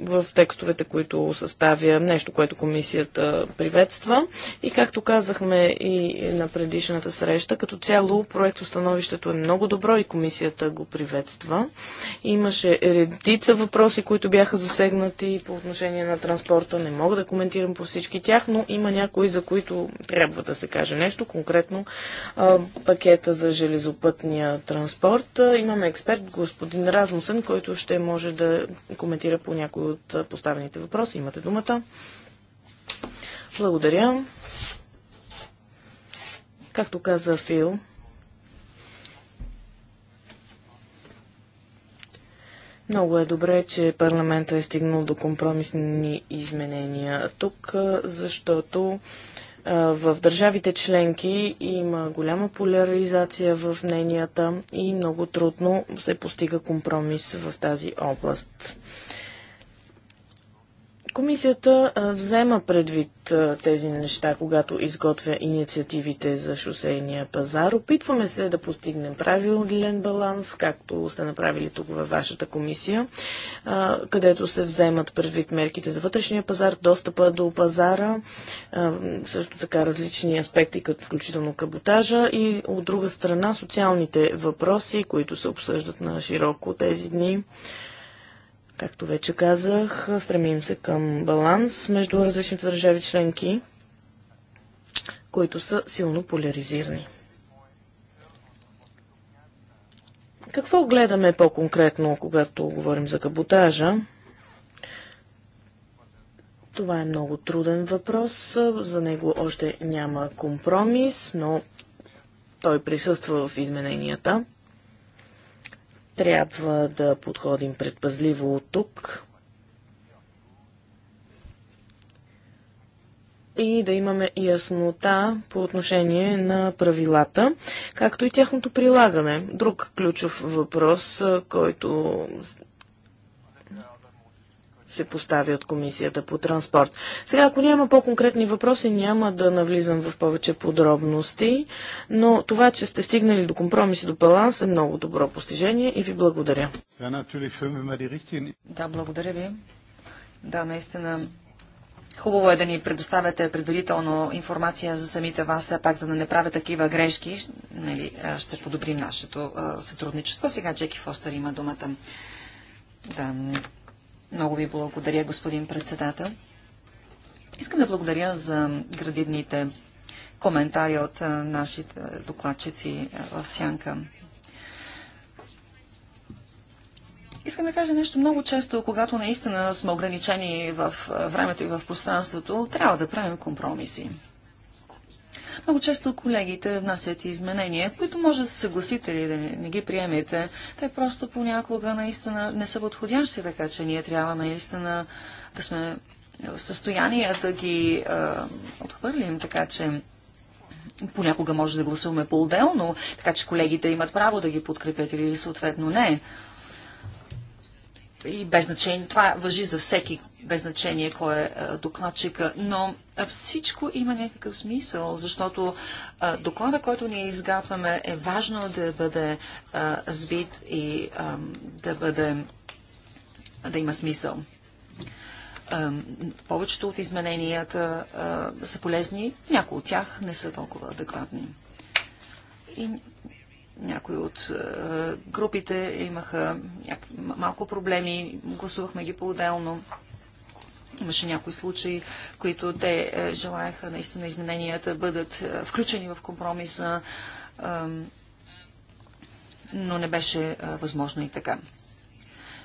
в текстовете, които съставя нещо, което комисията приветства. И както казахме и на предишната среща, като цяло проектостановището е много добро и комисията го приветства. Имаше редица въпроси, които бяха засегнати по отношение на транспорта. Не мога да коментирам по всички тях, но има някои, за които трябва да се каже нещо, конкретно а, пакета за железопътния транспорт. Имаме експерт, господин Размусен, който ще може да коментира по някои от поставените въпроси. Имате думата. Благодаря. Както каза Фил, Много е добре, че парламента е стигнал до компромисни изменения тук, защото в държавите членки има голяма поляризация в мненията и много трудно се постига компромис в тази област. Комисията взема предвид тези неща, когато изготвя инициативите за шосейния пазар. Опитваме се да постигнем правилен баланс, както сте направили тук във вашата комисия, където се вземат предвид мерките за вътрешния пазар, достъпа до пазара, също така различни аспекти, като включително каботажа и от друга страна социалните въпроси, които се обсъждат на широко тези дни. Както вече казах, стремим се към баланс между различните държави членки, които са силно поляризирани. Какво гледаме по-конкретно, когато говорим за каботажа? Това е много труден въпрос. За него още няма компромис, но той присъства в измененията. Трябва да подходим предпазливо от тук и да имаме яснота по отношение на правилата, както и тяхното прилагане. Друг ключов въпрос, който се постави от Комисията по транспорт. Сега, ако няма по-конкретни въпроси, няма да навлизам в повече подробности, но това, че сте стигнали до компромис до баланс е много добро постижение и ви благодаря. Да, благодаря ви. Да, наистина Хубаво е да ни предоставяте предварително информация за самите вас, все пак да не правя такива грешки. Нали, ще подобрим нашето сътрудничество. Сега Джеки Фостър има думата. Да, много ви благодаря, господин председател. Искам да благодаря за градивните коментари от нашите докладчици в Сянка. Искам да кажа нещо много често, когато наистина сме ограничени в времето и в пространството, трябва да правим компромиси. Много често колегите внасят изменения, които може да се съгласите или да не, не ги приемете. Те просто понякога наистина не са подходящи, така че ние трябва наистина да сме в състояние да ги а, отхвърлим, така че понякога може да гласуваме по-отделно, така че колегите имат право да ги подкрепят или съответно не и без значение, това въжи за всеки, без значение кой е, е докладчика, но всичко има някакъв смисъл, защото доклада, който ние изгатваме, е важно да бъде сбит и да бъде да има смисъл. Повечето от измененията са полезни, някои от тях не са толкова адекватни. И някои от е, групите имаха малко проблеми, гласувахме ги по-отделно. Имаше някои случаи, които те е, желаяха наистина измененията да бъдат е, включени в компромиса, но не беше възможно и така.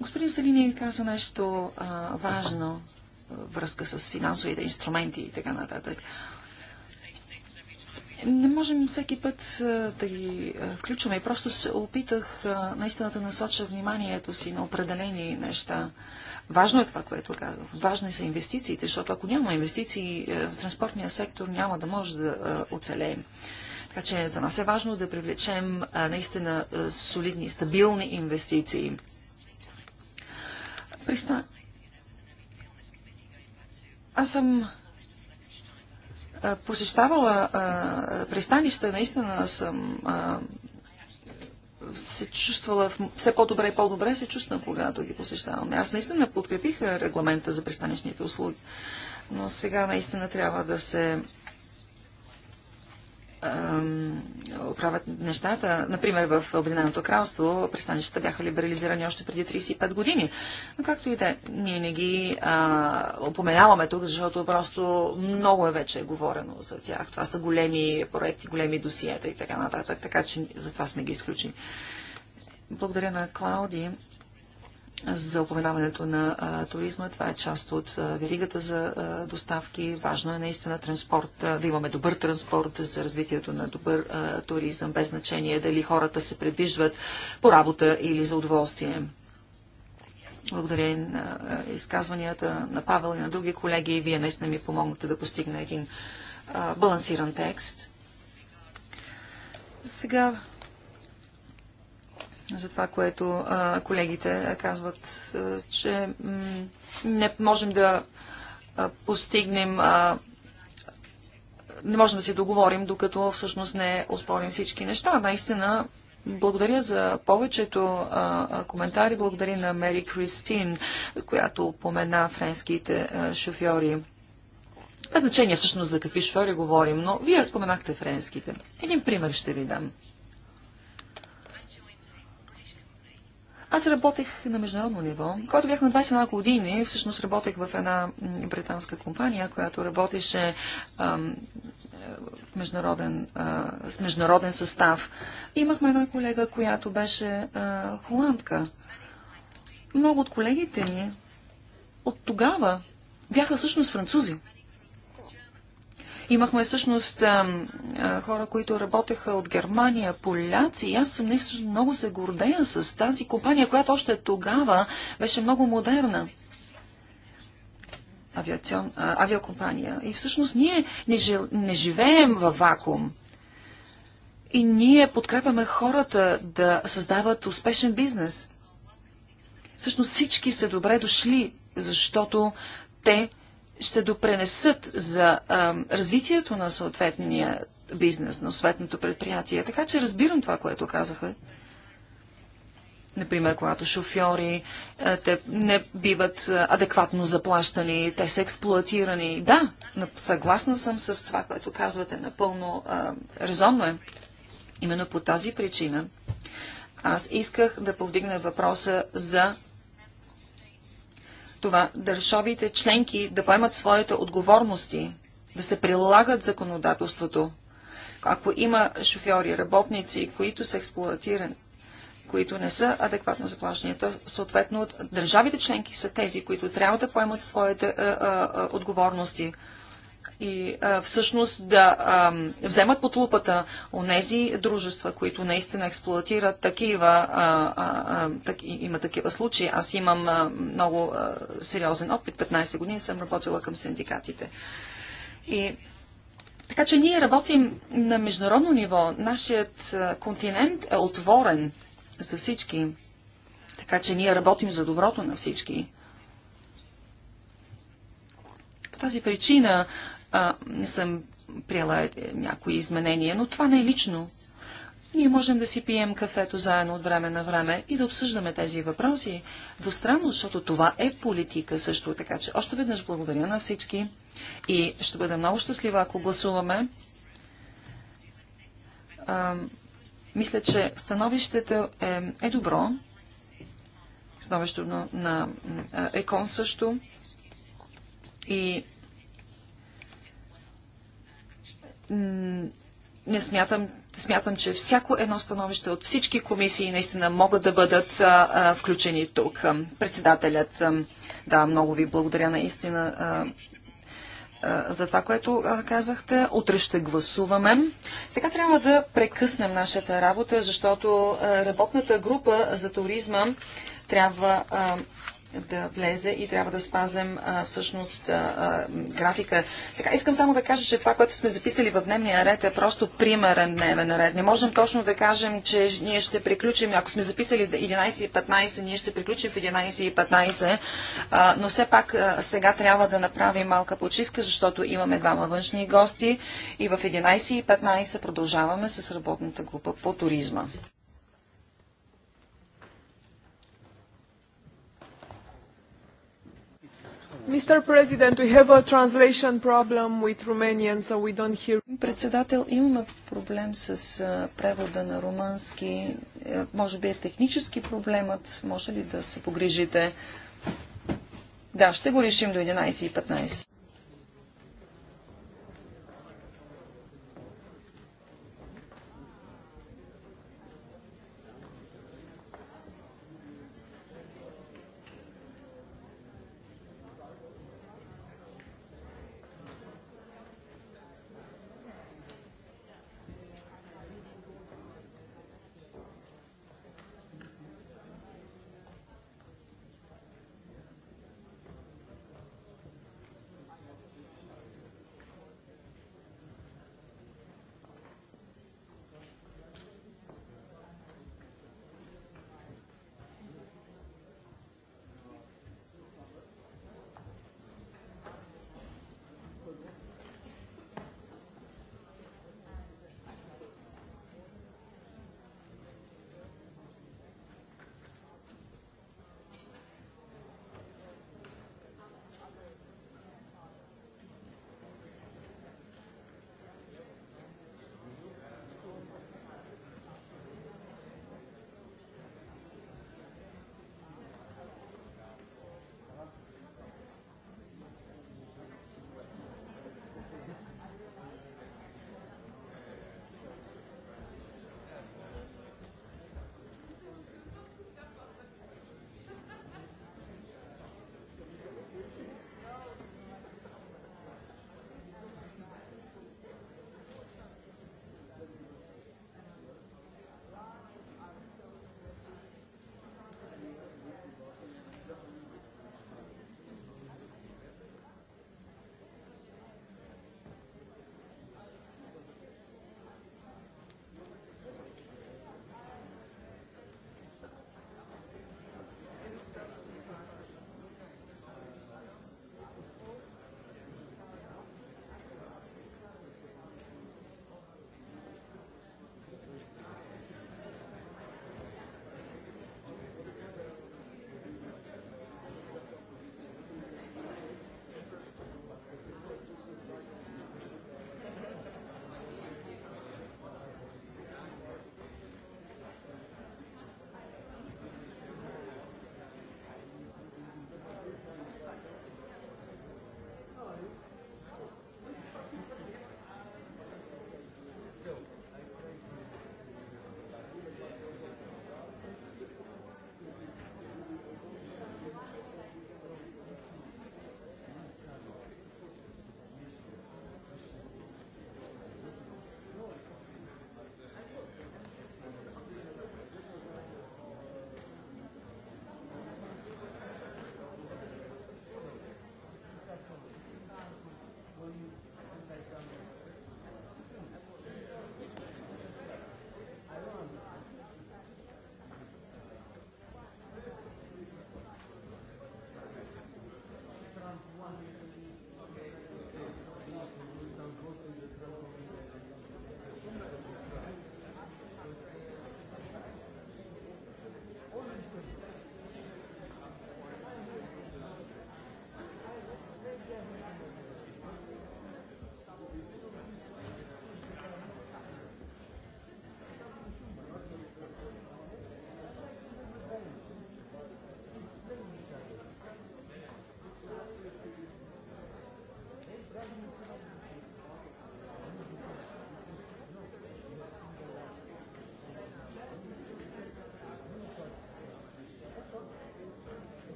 Господин Салини каза нещо важно връзка с финансовите инструменти и така нататък. Не можем всеки път да ги включваме. Просто се опитах наистина да насоча вниманието си на определени неща. Важно е това, което казвам. Важни са инвестициите, защото ако няма инвестиции е, в транспортния сектор, няма да може да оцелеем. Така че за нас е важно да привлечем наистина солидни, стабилни инвестиции. Приста... Аз съм посещавала пристанища, наистина съм се чувствала все по-добре и по-добре се чувствам, когато ги посещаваме. Аз наистина подкрепих регламента за пристанищните услуги, но сега наистина трябва да се оправят нещата. Например, в Обединеното кралство пристанищата бяха либерализирани още преди 35 години. Но както и да, е, ние не ги а, опоменаваме тук, защото просто много е вече говорено за тях. Това са големи проекти, големи досиета и така нататък, така че за това сме ги изключени. Благодаря на Клауди за упоменаването на а, туризма. Това е част от а, веригата за а, доставки. Важно е наистина транспорт, а, да имаме добър транспорт за развитието на добър а, туризъм, без значение дали хората се предвиждат по работа или за удоволствие. Благодаря и на изказванията на Павел и на други колеги. Вие наистина ми помогнахте да постигна един а, балансиран текст. Сега за това, което а, колегите казват, а, че не можем да а, постигнем, а, не можем да се договорим, докато всъщност не оспорим всички неща. Наистина, благодаря за повечето а, коментари. Благодаря на Мери Кристин, която помена френските а, шофьори. Без значение всъщност за какви шофьори говорим, но вие споменахте френските. Един пример ще ви дам. Аз работех на международно ниво. Когато бях на 21 години, всъщност работех в една британска компания, която работеше ам, е, международен, а, с международен състав. Имахме една колега, която беше а, холандка. Много от колегите ми от тогава бяха всъщност французи. Имахме всъщност а, а, хора, които работеха от Германия, поляци. И аз съм наистина много се гордея с тази компания, която още тогава беше много модерна авиацион, а, авиакомпания. И всъщност ние не, жи, не живеем във вакуум. И ние подкрепяме хората да създават успешен бизнес. Всъщност всички са добре дошли, защото те ще допренесат за а, развитието на съответния бизнес, на съответното предприятие. Така че разбирам това, което казаха. Например, когато шофьори а, те не биват адекватно заплащани, те са експлуатирани. Да, съгласна съм с това, което казвате. Напълно а, резонно е. Именно по тази причина аз исках да повдигна въпроса за това държавите членки да поемат своите отговорности, да се прилагат законодателството. Ако има шофьори, работници, които са експлуатирани, които не са адекватно заплащани, то съответно държавите членки са тези, които трябва да поемат своите а, е, а, е, е, отговорности и а, всъщност да а, вземат под лупата онези дружества, които наистина експлуатират такива, а, а, так, има такива случаи. Аз имам а, много а, сериозен опит, 15 години съм работила към синдикатите. И така че ние работим на международно ниво. Нашият континент е отворен за всички. Така че ние работим за доброто на всички. По тази причина а, съм приела е, някои изменения, но това не е лично. Ние можем да си пием кафето заедно от време на време и да обсъждаме тези въпроси двустранно, защото това е политика също. Така че още веднъж благодаря на всички и ще бъда много щастлива, ако гласуваме. А, мисля, че становището е, е добро. Становището на, на е, ЕКОН също. И не смятам, смятам, че всяко едно становище от всички комисии наистина могат да бъдат а, включени тук. Председателят, а, да, много ви благодаря наистина а, а, за това, което а, казахте. Утре ще гласуваме. Сега трябва да прекъснем нашата работа, защото а, работната група за туризма трябва а, да влезе и трябва да спазем а, всъщност а, а, графика. Сега искам само да кажа, че това, което сме записали в дневния ред е просто примерен дневен ред. Не можем точно да кажем, че ние ще приключим, ако сме записали 11.15, ние ще приключим в 11.15, но все пак а, сега трябва да направим малка почивка, защото имаме двама външни гости и в 11.15 продължаваме с работната група по туризма. Mr. President, we have a translation problem with Romanian, so we don't hear. Председател, имаме проблем с превода на румънски. Е, може би е технически проблемът. Може ли да се погрижите? Да, ще го решим до 11.15.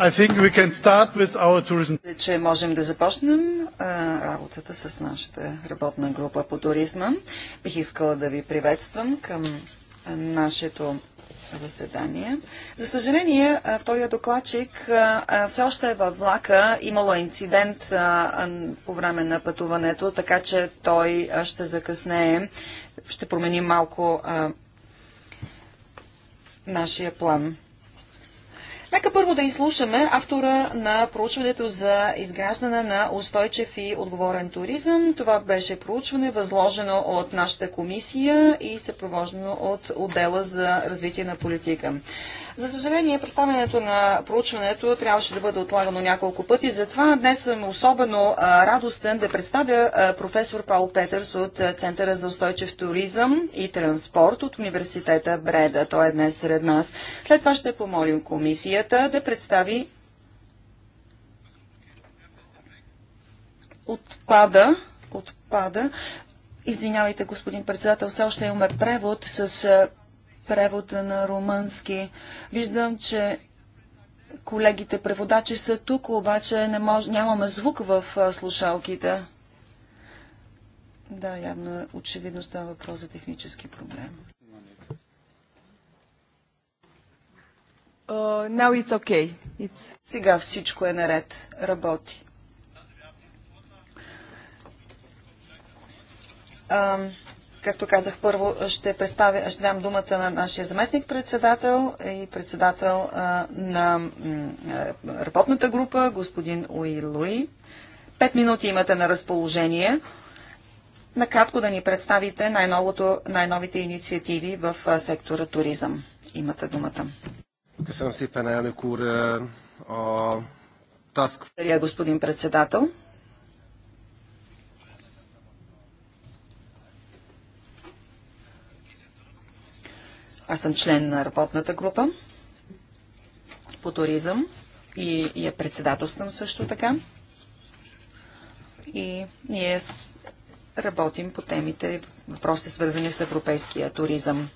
Е, че можем да започнем работата с нашата работна група по туризма. Бих искала да ви приветствам към нашето заседание. За съжаление, втория докладчик все още е във влака. Имало е инцидент по време на пътуването, така че той ще закъснее. Ще променим малко нашия план. Първо да изслушаме автора на проучването за изграждане на устойчив и отговорен туризъм. Това беше проучване, възложено от нашата комисия и съпровождано от отдела за развитие на политика. За съжаление, представянето на проучването трябваше да бъде отлагано няколко пъти, затова днес съм особено радостен да представя професор Паул Петърс от Центъра за устойчив туризъм и транспорт от университета Бреда. Той е днес сред нас. След това ще помолим комисията да представи отпада, отпада. Извинявайте, господин председател, все още имаме превод с Превода на румънски. Виждам, че колегите преводачи са тук, обаче не мож... нямаме звук в слушалките. Да, явно очевидно става въпрос за технически проблем. Uh, now it's okay. It's... Сега всичко е наред. Работи. Uh, Както казах, първо ще, представя, ще дам думата на нашия заместник-председател и председател а, на работната група, господин Уи Луи. Пет минути имате на разположение. Накратко да ни представите най-новите инициативи в а, сектора туризъм. Имате думата. Благодаря, господин председател. Аз съм член на работната група по туризъм и я председателствам също така. И ние работим по темите, въпросите свързани с европейския туризъм.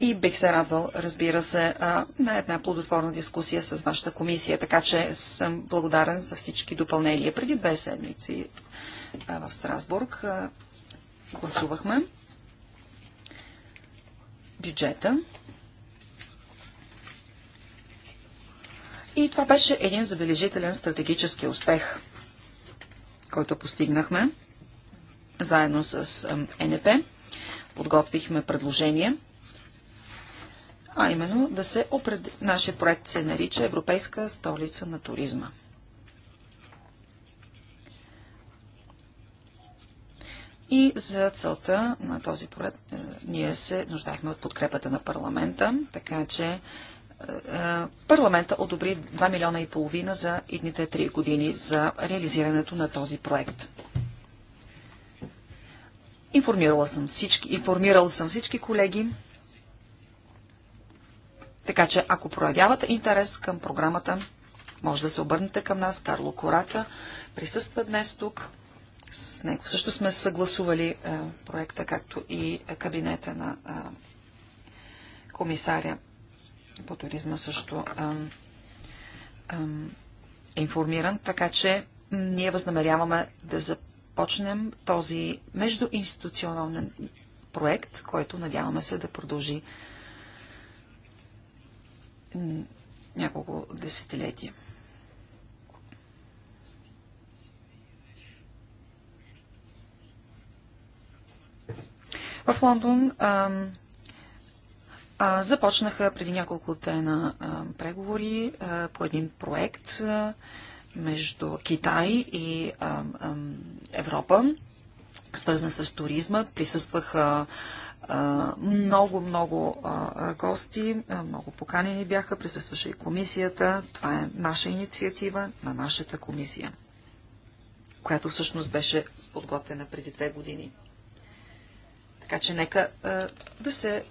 И бих се радвал, разбира се, на една плодотворна дискусия с вашата комисия, така че съм благодарен за всички допълнения. Преди две седмици в Страсбург. Гласувахме бюджета. И това беше един забележителен стратегически успех, който постигнахме заедно с НП. Подготвихме предложение, а именно да се опред... Нашия проект се нарича Европейска столица на туризма. И за целта на този проект е, ние се нуждахме от подкрепата на парламента, така че е, е, парламента одобри 2 милиона и половина за едните 3 години за реализирането на този проект. Информирала съм всички, информирал съм всички колеги, така че ако проявявате интерес към програмата, може да се обърнете към нас. Карло Кораца присъства днес тук с него. Също сме съгласували е, проекта, както и кабинета на е, комисаря по туризма също е, е информиран, така че ние възнамеряваме да започнем този междуинституционален проект, който надяваме се да продължи няколко десетилетия. В Лондон а, а, започнаха преди няколко дена преговори а, по един проект а, между Китай и а, а, Европа, свързан с туризма. Присъстваха много-много гости, много поканени бяха, присъстваше и комисията. Това е наша инициатива на нашата комисия, която всъщност беше подготвена преди две години. Така че нека а, да се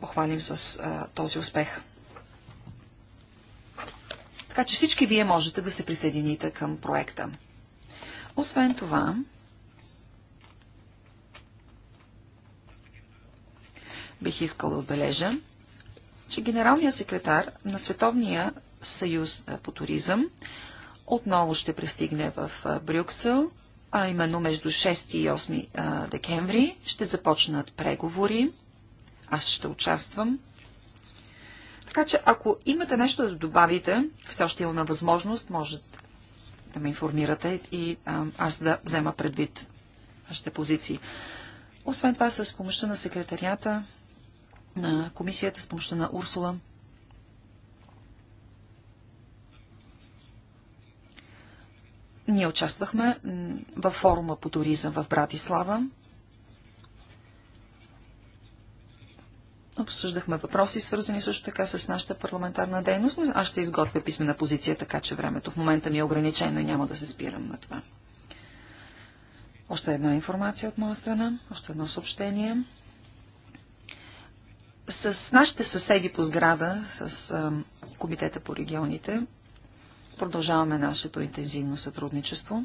похвалим с а, този успех. Така че всички вие можете да се присъедините към проекта. Освен това, бих искал да отбележа, че генералният секретар на Световния съюз по туризъм отново ще пристигне в Брюксел а именно между 6 и 8 декември ще започнат преговори. Аз ще участвам. Така че, ако имате нещо да добавите, все още имаме възможност, може да ме информирате и аз да взема предвид вашите позиции. Освен това, с помощта на секретарията на комисията, с помощта на Урсула, Ние участвахме в форума по туризъм в Братислава. Обсъждахме въпроси, свързани също така с нашата парламентарна дейност. Аз ще изготвя писмена позиция, така че времето в момента ми е ограничено и няма да се спирам на това. Още една информация от моя страна, още едно съобщение. С нашите съседи по сграда, с Комитета по регионите, Продължаваме нашето интензивно сътрудничество.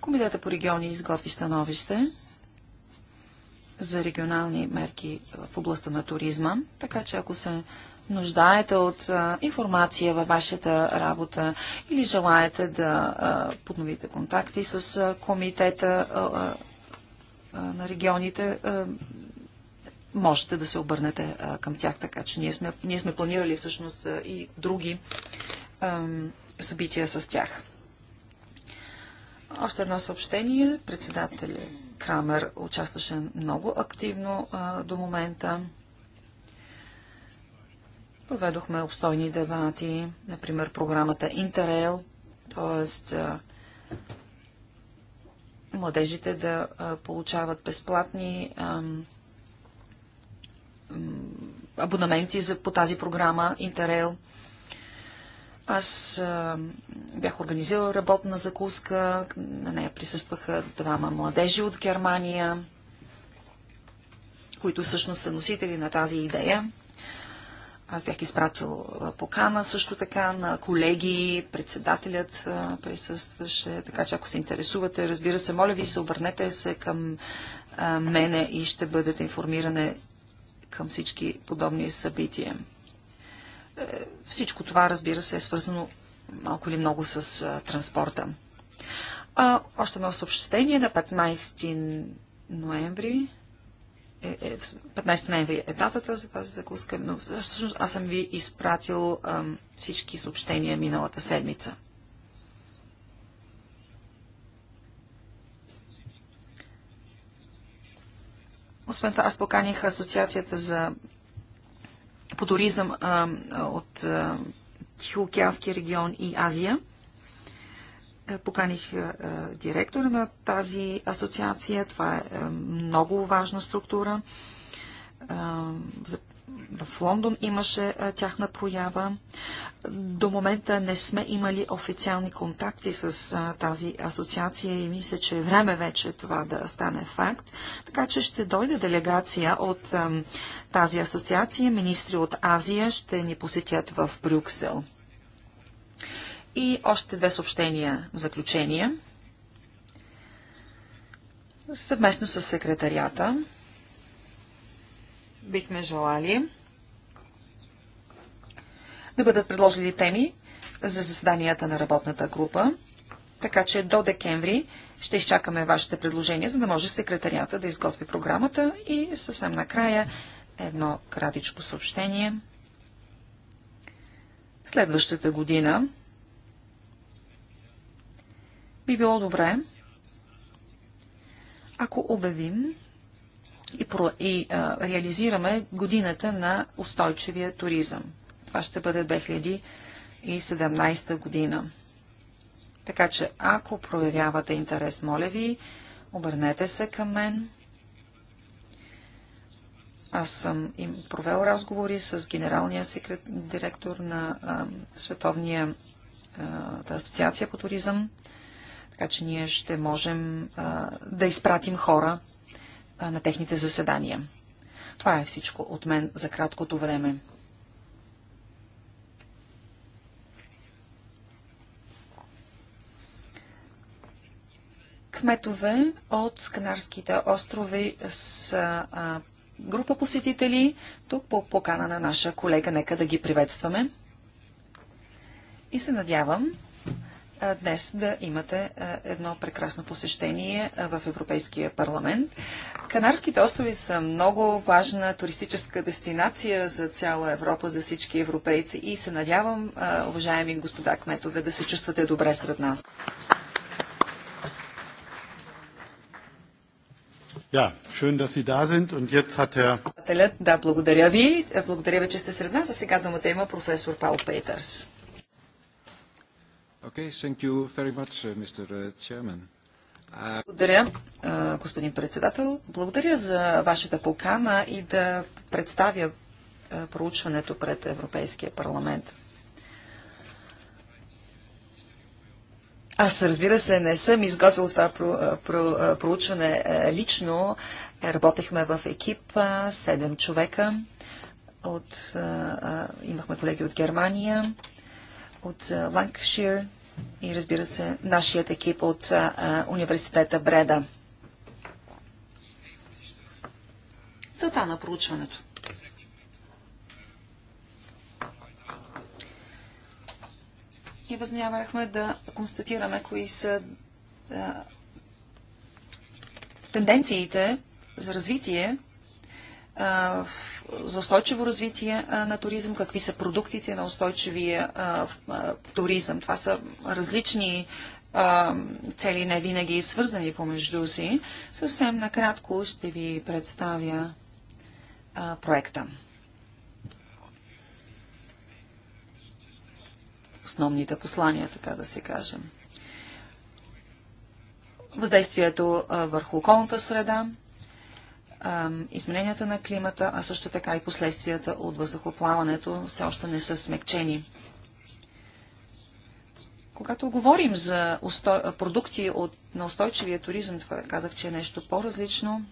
Комитета по региони изготви становище за регионални мерки в областта на туризма, така че ако се нуждаете от а, информация във вашата работа или желаете да а, подновите контакти с а, комитета на регионите, можете да се обърнете а, към тях, така че ние сме, ние сме планирали всъщност и други а, събития с тях. Още едно съобщение. Председател Крамер участваше много активно а, до момента. Проведохме обстойни дебати, например програмата Интерел, т.е. младежите да получават безплатни абонаменти за, по тази програма Интерел. Аз а, бях организирала работна закуска, на нея присъстваха двама младежи от Германия, които всъщност са носители на тази идея. Аз бях изпратил покана също така на колеги, председателят а, присъстваше, така че ако се интересувате, разбира се, моля ви се, обърнете се към а, мене и ще бъдете информирани към всички подобни събития. Е, всичко това, разбира се, е свързано малко или много с е, транспорта. А, още едно съобщение на 15 ноември. 15 е, ноември е датата за тази закуска, но всъщност аз съм ви изпратил е, всички съобщения миналата седмица. Освен това, аз поканих Асоциацията за по туризъм а, от Тихоокеанския регион и Азия. Е, поканих а, директора на тази асоциация. Това е а, е, много важна структура. А, за в Лондон имаше а, тяхна проява. До момента не сме имали официални контакти с а, тази асоциация и мисля, че е време вече това да стане факт. Така че ще дойде делегация от а, тази асоциация. Министри от Азия ще ни посетят в Брюксел. И още две съобщения в заключение. Съвместно с секретарията бихме желали да бъдат предложили теми за заседанията на работната група, така че до декември ще изчакаме вашите предложения, за да може секретарията да изготви програмата и съвсем накрая едно кратичко съобщение. Следващата година би било добре, ако обявим и, про, и а, реализираме годината на устойчивия туризъм. Това ще бъде 2017 година. Така че, ако проявявате интерес, моля ви, обърнете се към мен. Аз съм им провел разговори с генералния секрет, директор на а, Световния а, асоциация по туризъм, така че ние ще можем а, да изпратим хора а, на техните заседания. Това е всичко от мен за краткото време. Кметове от Канарските острови с а, група посетители, тук по покана на наша колега, нека да ги приветстваме. И се надявам а, днес да имате а, едно прекрасно посещение а, в Европейския парламент. Канарските острови са много важна туристическа дестинация за цяла Европа, за всички европейци и се надявам, уважаеми господа кметове, да се чувствате добре сред нас. Ja, schön, dass Sie da sind und jetzt hat Herr... Да, благодаря ви. Благодаря ви, че сте сред нас. А сега думата има професор Паул Пейтърс. Okay, thank you very much, uh, Mr. Uh, Chairman. Uh, благодаря, господин председател. Благодаря за вашата покана и да представя проучването пред Европейския парламент. Аз, разбира се, не съм изготвил това про, про, проучване лично. Работехме в екип, седем човека. От, имахме колеги от Германия, от Ланкшир и, разбира се, нашият екип от университета Бреда. Целта на проучването. и възнявахме да констатираме кои са а, е, тенденциите за развитие, а, е, за устойчиво развитие а, е, на туризъм, какви са продуктите на устойчивия туризъм. Това са различни цели, не винаги свързани помежду си. Съвсем накратко ще ви представя проекта. основните послания, така да се кажем. Въздействието върху околната среда, измененията на климата, а също така и последствията от въздухоплаването все още не са смекчени. Когато говорим за усто... продукти от... на устойчивия туризъм, това казах, че е нещо по-различно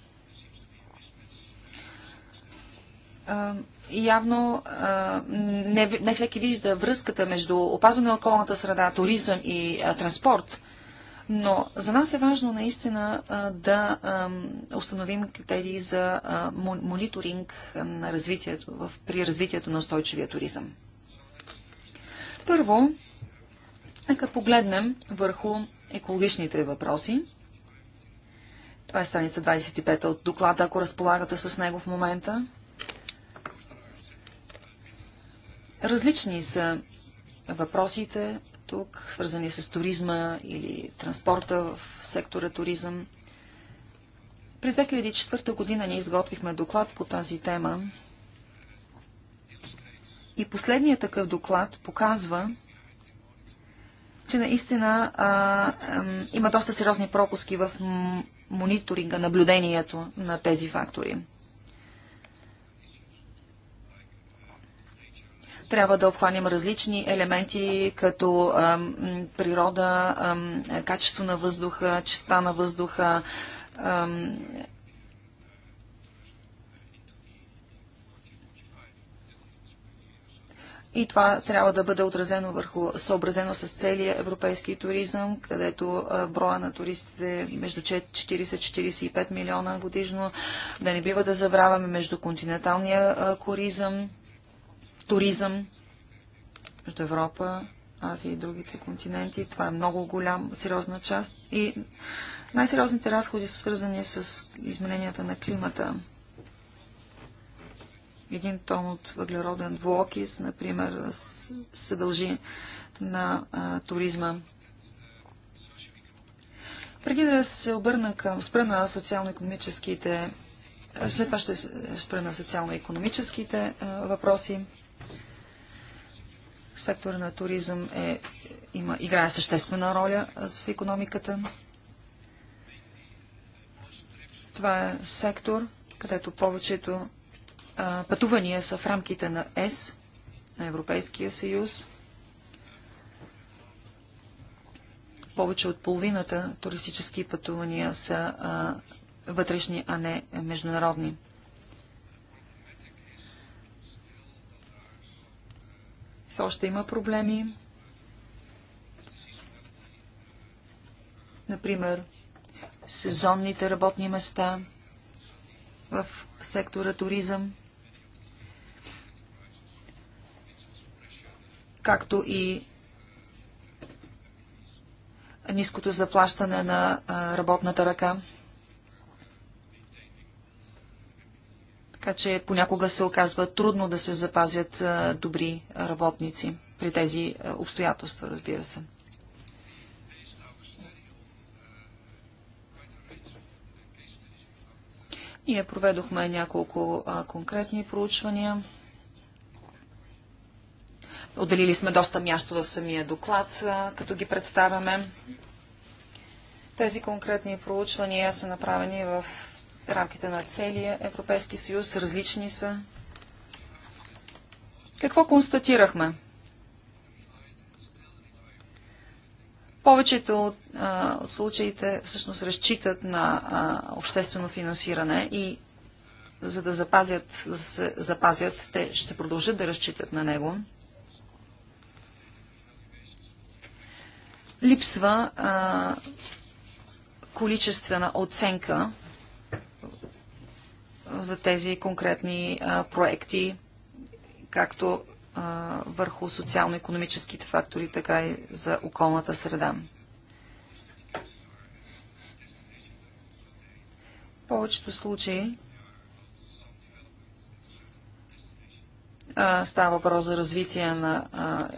явно а, не, не всеки вижда връзката между опазване на околната среда, туризъм и а, транспорт. Но за нас е важно наистина да установим критерии за мониторинг на развитието, при развитието на устойчивия туризъм. Първо, нека погледнем върху екологичните въпроси. Това е страница 25 от доклада, ако разполагате с него в момента. Различни са въпросите тук, свързани с туризма или транспорта в сектора туризъм. През 2004 година ние изготвихме доклад по тази тема и последният такъв доклад показва, че наистина а, а, има доста сериозни пропуски в мониторинга, наблюдението на тези фактори. трябва да обхванем различни елементи, като природа, качество на въздуха, чистота на въздуха. И това трябва да бъде отразено върху, съобразено с целия европейски туризъм, където броя на туристите е между 40-45 милиона годишно. Да не бива да забравяме междуконтиненталния туризъм туризъм между Европа, Азия и другите континенти. Това е много голям, сериозна част. И най-сериозните разходи са свързани с измененията на климата. Един тон от въглероден двуокис, например, се дължи на а, туризма. Преди да се обърна към спра на социално-економическите, след това ще спра на социално-економическите въпроси. Сектора на туризъм е, има, играе съществена роля в економиката. Това е сектор, където повечето а, пътувания са в рамките на ЕС, на Европейския съюз. Повече от половината туристически пътувания са а, вътрешни, а не международни. все още има проблеми. Например, сезонните работни места в сектора туризъм, както и ниското заплащане на работната ръка. Така че понякога се оказва трудно да се запазят добри работници при тези обстоятелства, разбира се. Ние проведохме няколко конкретни проучвания. Отделили сме доста място в самия доклад, като ги представяме. Тези конкретни проучвания са направени в рамките на целия Европейски съюз, различни са. Какво констатирахме? Повечето от, а, от случаите всъщност разчитат на а, обществено финансиране и за да запазят, да се запазят, те ще продължат да разчитат на него. Липсва а, количествена оценка за тези конкретни а, проекти, както а, върху социално-економическите фактори, така и за околната среда. В повечето случаи а, става въпрос за развитие на а,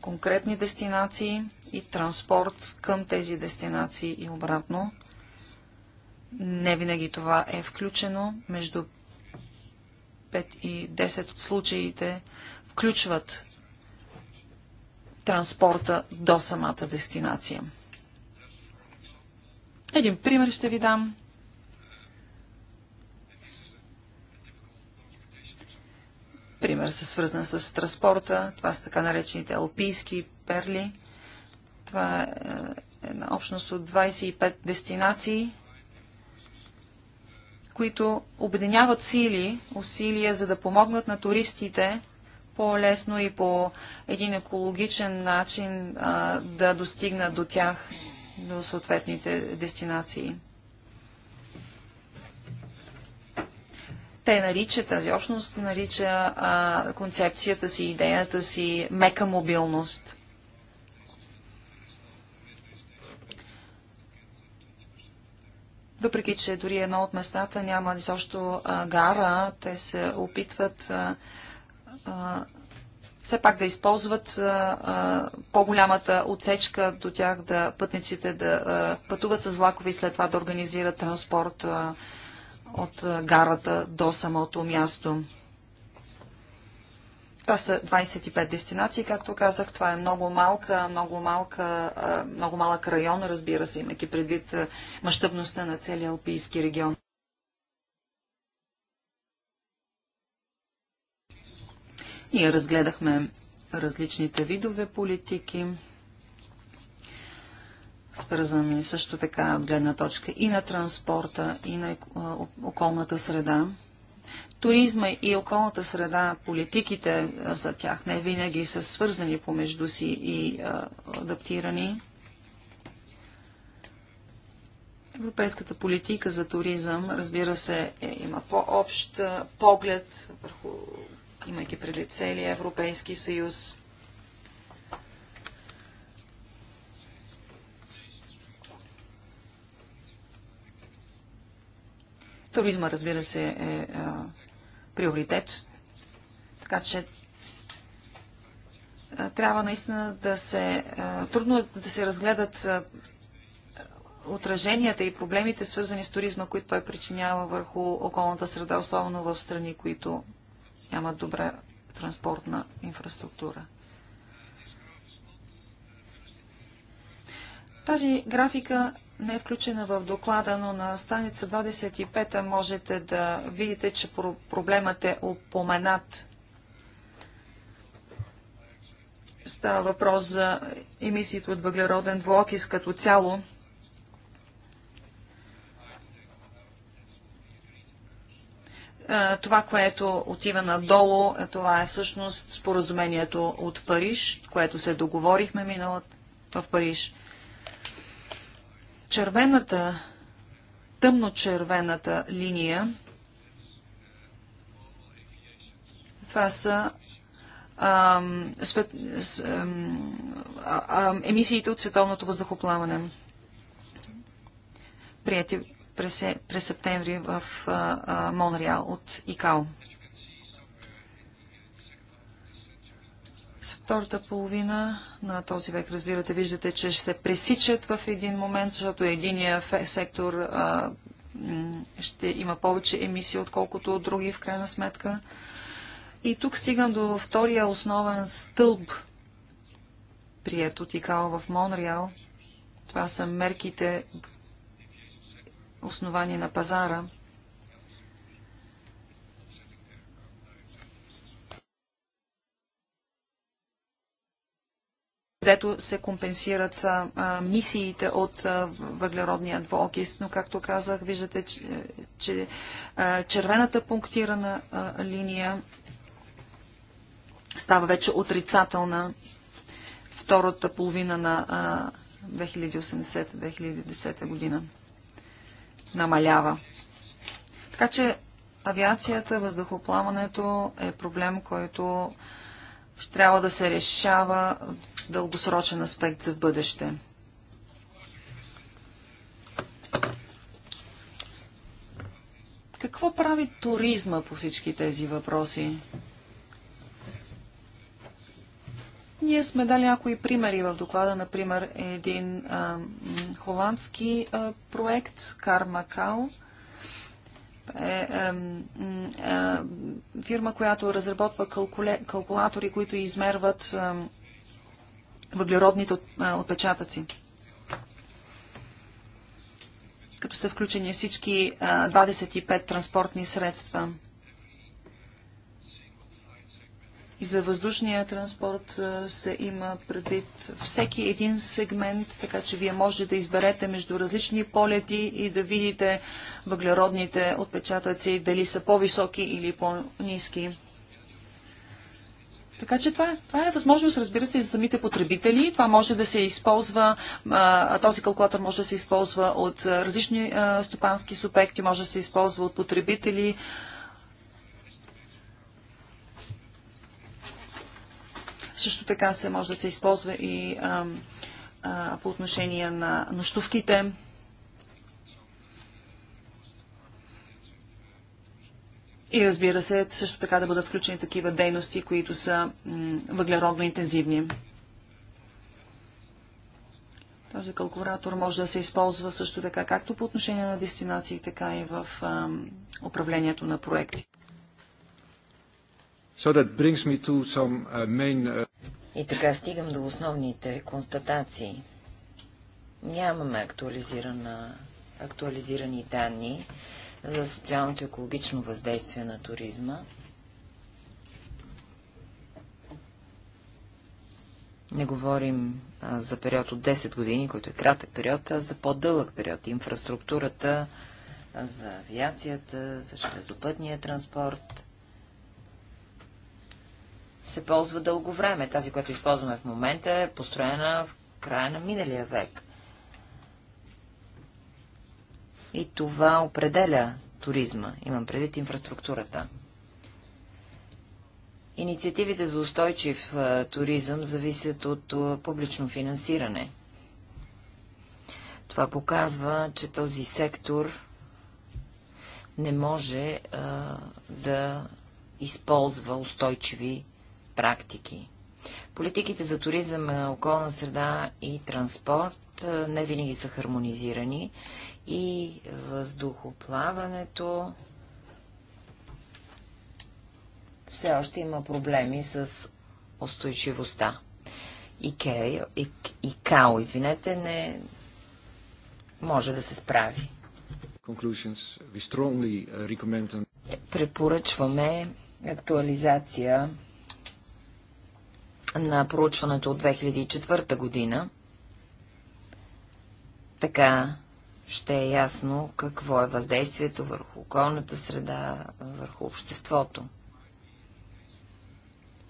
конкретни дестинации и транспорт към тези дестинации и обратно – не винаги това е включено. Между 5 и 10 от случаите включват транспорта до самата дестинация. Един пример ще ви дам. Пример се свързан с транспорта. Това са така наречените алпийски перли. Това е, е една общност от 25 дестинации – които обединяват сили, усилия, за да помогнат на туристите по-лесно и по един екологичен начин а, да достигнат до тях, до съответните дестинации. Те нарича, тази общност нарича а, концепцията си, идеята си мека мобилност – Въпреки, че дори едно от местата няма изобщо гара, те се опитват все пак да използват по-голямата отсечка до тях, да пътниците да пътуват с влакове и след това да организират транспорт от гарата до самото място. Това са 25 дестинации, както казах. Това е много малка, много малка, много малък район, разбира се, имайки предвид мащабността на целия Алпийски регион. Ние разгледахме различните видове политики, свързани също така от гледна точка и на транспорта, и на околната среда туризма и околната среда, политиките за тях не винаги са свързани помежду си и а, адаптирани. Европейската политика за туризъм, разбира се, е, има по-общ поглед върху, имайки преди целия Европейски съюз. Туризма, разбира се, е а, приоритет. Така че трябва наистина да се... Трудно е да се разгледат отраженията и проблемите, свързани с туризма, които той причинява върху околната среда, особено в страни, които нямат добра транспортна инфраструктура. Тази графика не е включена в доклада, но на страница 25 можете да видите, че проблемът е упоменат. Става въпрос за емисиите от въглероден двуокис като цяло. това, което отива надолу, е, това е всъщност споразумението от Париж, което се договорихме миналът в Париж червената, тъмно-червената линия, това са ам, ам, емисиите от световното въздухоплаване, прияти през, през септември в а, а, Монреал от ИКАО. с втората половина на този век, разбирате, виждате, че ще се пресичат в един момент, защото единия сектор а, ще има повече емисии, отколкото от други, в крайна сметка. И тук стигам до втория основен стълб, прият от ИКАО в Монреал. Това са мерките, основани на пазара – където се компенсират а, а, мисиите от а, въглеродния двуокис, но както казах, виждате, че, че а, червената пунктирана а, линия става вече отрицателна втората половина на 2080-2010 година. Намалява. Така че авиацията, въздухоплаването е проблем, който ще трябва да се решава дългосрочен аспект за бъдеще. Какво прави туризма по всички тези въпроси? Ние сме дали някои примери в доклада. Например, един а, холандски а, проект, Кармакао. Е, е, е, фирма, която разработва калкуле, калкулатори, които измерват въглеродните отпечатъци. Като са включени всички 25 транспортни средства. И за въздушния транспорт се има предвид всеки един сегмент, така че вие можете да изберете между различни полети и да видите въглеродните отпечатъци, дали са по-високи или по-низки. Така че това, това е възможност, разбира се, и за самите потребители. Това може да се използва, а, този калкулатор може да се използва от различни а, стопански субекти, може да се използва от потребители. Също така се може да се използва и а, по отношение на нощувките. И разбира се, също така да бъдат включени такива дейности, които са въглеродно интензивни. Този калкулатор може да се използва също така както по отношение на дестинации, така и в управлението на проекти. So that brings me to some uh, main... Uh, и така стигам до основните констатации. Нямаме актуализирана, актуализирани данни за социалното и екологично въздействие на туризма. Не говорим за период от 10 години, който е кратък период, а за по-дълъг период. Инфраструктурата за авиацията, за железопътния транспорт се ползва дълго време. Тази, която използваме в момента, е построена в края на миналия век. И това определя туризма. Имам предвид инфраструктурата. Инициативите за устойчив туризъм зависят от публично финансиране. Това показва, че този сектор не може а, да използва устойчиви практики. Политиките за туризъм, околна среда и транспорт не винаги са хармонизирани и въздухоплаването все още има проблеми с устойчивостта. и као, извинете, не може да се справи. Uh, Препоръчваме актуализация на проучването от 2004 година така ще е ясно какво е въздействието върху околната среда, върху обществото.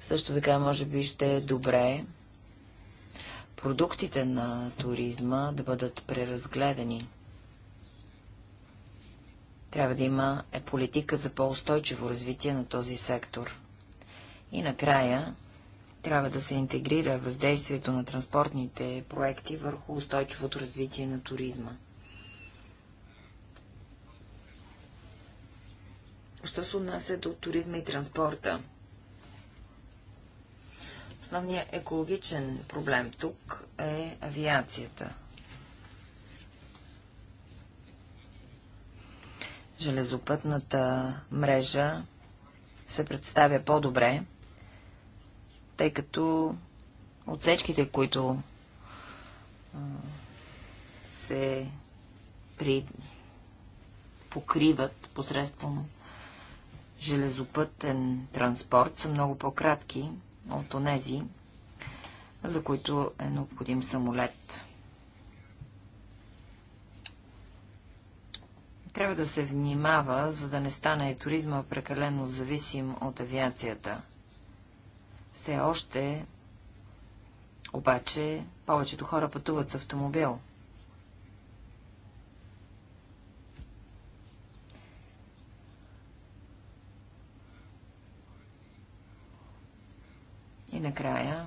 Също така, може би ще е добре продуктите на туризма да бъдат преразгледани. Трябва да има е политика за по-устойчиво развитие на този сектор. И накрая трябва да се интегрира въздействието на транспортните проекти върху устойчивото развитие на туризма. Що се отнася до туризма и транспорта? Основният екологичен проблем тук е авиацията. Железопътната мрежа се представя по-добре тъй като отсечките, които се при... покриват посредством железопътен транспорт, са много по-кратки от онези, за които е необходим самолет. Трябва да се внимава, за да не стане туризма прекалено зависим от авиацията – все още, обаче, повечето хора пътуват с автомобил. И накрая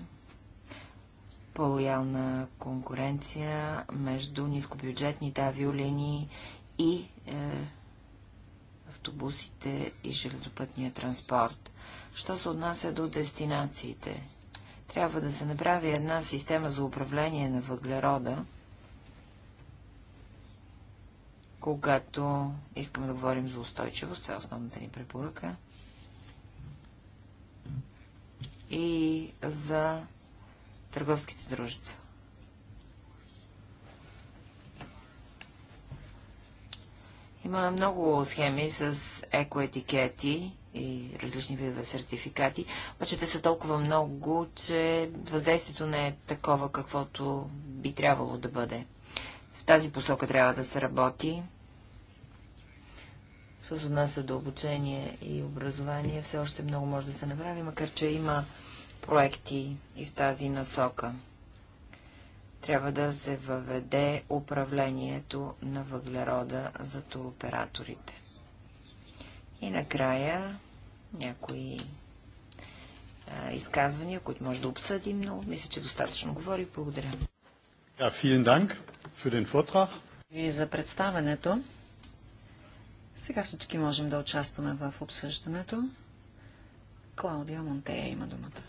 по-лоялна конкуренция между нискобюджетните авиолинии и е, автобусите и железопътния транспорт. Що се отнася до дестинациите? Трябва да се направи една система за управление на въглерода, когато искаме да говорим за устойчивост, това е основната ни препоръка, и за търговските дружества. Има много схеми с екоетикети и различни видове сертификати, обаче те са толкова много, че въздействието не е такова, каквото би трябвало да бъде. В тази посока трябва да се работи. от нас отнася до обучение и образование, все още много може да се направи, макар че има проекти и в тази насока. Трябва да се въведе управлението на въглерода за туроператорите. И накрая някои а, изказвания, които може да обсъдим, но мисля, че достатъчно говори. Благодаря. Ja, vielen Dank für den Vortrag. И за представенето. Сега всички можем да участваме в обсъждането. Клаудия Монтея има думата.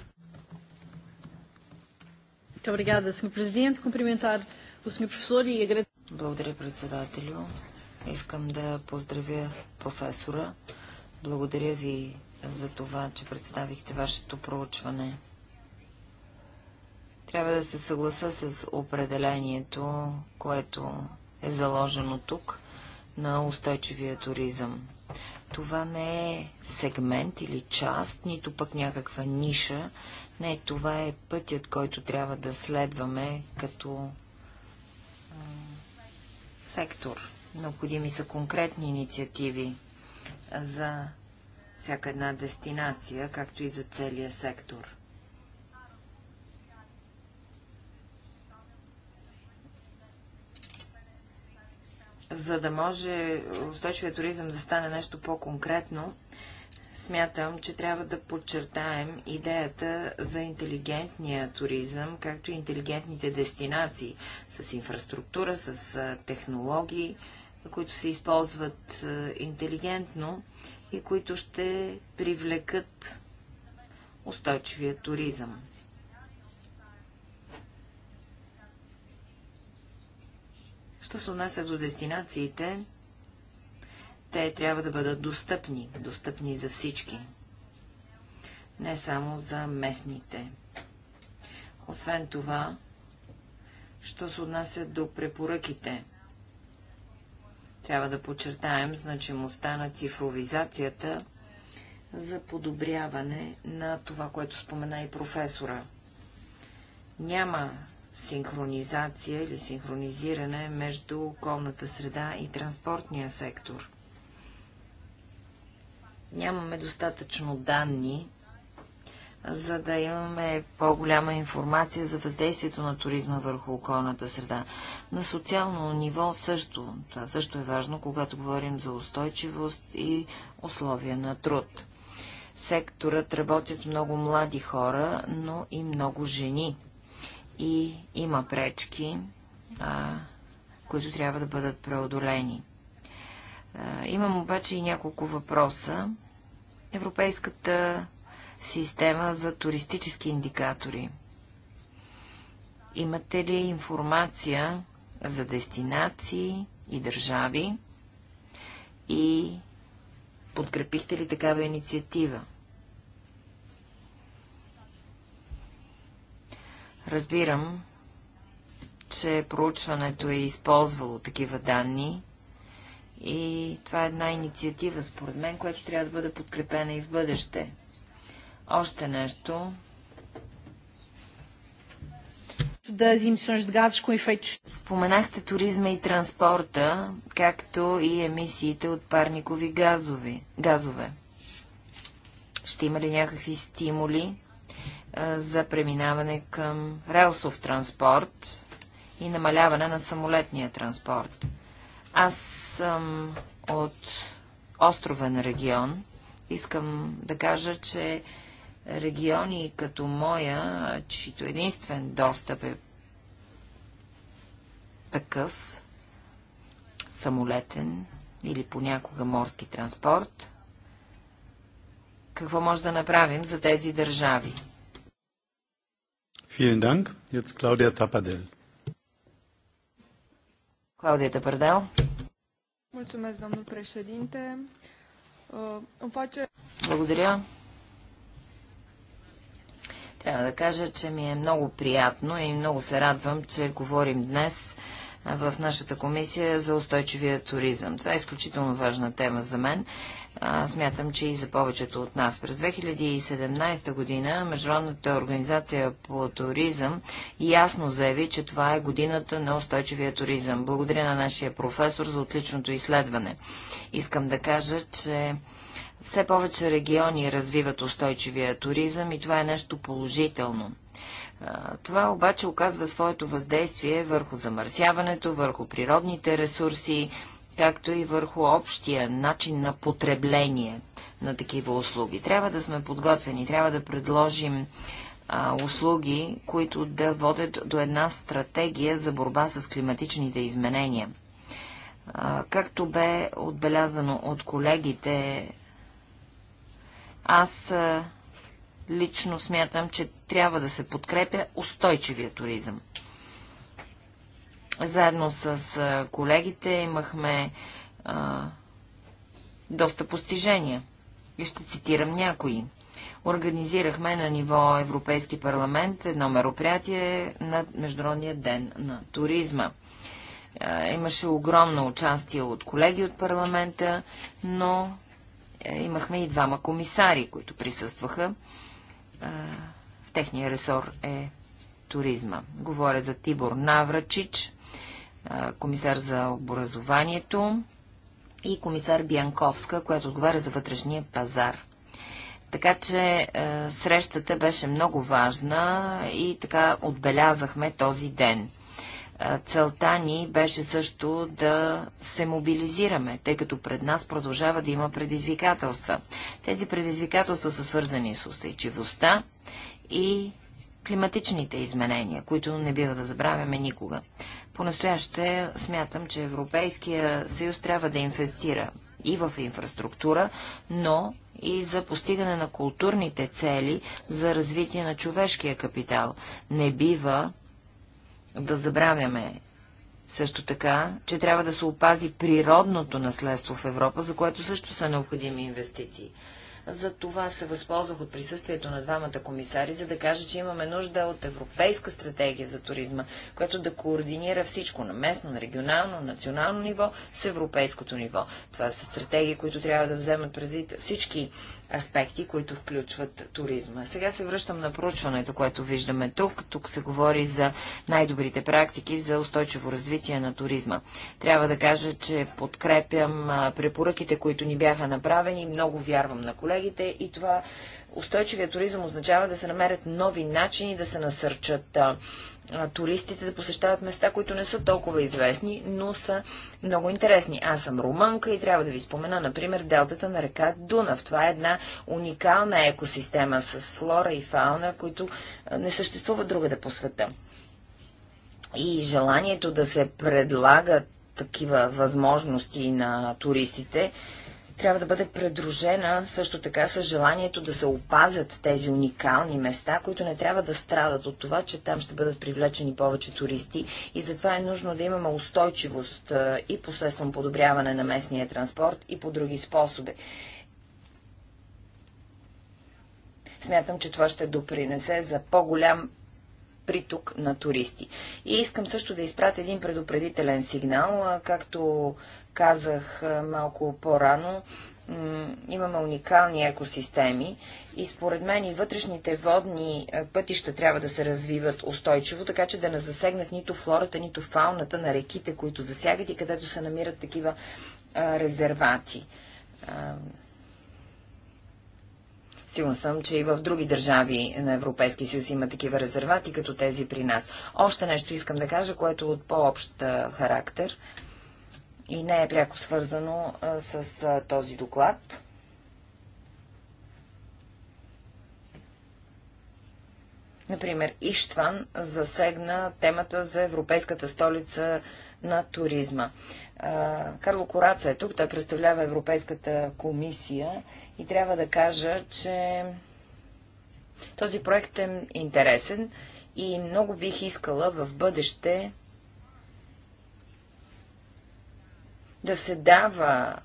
Obrigada, Sr. Presidente. Cumprimentar o Sr. Professor e agradecer. Благодаря, председателю. Искам да поздравя професора. Благодаря ви за това, че представихте вашето проучване. Трябва да се съгласа с определението, което е заложено тук на устойчивия туризъм. Това не е сегмент или част, нито пък някаква ниша. Не, това е пътят, който трябва да следваме като сектор. Необходими са конкретни инициативи за всяка една дестинация, както и за целия сектор. За да може устойчивия туризъм да стане нещо по-конкретно, смятам, че трябва да подчертаем идеята за интелигентния туризъм, както и интелигентните дестинации с инфраструктура, с технологии, които се използват е, интелигентно и които ще привлекат устойчивия туризъм. Що се отнася до дестинациите, те трябва да бъдат достъпни, достъпни за всички, не само за местните. Освен това, що се отнася до препоръките, трябва да подчертаем значимостта на цифровизацията за подобряване на това, което спомена и професора. Няма синхронизация или синхронизиране между околната среда и транспортния сектор. Нямаме достатъчно данни за да имаме по-голяма информация за въздействието на туризма върху околната среда. На социално ниво също. Това също е важно, когато говорим за устойчивост и условия на труд. Секторът работят много млади хора, но и много жени. И има пречки, а, които трябва да бъдат преодолени. А, имам обаче и няколко въпроса. Европейската система за туристически индикатори. Имате ли информация за дестинации и държави и подкрепихте ли такава инициатива? Разбирам, че проучването е използвало такива данни и това е една инициатива, според мен, която трябва да бъде подкрепена и в бъдеще. Още нещо. Споменахте туризма и транспорта, както и емисиите от парникови газови, газове. Ще има ли някакви стимули а, за преминаване към релсов транспорт и намаляване на самолетния транспорт? Аз съм от островен регион. Искам да кажа, че региони като моя, чието единствен достъп е такъв, самолетен или понякога морски транспорт, какво може да направим за тези държави? Vielen Dank. Jetzt Claudia Tapadel. Claudia Tapadel. Mulțumesc, domnul președinte. Uh, îmi face... Благодаря. Трябва да кажа, че ми е много приятно и много се радвам, че говорим днес в нашата комисия за устойчивия туризъм. Това е изключително важна тема за мен. смятам, че и за повечето от нас. През 2017 година Международната организация по туризъм ясно заяви, че това е годината на устойчивия туризъм. Благодаря на нашия професор за отличното изследване. Искам да кажа, че все повече региони развиват устойчивия туризъм и това е нещо положително. Това обаче оказва своето въздействие върху замърсяването, върху природните ресурси, както и върху общия начин на потребление на такива услуги. Трябва да сме подготвени, трябва да предложим услуги, които да водят до една стратегия за борба с климатичните изменения. както бе отбелязано от колегите аз лично смятам, че трябва да се подкрепя устойчивия туризъм. Заедно с колегите имахме а, доста постижения. И ще цитирам някои. Организирахме на ниво Европейски парламент едно мероприятие на Международния ден на туризма. имаше огромно участие от колеги от парламента, но имахме и двама комисари, които присъстваха. В техния ресор е туризма. Говоря за Тибор Наврачич, комисар за образованието и комисар Бянковска, която отговаря за вътрешния пазар. Така че срещата беше много важна и така отбелязахме този ден. Целта ни беше също да се мобилизираме, тъй като пред нас продължава да има предизвикателства. Тези предизвикателства са свързани с устойчивостта и климатичните изменения, които не бива да забравяме никога. По-настояще смятам, че Европейския съюз трябва да инвестира и в инфраструктура, но и за постигане на културните цели за развитие на човешкия капитал. Не бива да забравяме също така, че трябва да се опази природното наследство в Европа, за което също са необходими инвестиции. За това се възползвах от присъствието на двамата комисари, за да кажа, че имаме нужда от европейска стратегия за туризма, която да координира всичко на местно, на регионално, национално ниво с европейското ниво. Това са стратегии, които трябва да вземат предвид всички аспекти, които включват туризма. Сега се връщам на проучването, което виждаме тук. Тук се говори за най-добрите практики за устойчиво развитие на туризма. Трябва да кажа, че подкрепям препоръките, които ни бяха направени. Много вярвам на колегите и това устойчивия туризъм означава да се намерят нови начини да се насърчат туристите да посещават места, които не са толкова известни, но са много интересни. Аз съм румънка и трябва да ви спомена, например, делтата на река Дунав. Това е една уникална екосистема с флора и фауна, които не съществуват другаде по света. И желанието да се предлагат такива възможности на туристите трябва да бъде предружена също така с желанието да се опазят тези уникални места, които не трябва да страдат от това, че там ще бъдат привлечени повече туристи и затова е нужно да имаме устойчивост и посредством подобряване на местния транспорт и по други способи. Смятам, че това ще допринесе за по-голям приток на туристи. И искам също да изпратя един предупредителен сигнал, както казах малко по-рано, имаме уникални екосистеми и според мен и вътрешните водни пътища трябва да се развиват устойчиво, така че да не засегнат нито флората, нито фауната на реките, които засягат и където се намират такива резервати. А, Сигурна съм, че и в други държави на Европейския съюз има такива резервати, като тези при нас. Още нещо искам да кажа, което е от по-общ характер – и не е пряко свързано с този доклад. Например, Иштван засегна темата за Европейската столица на туризма. Карло Кораца е тук, той представлява Европейската комисия и трябва да кажа, че този проект е интересен и много бих искала в бъдеще да се дава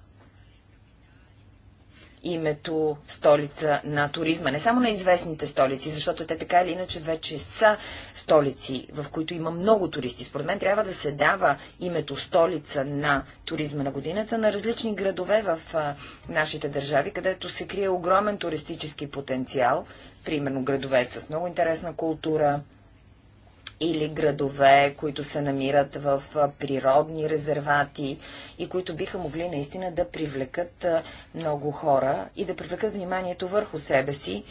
името столица на туризма. Не само на известните столици, защото те така или иначе вече са столици, в които има много туристи. Според мен трябва да се дава името столица на туризма на годината на различни градове в а, нашите държави, където се крие огромен туристически потенциал. Примерно градове с много интересна култура, или градове, които се намират в природни резервати и които биха могли наистина да привлекат много хора и да привлекат вниманието върху себе си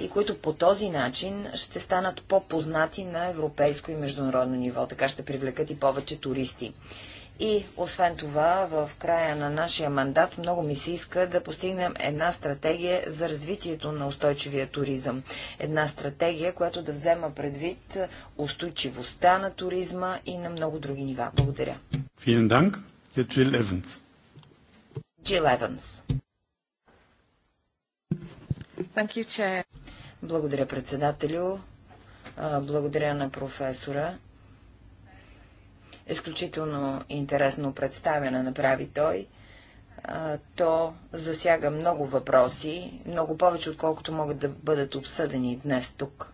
и които по този начин ще станат по-познати на европейско и международно ниво, така ще привлекат и повече туристи. И освен това, в края на нашия мандат много ми се иска да постигнем една стратегия за развитието на устойчивия туризъм. Една стратегия, която да взема предвид устойчивостта на туризма и на много други нива. Благодаря. Thank you, Chair. Благодаря председателю. Благодаря на професора. Изключително интересно представяне направи той. То засяга много въпроси, много повече, отколкото могат да бъдат обсъдени днес тук.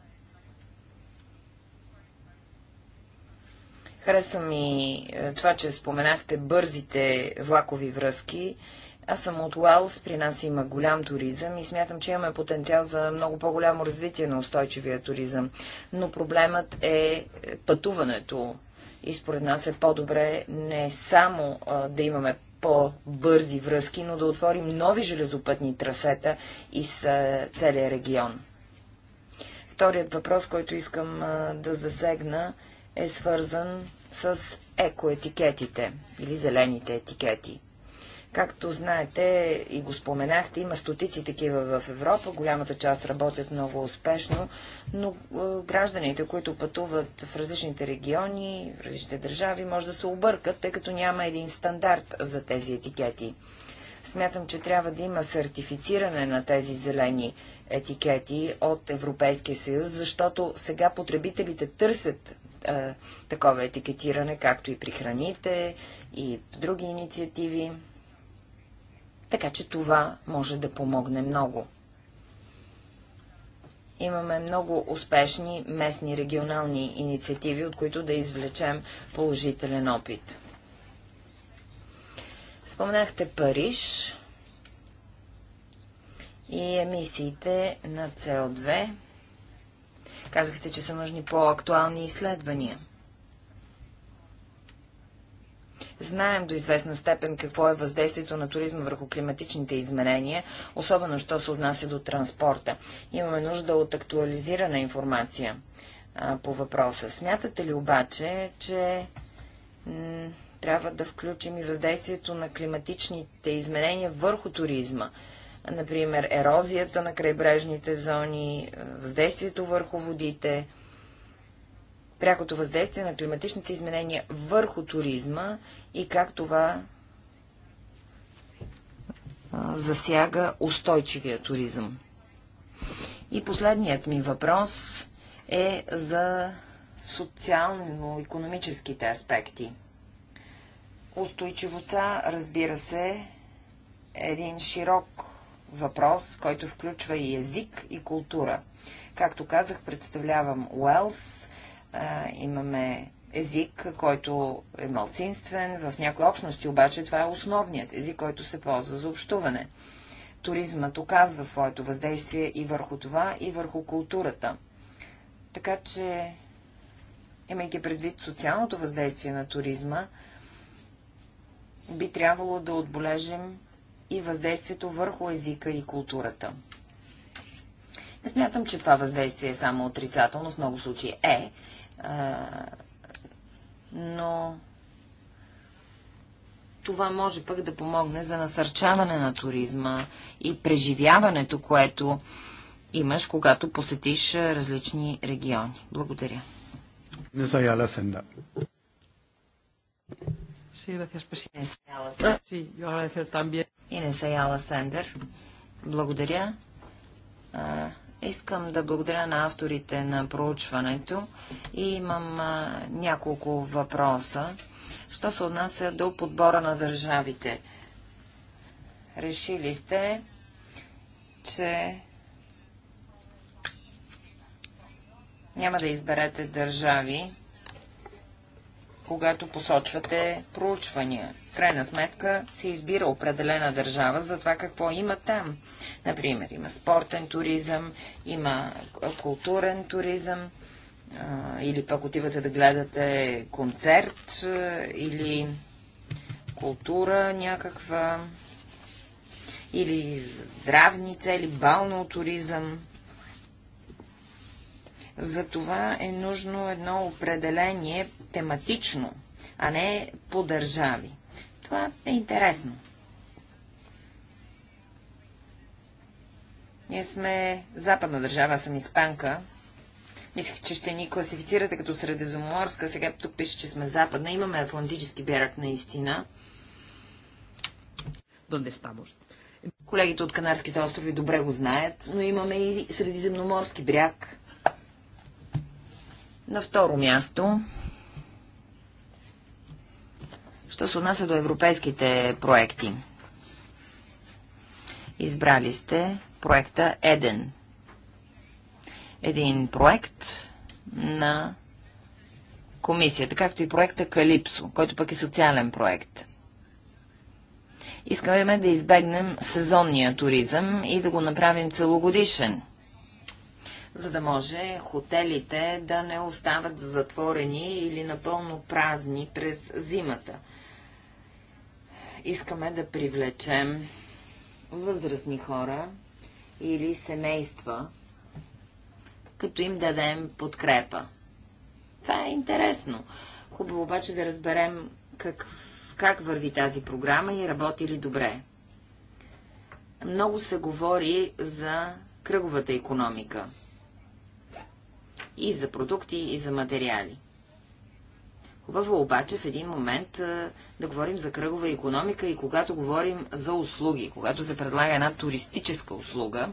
Хареса ми е, това, че споменахте бързите влакови връзки. Аз съм от Уелс, при нас има голям туризъм и смятам, че имаме потенциал за много по-голямо развитие на устойчивия туризъм. Но проблемът е, е пътуването и според нас е по-добре не само а, да имаме по-бързи връзки, но да отворим нови железопътни трасета из а, целия регион. Вторият въпрос, който искам а, да засегна, е свързан с екоетикетите или зелените етикети. Както знаете и го споменахте, има стотици такива в Европа, голямата част работят много успешно, но е, гражданите, които пътуват в различните региони, в различните държави, може да се объркат, тъй като няма един стандарт за тези етикети. Смятам, че трябва да има сертифициране на тези зелени етикети от Европейския съюз, защото сега потребителите търсят е, такова етикетиране, както и при храните и други инициативи. Така че това може да помогне много. Имаме много успешни местни регионални инициативи, от които да извлечем положителен опит. Спомнахте Париж и емисиите на со 2 Казахте, че са нужни по-актуални изследвания – Знаем до известна степен какво е въздействието на туризма върху климатичните изменения, особено що се отнася до транспорта. Имаме нужда от актуализирана информация по въпроса. Смятате ли обаче, че трябва да включим и въздействието на климатичните изменения върху туризма? например, ерозията на крайбрежните зони, въздействието върху водите, прякото въздействие на климатичните изменения върху туризма и как това засяга устойчивия туризъм. И последният ми въпрос е за социално-економическите аспекти. Устойчивостта, разбира се, е един широк въпрос, който включва и език, и култура. Както казах, представлявам Уелс, имаме език, който е малцинствен, в някои общности обаче това е основният език, който се ползва за общуване. Туризмът оказва своето въздействие и върху това, и върху културата. Така че, имайки предвид социалното въздействие на туризма, би трябвало да отболежим и въздействието върху езика и културата. Не смятам, че това въздействие е само отрицателно, в много случаи е но това може пък да помогне за насърчаване на туризма и преживяването, което имаш, когато посетиш различни региони. Благодаря. Не са И не са яла Сендер. Благодаря. Искам да благодаря на авторите на проучването и имам а, няколко въпроса. Що се отнася до подбора на държавите? Решили сте, че няма да изберете държави, когато посочвате проучвания. В крайна сметка се избира определена държава за това какво има там. Например, има спортен туризъм, има културен туризъм, или пък отивате да гледате концерт или култура някаква, или здравни цели, бално туризъм. За това е нужно едно определение тематично, а не по държави. Това е интересно. Ние сме западна държава, аз съм испанка. Мислех, че ще ни класифицирате като средиземноморска. Сега тук пише, че сме западна. Имаме Атлантически бяг наистина. Донде estamos? Колегите от Канарските острови добре го знаят, но имаме и Средиземноморски бряг. На второ място Що се отнася до европейските проекти? Избрали сте проекта Еден. Един проект на комисията, както и проекта Калипсо, който пък е социален проект. Искаме да избегнем сезонния туризъм и да го направим целогодишен, за да може хотелите да не остават затворени или напълно празни през зимата. Искаме да привлечем възрастни хора или семейства, като им дадем подкрепа. Това е интересно. Хубаво обаче да разберем как, как върви тази програма и работи ли добре. Много се говори за кръговата економика. И за продукти, и за материали. Хубаво обаче в един момент да говорим за кръгова економика и когато говорим за услуги, когато се предлага една туристическа услуга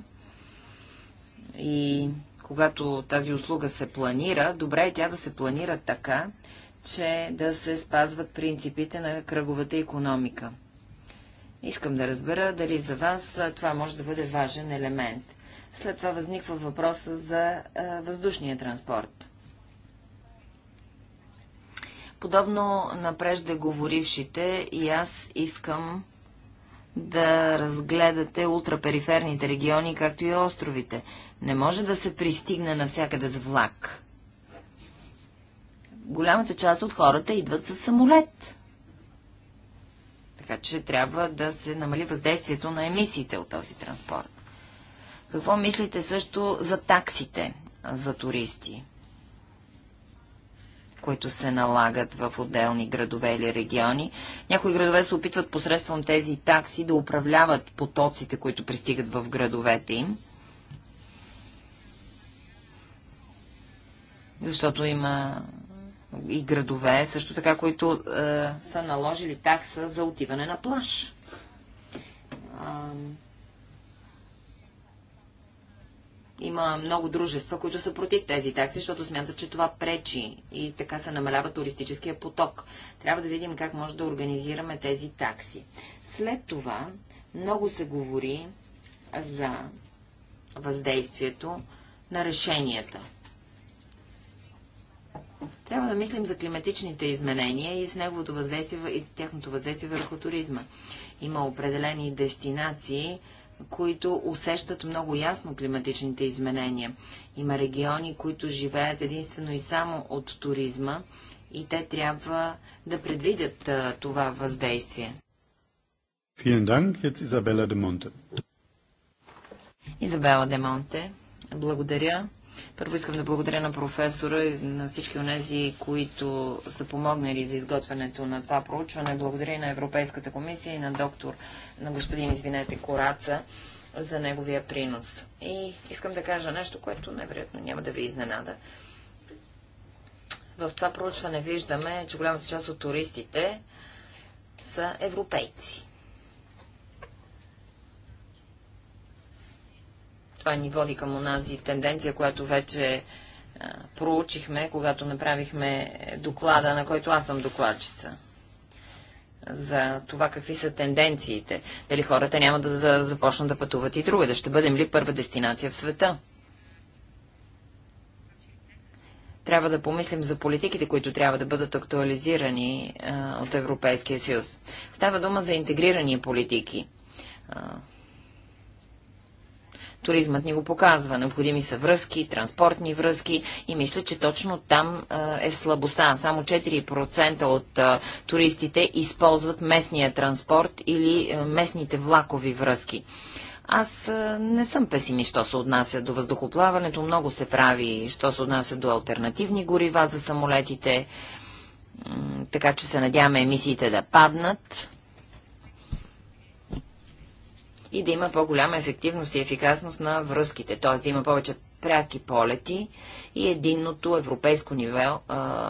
и когато тази услуга се планира, добре е тя да се планира така, че да се спазват принципите на кръговата економика. Искам да разбера дали за вас това може да бъде важен елемент. След това възниква въпроса за въздушния транспорт. Подобно на преждеговорившите и аз искам да разгледате ултрапериферните региони, както и островите. Не може да се пристигне навсякъде с влак. Голямата част от хората идват с самолет. Така че трябва да се намали въздействието на емисиите от този транспорт. Какво мислите също за таксите за туристи? които се налагат в отделни градове или региони. Някои градове се опитват посредством тези такси да управляват потоците, които пристигат в градовете им. Защото има и градове, също така, които е, са наложили такса за отиване на плаш. Има много дружества, които са против тези такси, защото смятат, че това пречи и така се намалява туристическия поток. Трябва да видим как може да организираме тези такси. След това много се говори за въздействието на решенията. Трябва да мислим за климатичните изменения и с неговото въздействие и тяхното въздействие върху туризма. Има определени дестинации, които усещат много ясно климатичните изменения. Има региони, които живеят единствено и само от туризма и те трябва да предвидят а, това въздействие. Изабела Демонте. Изабела Демонте, благодаря. Първо искам да благодаря на професора и на всички онези, които са помогнали за изготвянето на това проучване. Благодаря и на Европейската комисия и на доктор, на господин, извинете, Кораца за неговия принос. И искам да кажа нещо, което невероятно няма да ви изненада. В това проучване виждаме, че голямата част от туристите са европейци. Това ни води към онази тенденция, която вече а, проучихме, когато направихме доклада, на който аз съм докладчица за това какви са тенденциите. Дали хората няма да започнат да пътуват и друга, да ще бъдем ли първа дестинация в света. Трябва да помислим за политиките, които трябва да бъдат актуализирани а, от Европейския съюз. Става дума за интегрирани политики. А, Туризмът ни го показва. Необходими са връзки, транспортни връзки и мисля, че точно там е слабостта. Само 4% от туристите използват местния транспорт или местните влакови връзки. Аз не съм песимист, що се отнася до въздухоплаването. Много се прави, що се отнася до альтернативни горива за самолетите. Така че се надяваме емисиите да паднат и да има по-голяма ефективност и ефикасност на връзките, т.е. да има повече пряки полети и единното европейско ниво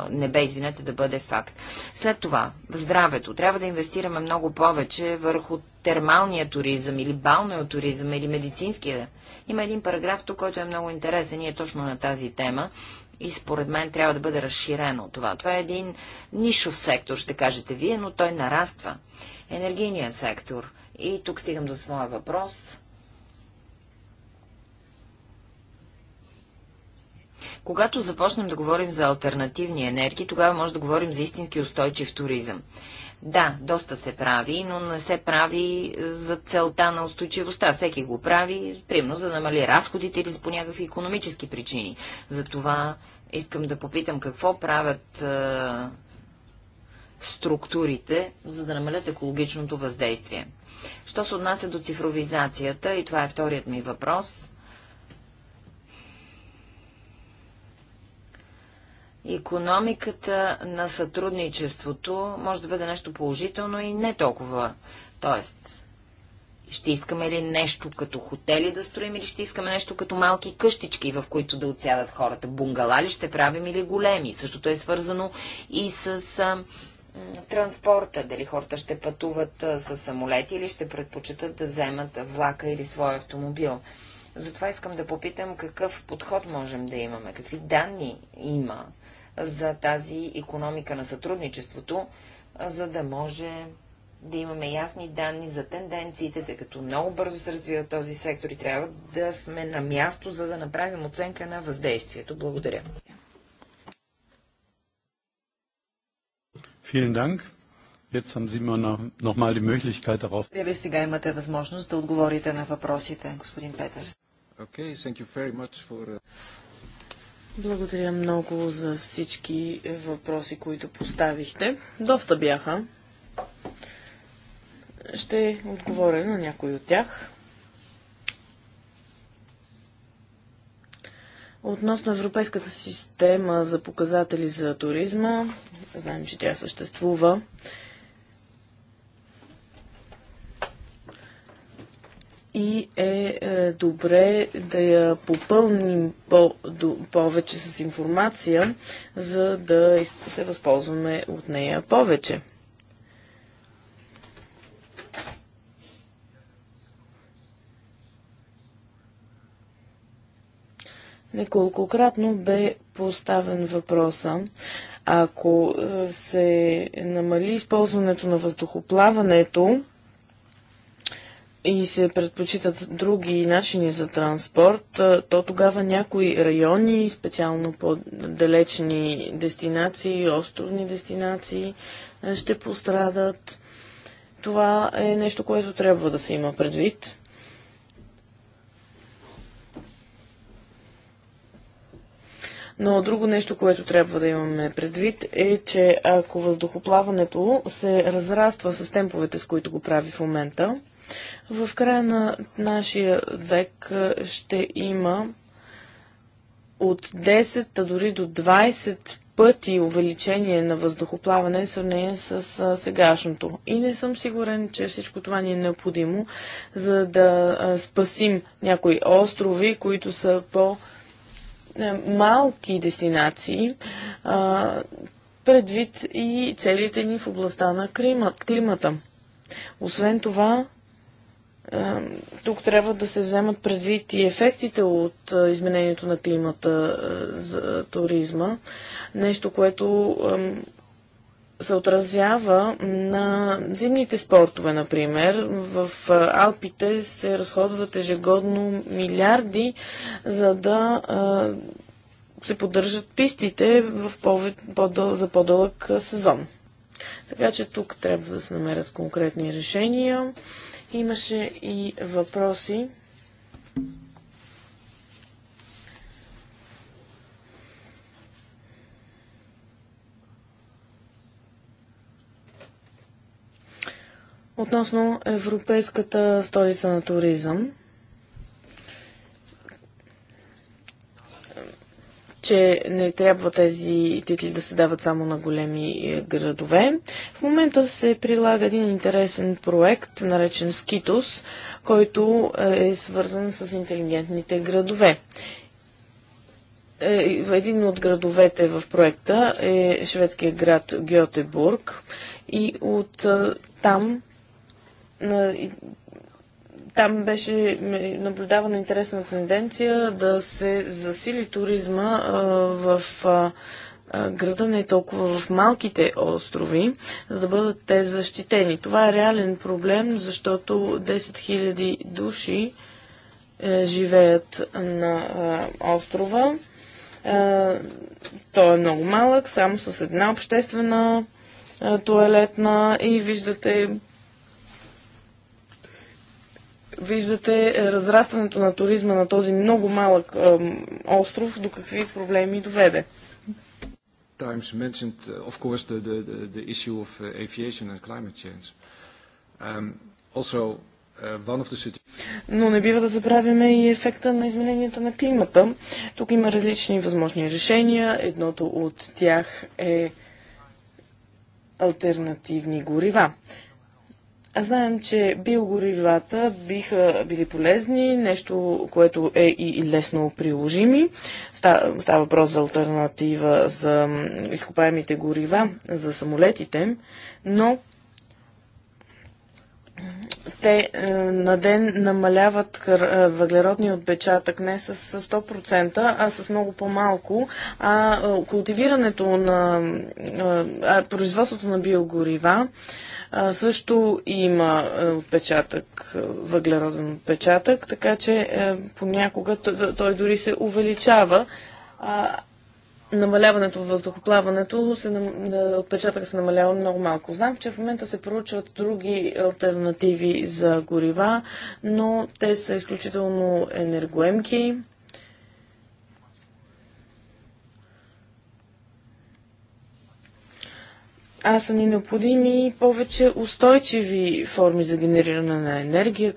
небе, извинете, да бъде факт. След това, в здравето. Трябва да инвестираме много повече върху термалния туризъм или балнеотуризъм или медицинския. Има един параграф тук, който е много интересен и е точно на тази тема и според мен трябва да бъде разширено това. Това е един нишов сектор, ще кажете вие, но той нараства. Енергийният сектор – и тук стигам до своя въпрос. Когато започнем да говорим за альтернативни енергии, тогава може да говорим за истински устойчив туризъм. Да, доста се прави, но не се прави е, за целта на устойчивостта. Всеки го прави, примерно, за да намали разходите или за по някакви економически причини. Затова искам да попитам какво правят е, структурите, за да намалят екологичното въздействие. Що се отнася до цифровизацията, и това е вторият ми въпрос, економиката на сътрудничеството може да бъде нещо положително и не толкова. Тоест, ще искаме ли нещо като хотели да строим или ще искаме нещо като малки къщички, в които да отсядат хората? Бунгала ли ще правим или големи? Същото е свързано и с а, транспорта, дали хората ще пътуват с самолети или ще предпочитат да вземат влака или свой автомобил. Затова искам да попитам какъв подход можем да имаме, какви данни има за тази економика на сътрудничеството, за да може да имаме ясни данни за тенденциите, тъй като много бързо се развива този сектор и трябва да сме на място, за да направим оценка на въздействието. Благодаря. Vielen Dank. Jetzt haben Sie mal noch noch mal die Möglichkeit darauf. Вие сега имате възможност да отговорите на въпросите, господин Петърс. Okay, thank you very much for... Uh, Благодаря много за всички въпроси, които поставихте. Доста бяха. Ще отговоря на някои от тях. Относно Европейската система за показатели за туризма, знаем, че тя съществува. и е, е, добре да я попълним по, до, повече с информация, за да се възползваме от нея повече. Неколкократно бе поставен въпроса, ако е, се намали използването на въздухоплаването и се предпочитат други начини за транспорт, е, то тогава някои райони, специално по-далечни дестинации, островни дестинации, е, ще пострадат. Това е нещо, което трябва да се има предвид. Но друго нещо, което трябва да имаме предвид е, че ако въздухоплаването се разраства с темповете, с които го прави в момента, в края на нашия век ще има от 10, а дори до 20 пъти увеличение на въздухоплаване в сравнение с сегашното. И не съм сигурен, че всичко това ни е необходимо, за да спасим някои острови, които са по- е, малки дестинации, предвид и целите ни в областта на климата. Освен това, е, тук трябва да се вземат предвид и ефектите от е, изменението на климата за туризма. Нещо, което се отразява на зимните спортове, например. В Алпите се разходват ежегодно милиарди, за да а, се поддържат пистите в пове, по за по-дълъг сезон. Така че тук трябва да се намерят конкретни решения. Имаше и въпроси. Относно Европейската столица на туризъм, че не трябва тези титли да се дават само на големи е, градове. В момента се прилага един интересен проект, наречен Скитус, който е, е свързан с интелигентните градове. Е, един от градовете в проекта е шведският град Гьотебург и от там там беше наблюдавана интересна тенденция да се засили туризма а, в а, града, не толкова в малките острови, за да бъдат те защитени. Това е реален проблем, защото 10 000 души е, живеят на е, острова. Е, той е много малък, само с една обществена туалетна и виждате виждате е, разрастването на туризма на този много малък остров до какви проблеми доведе. Times mentioned, uh, of course, the, the, the issue of uh, aviation and climate change. Um, also, uh, но не бива да забравяме и ефекта на измененията на климата. Тук има различни възможни решения. Едното от тях е альтернативни горива. Знаем, че биогоривата биха били полезни, нещо, което е и лесно приложими. Става, въпрос за альтернатива за изкопаемите горива, за самолетите, но те е, на ден намаляват е, въглеродния отпечатък не с, 100%, а с много по-малко. А е, култивирането на производството на биогорива а, също има е, отпечатък, е, въглероден отпечатък, така че е, понякога той, той дори се увеличава. А, намаляването в въздухоплаването, се, отпечатък се намалява много малко. Знам, че в момента се проучват други альтернативи за горива, но те са изключително енергоемки а са ни необходими повече устойчиви форми за генериране на енергия,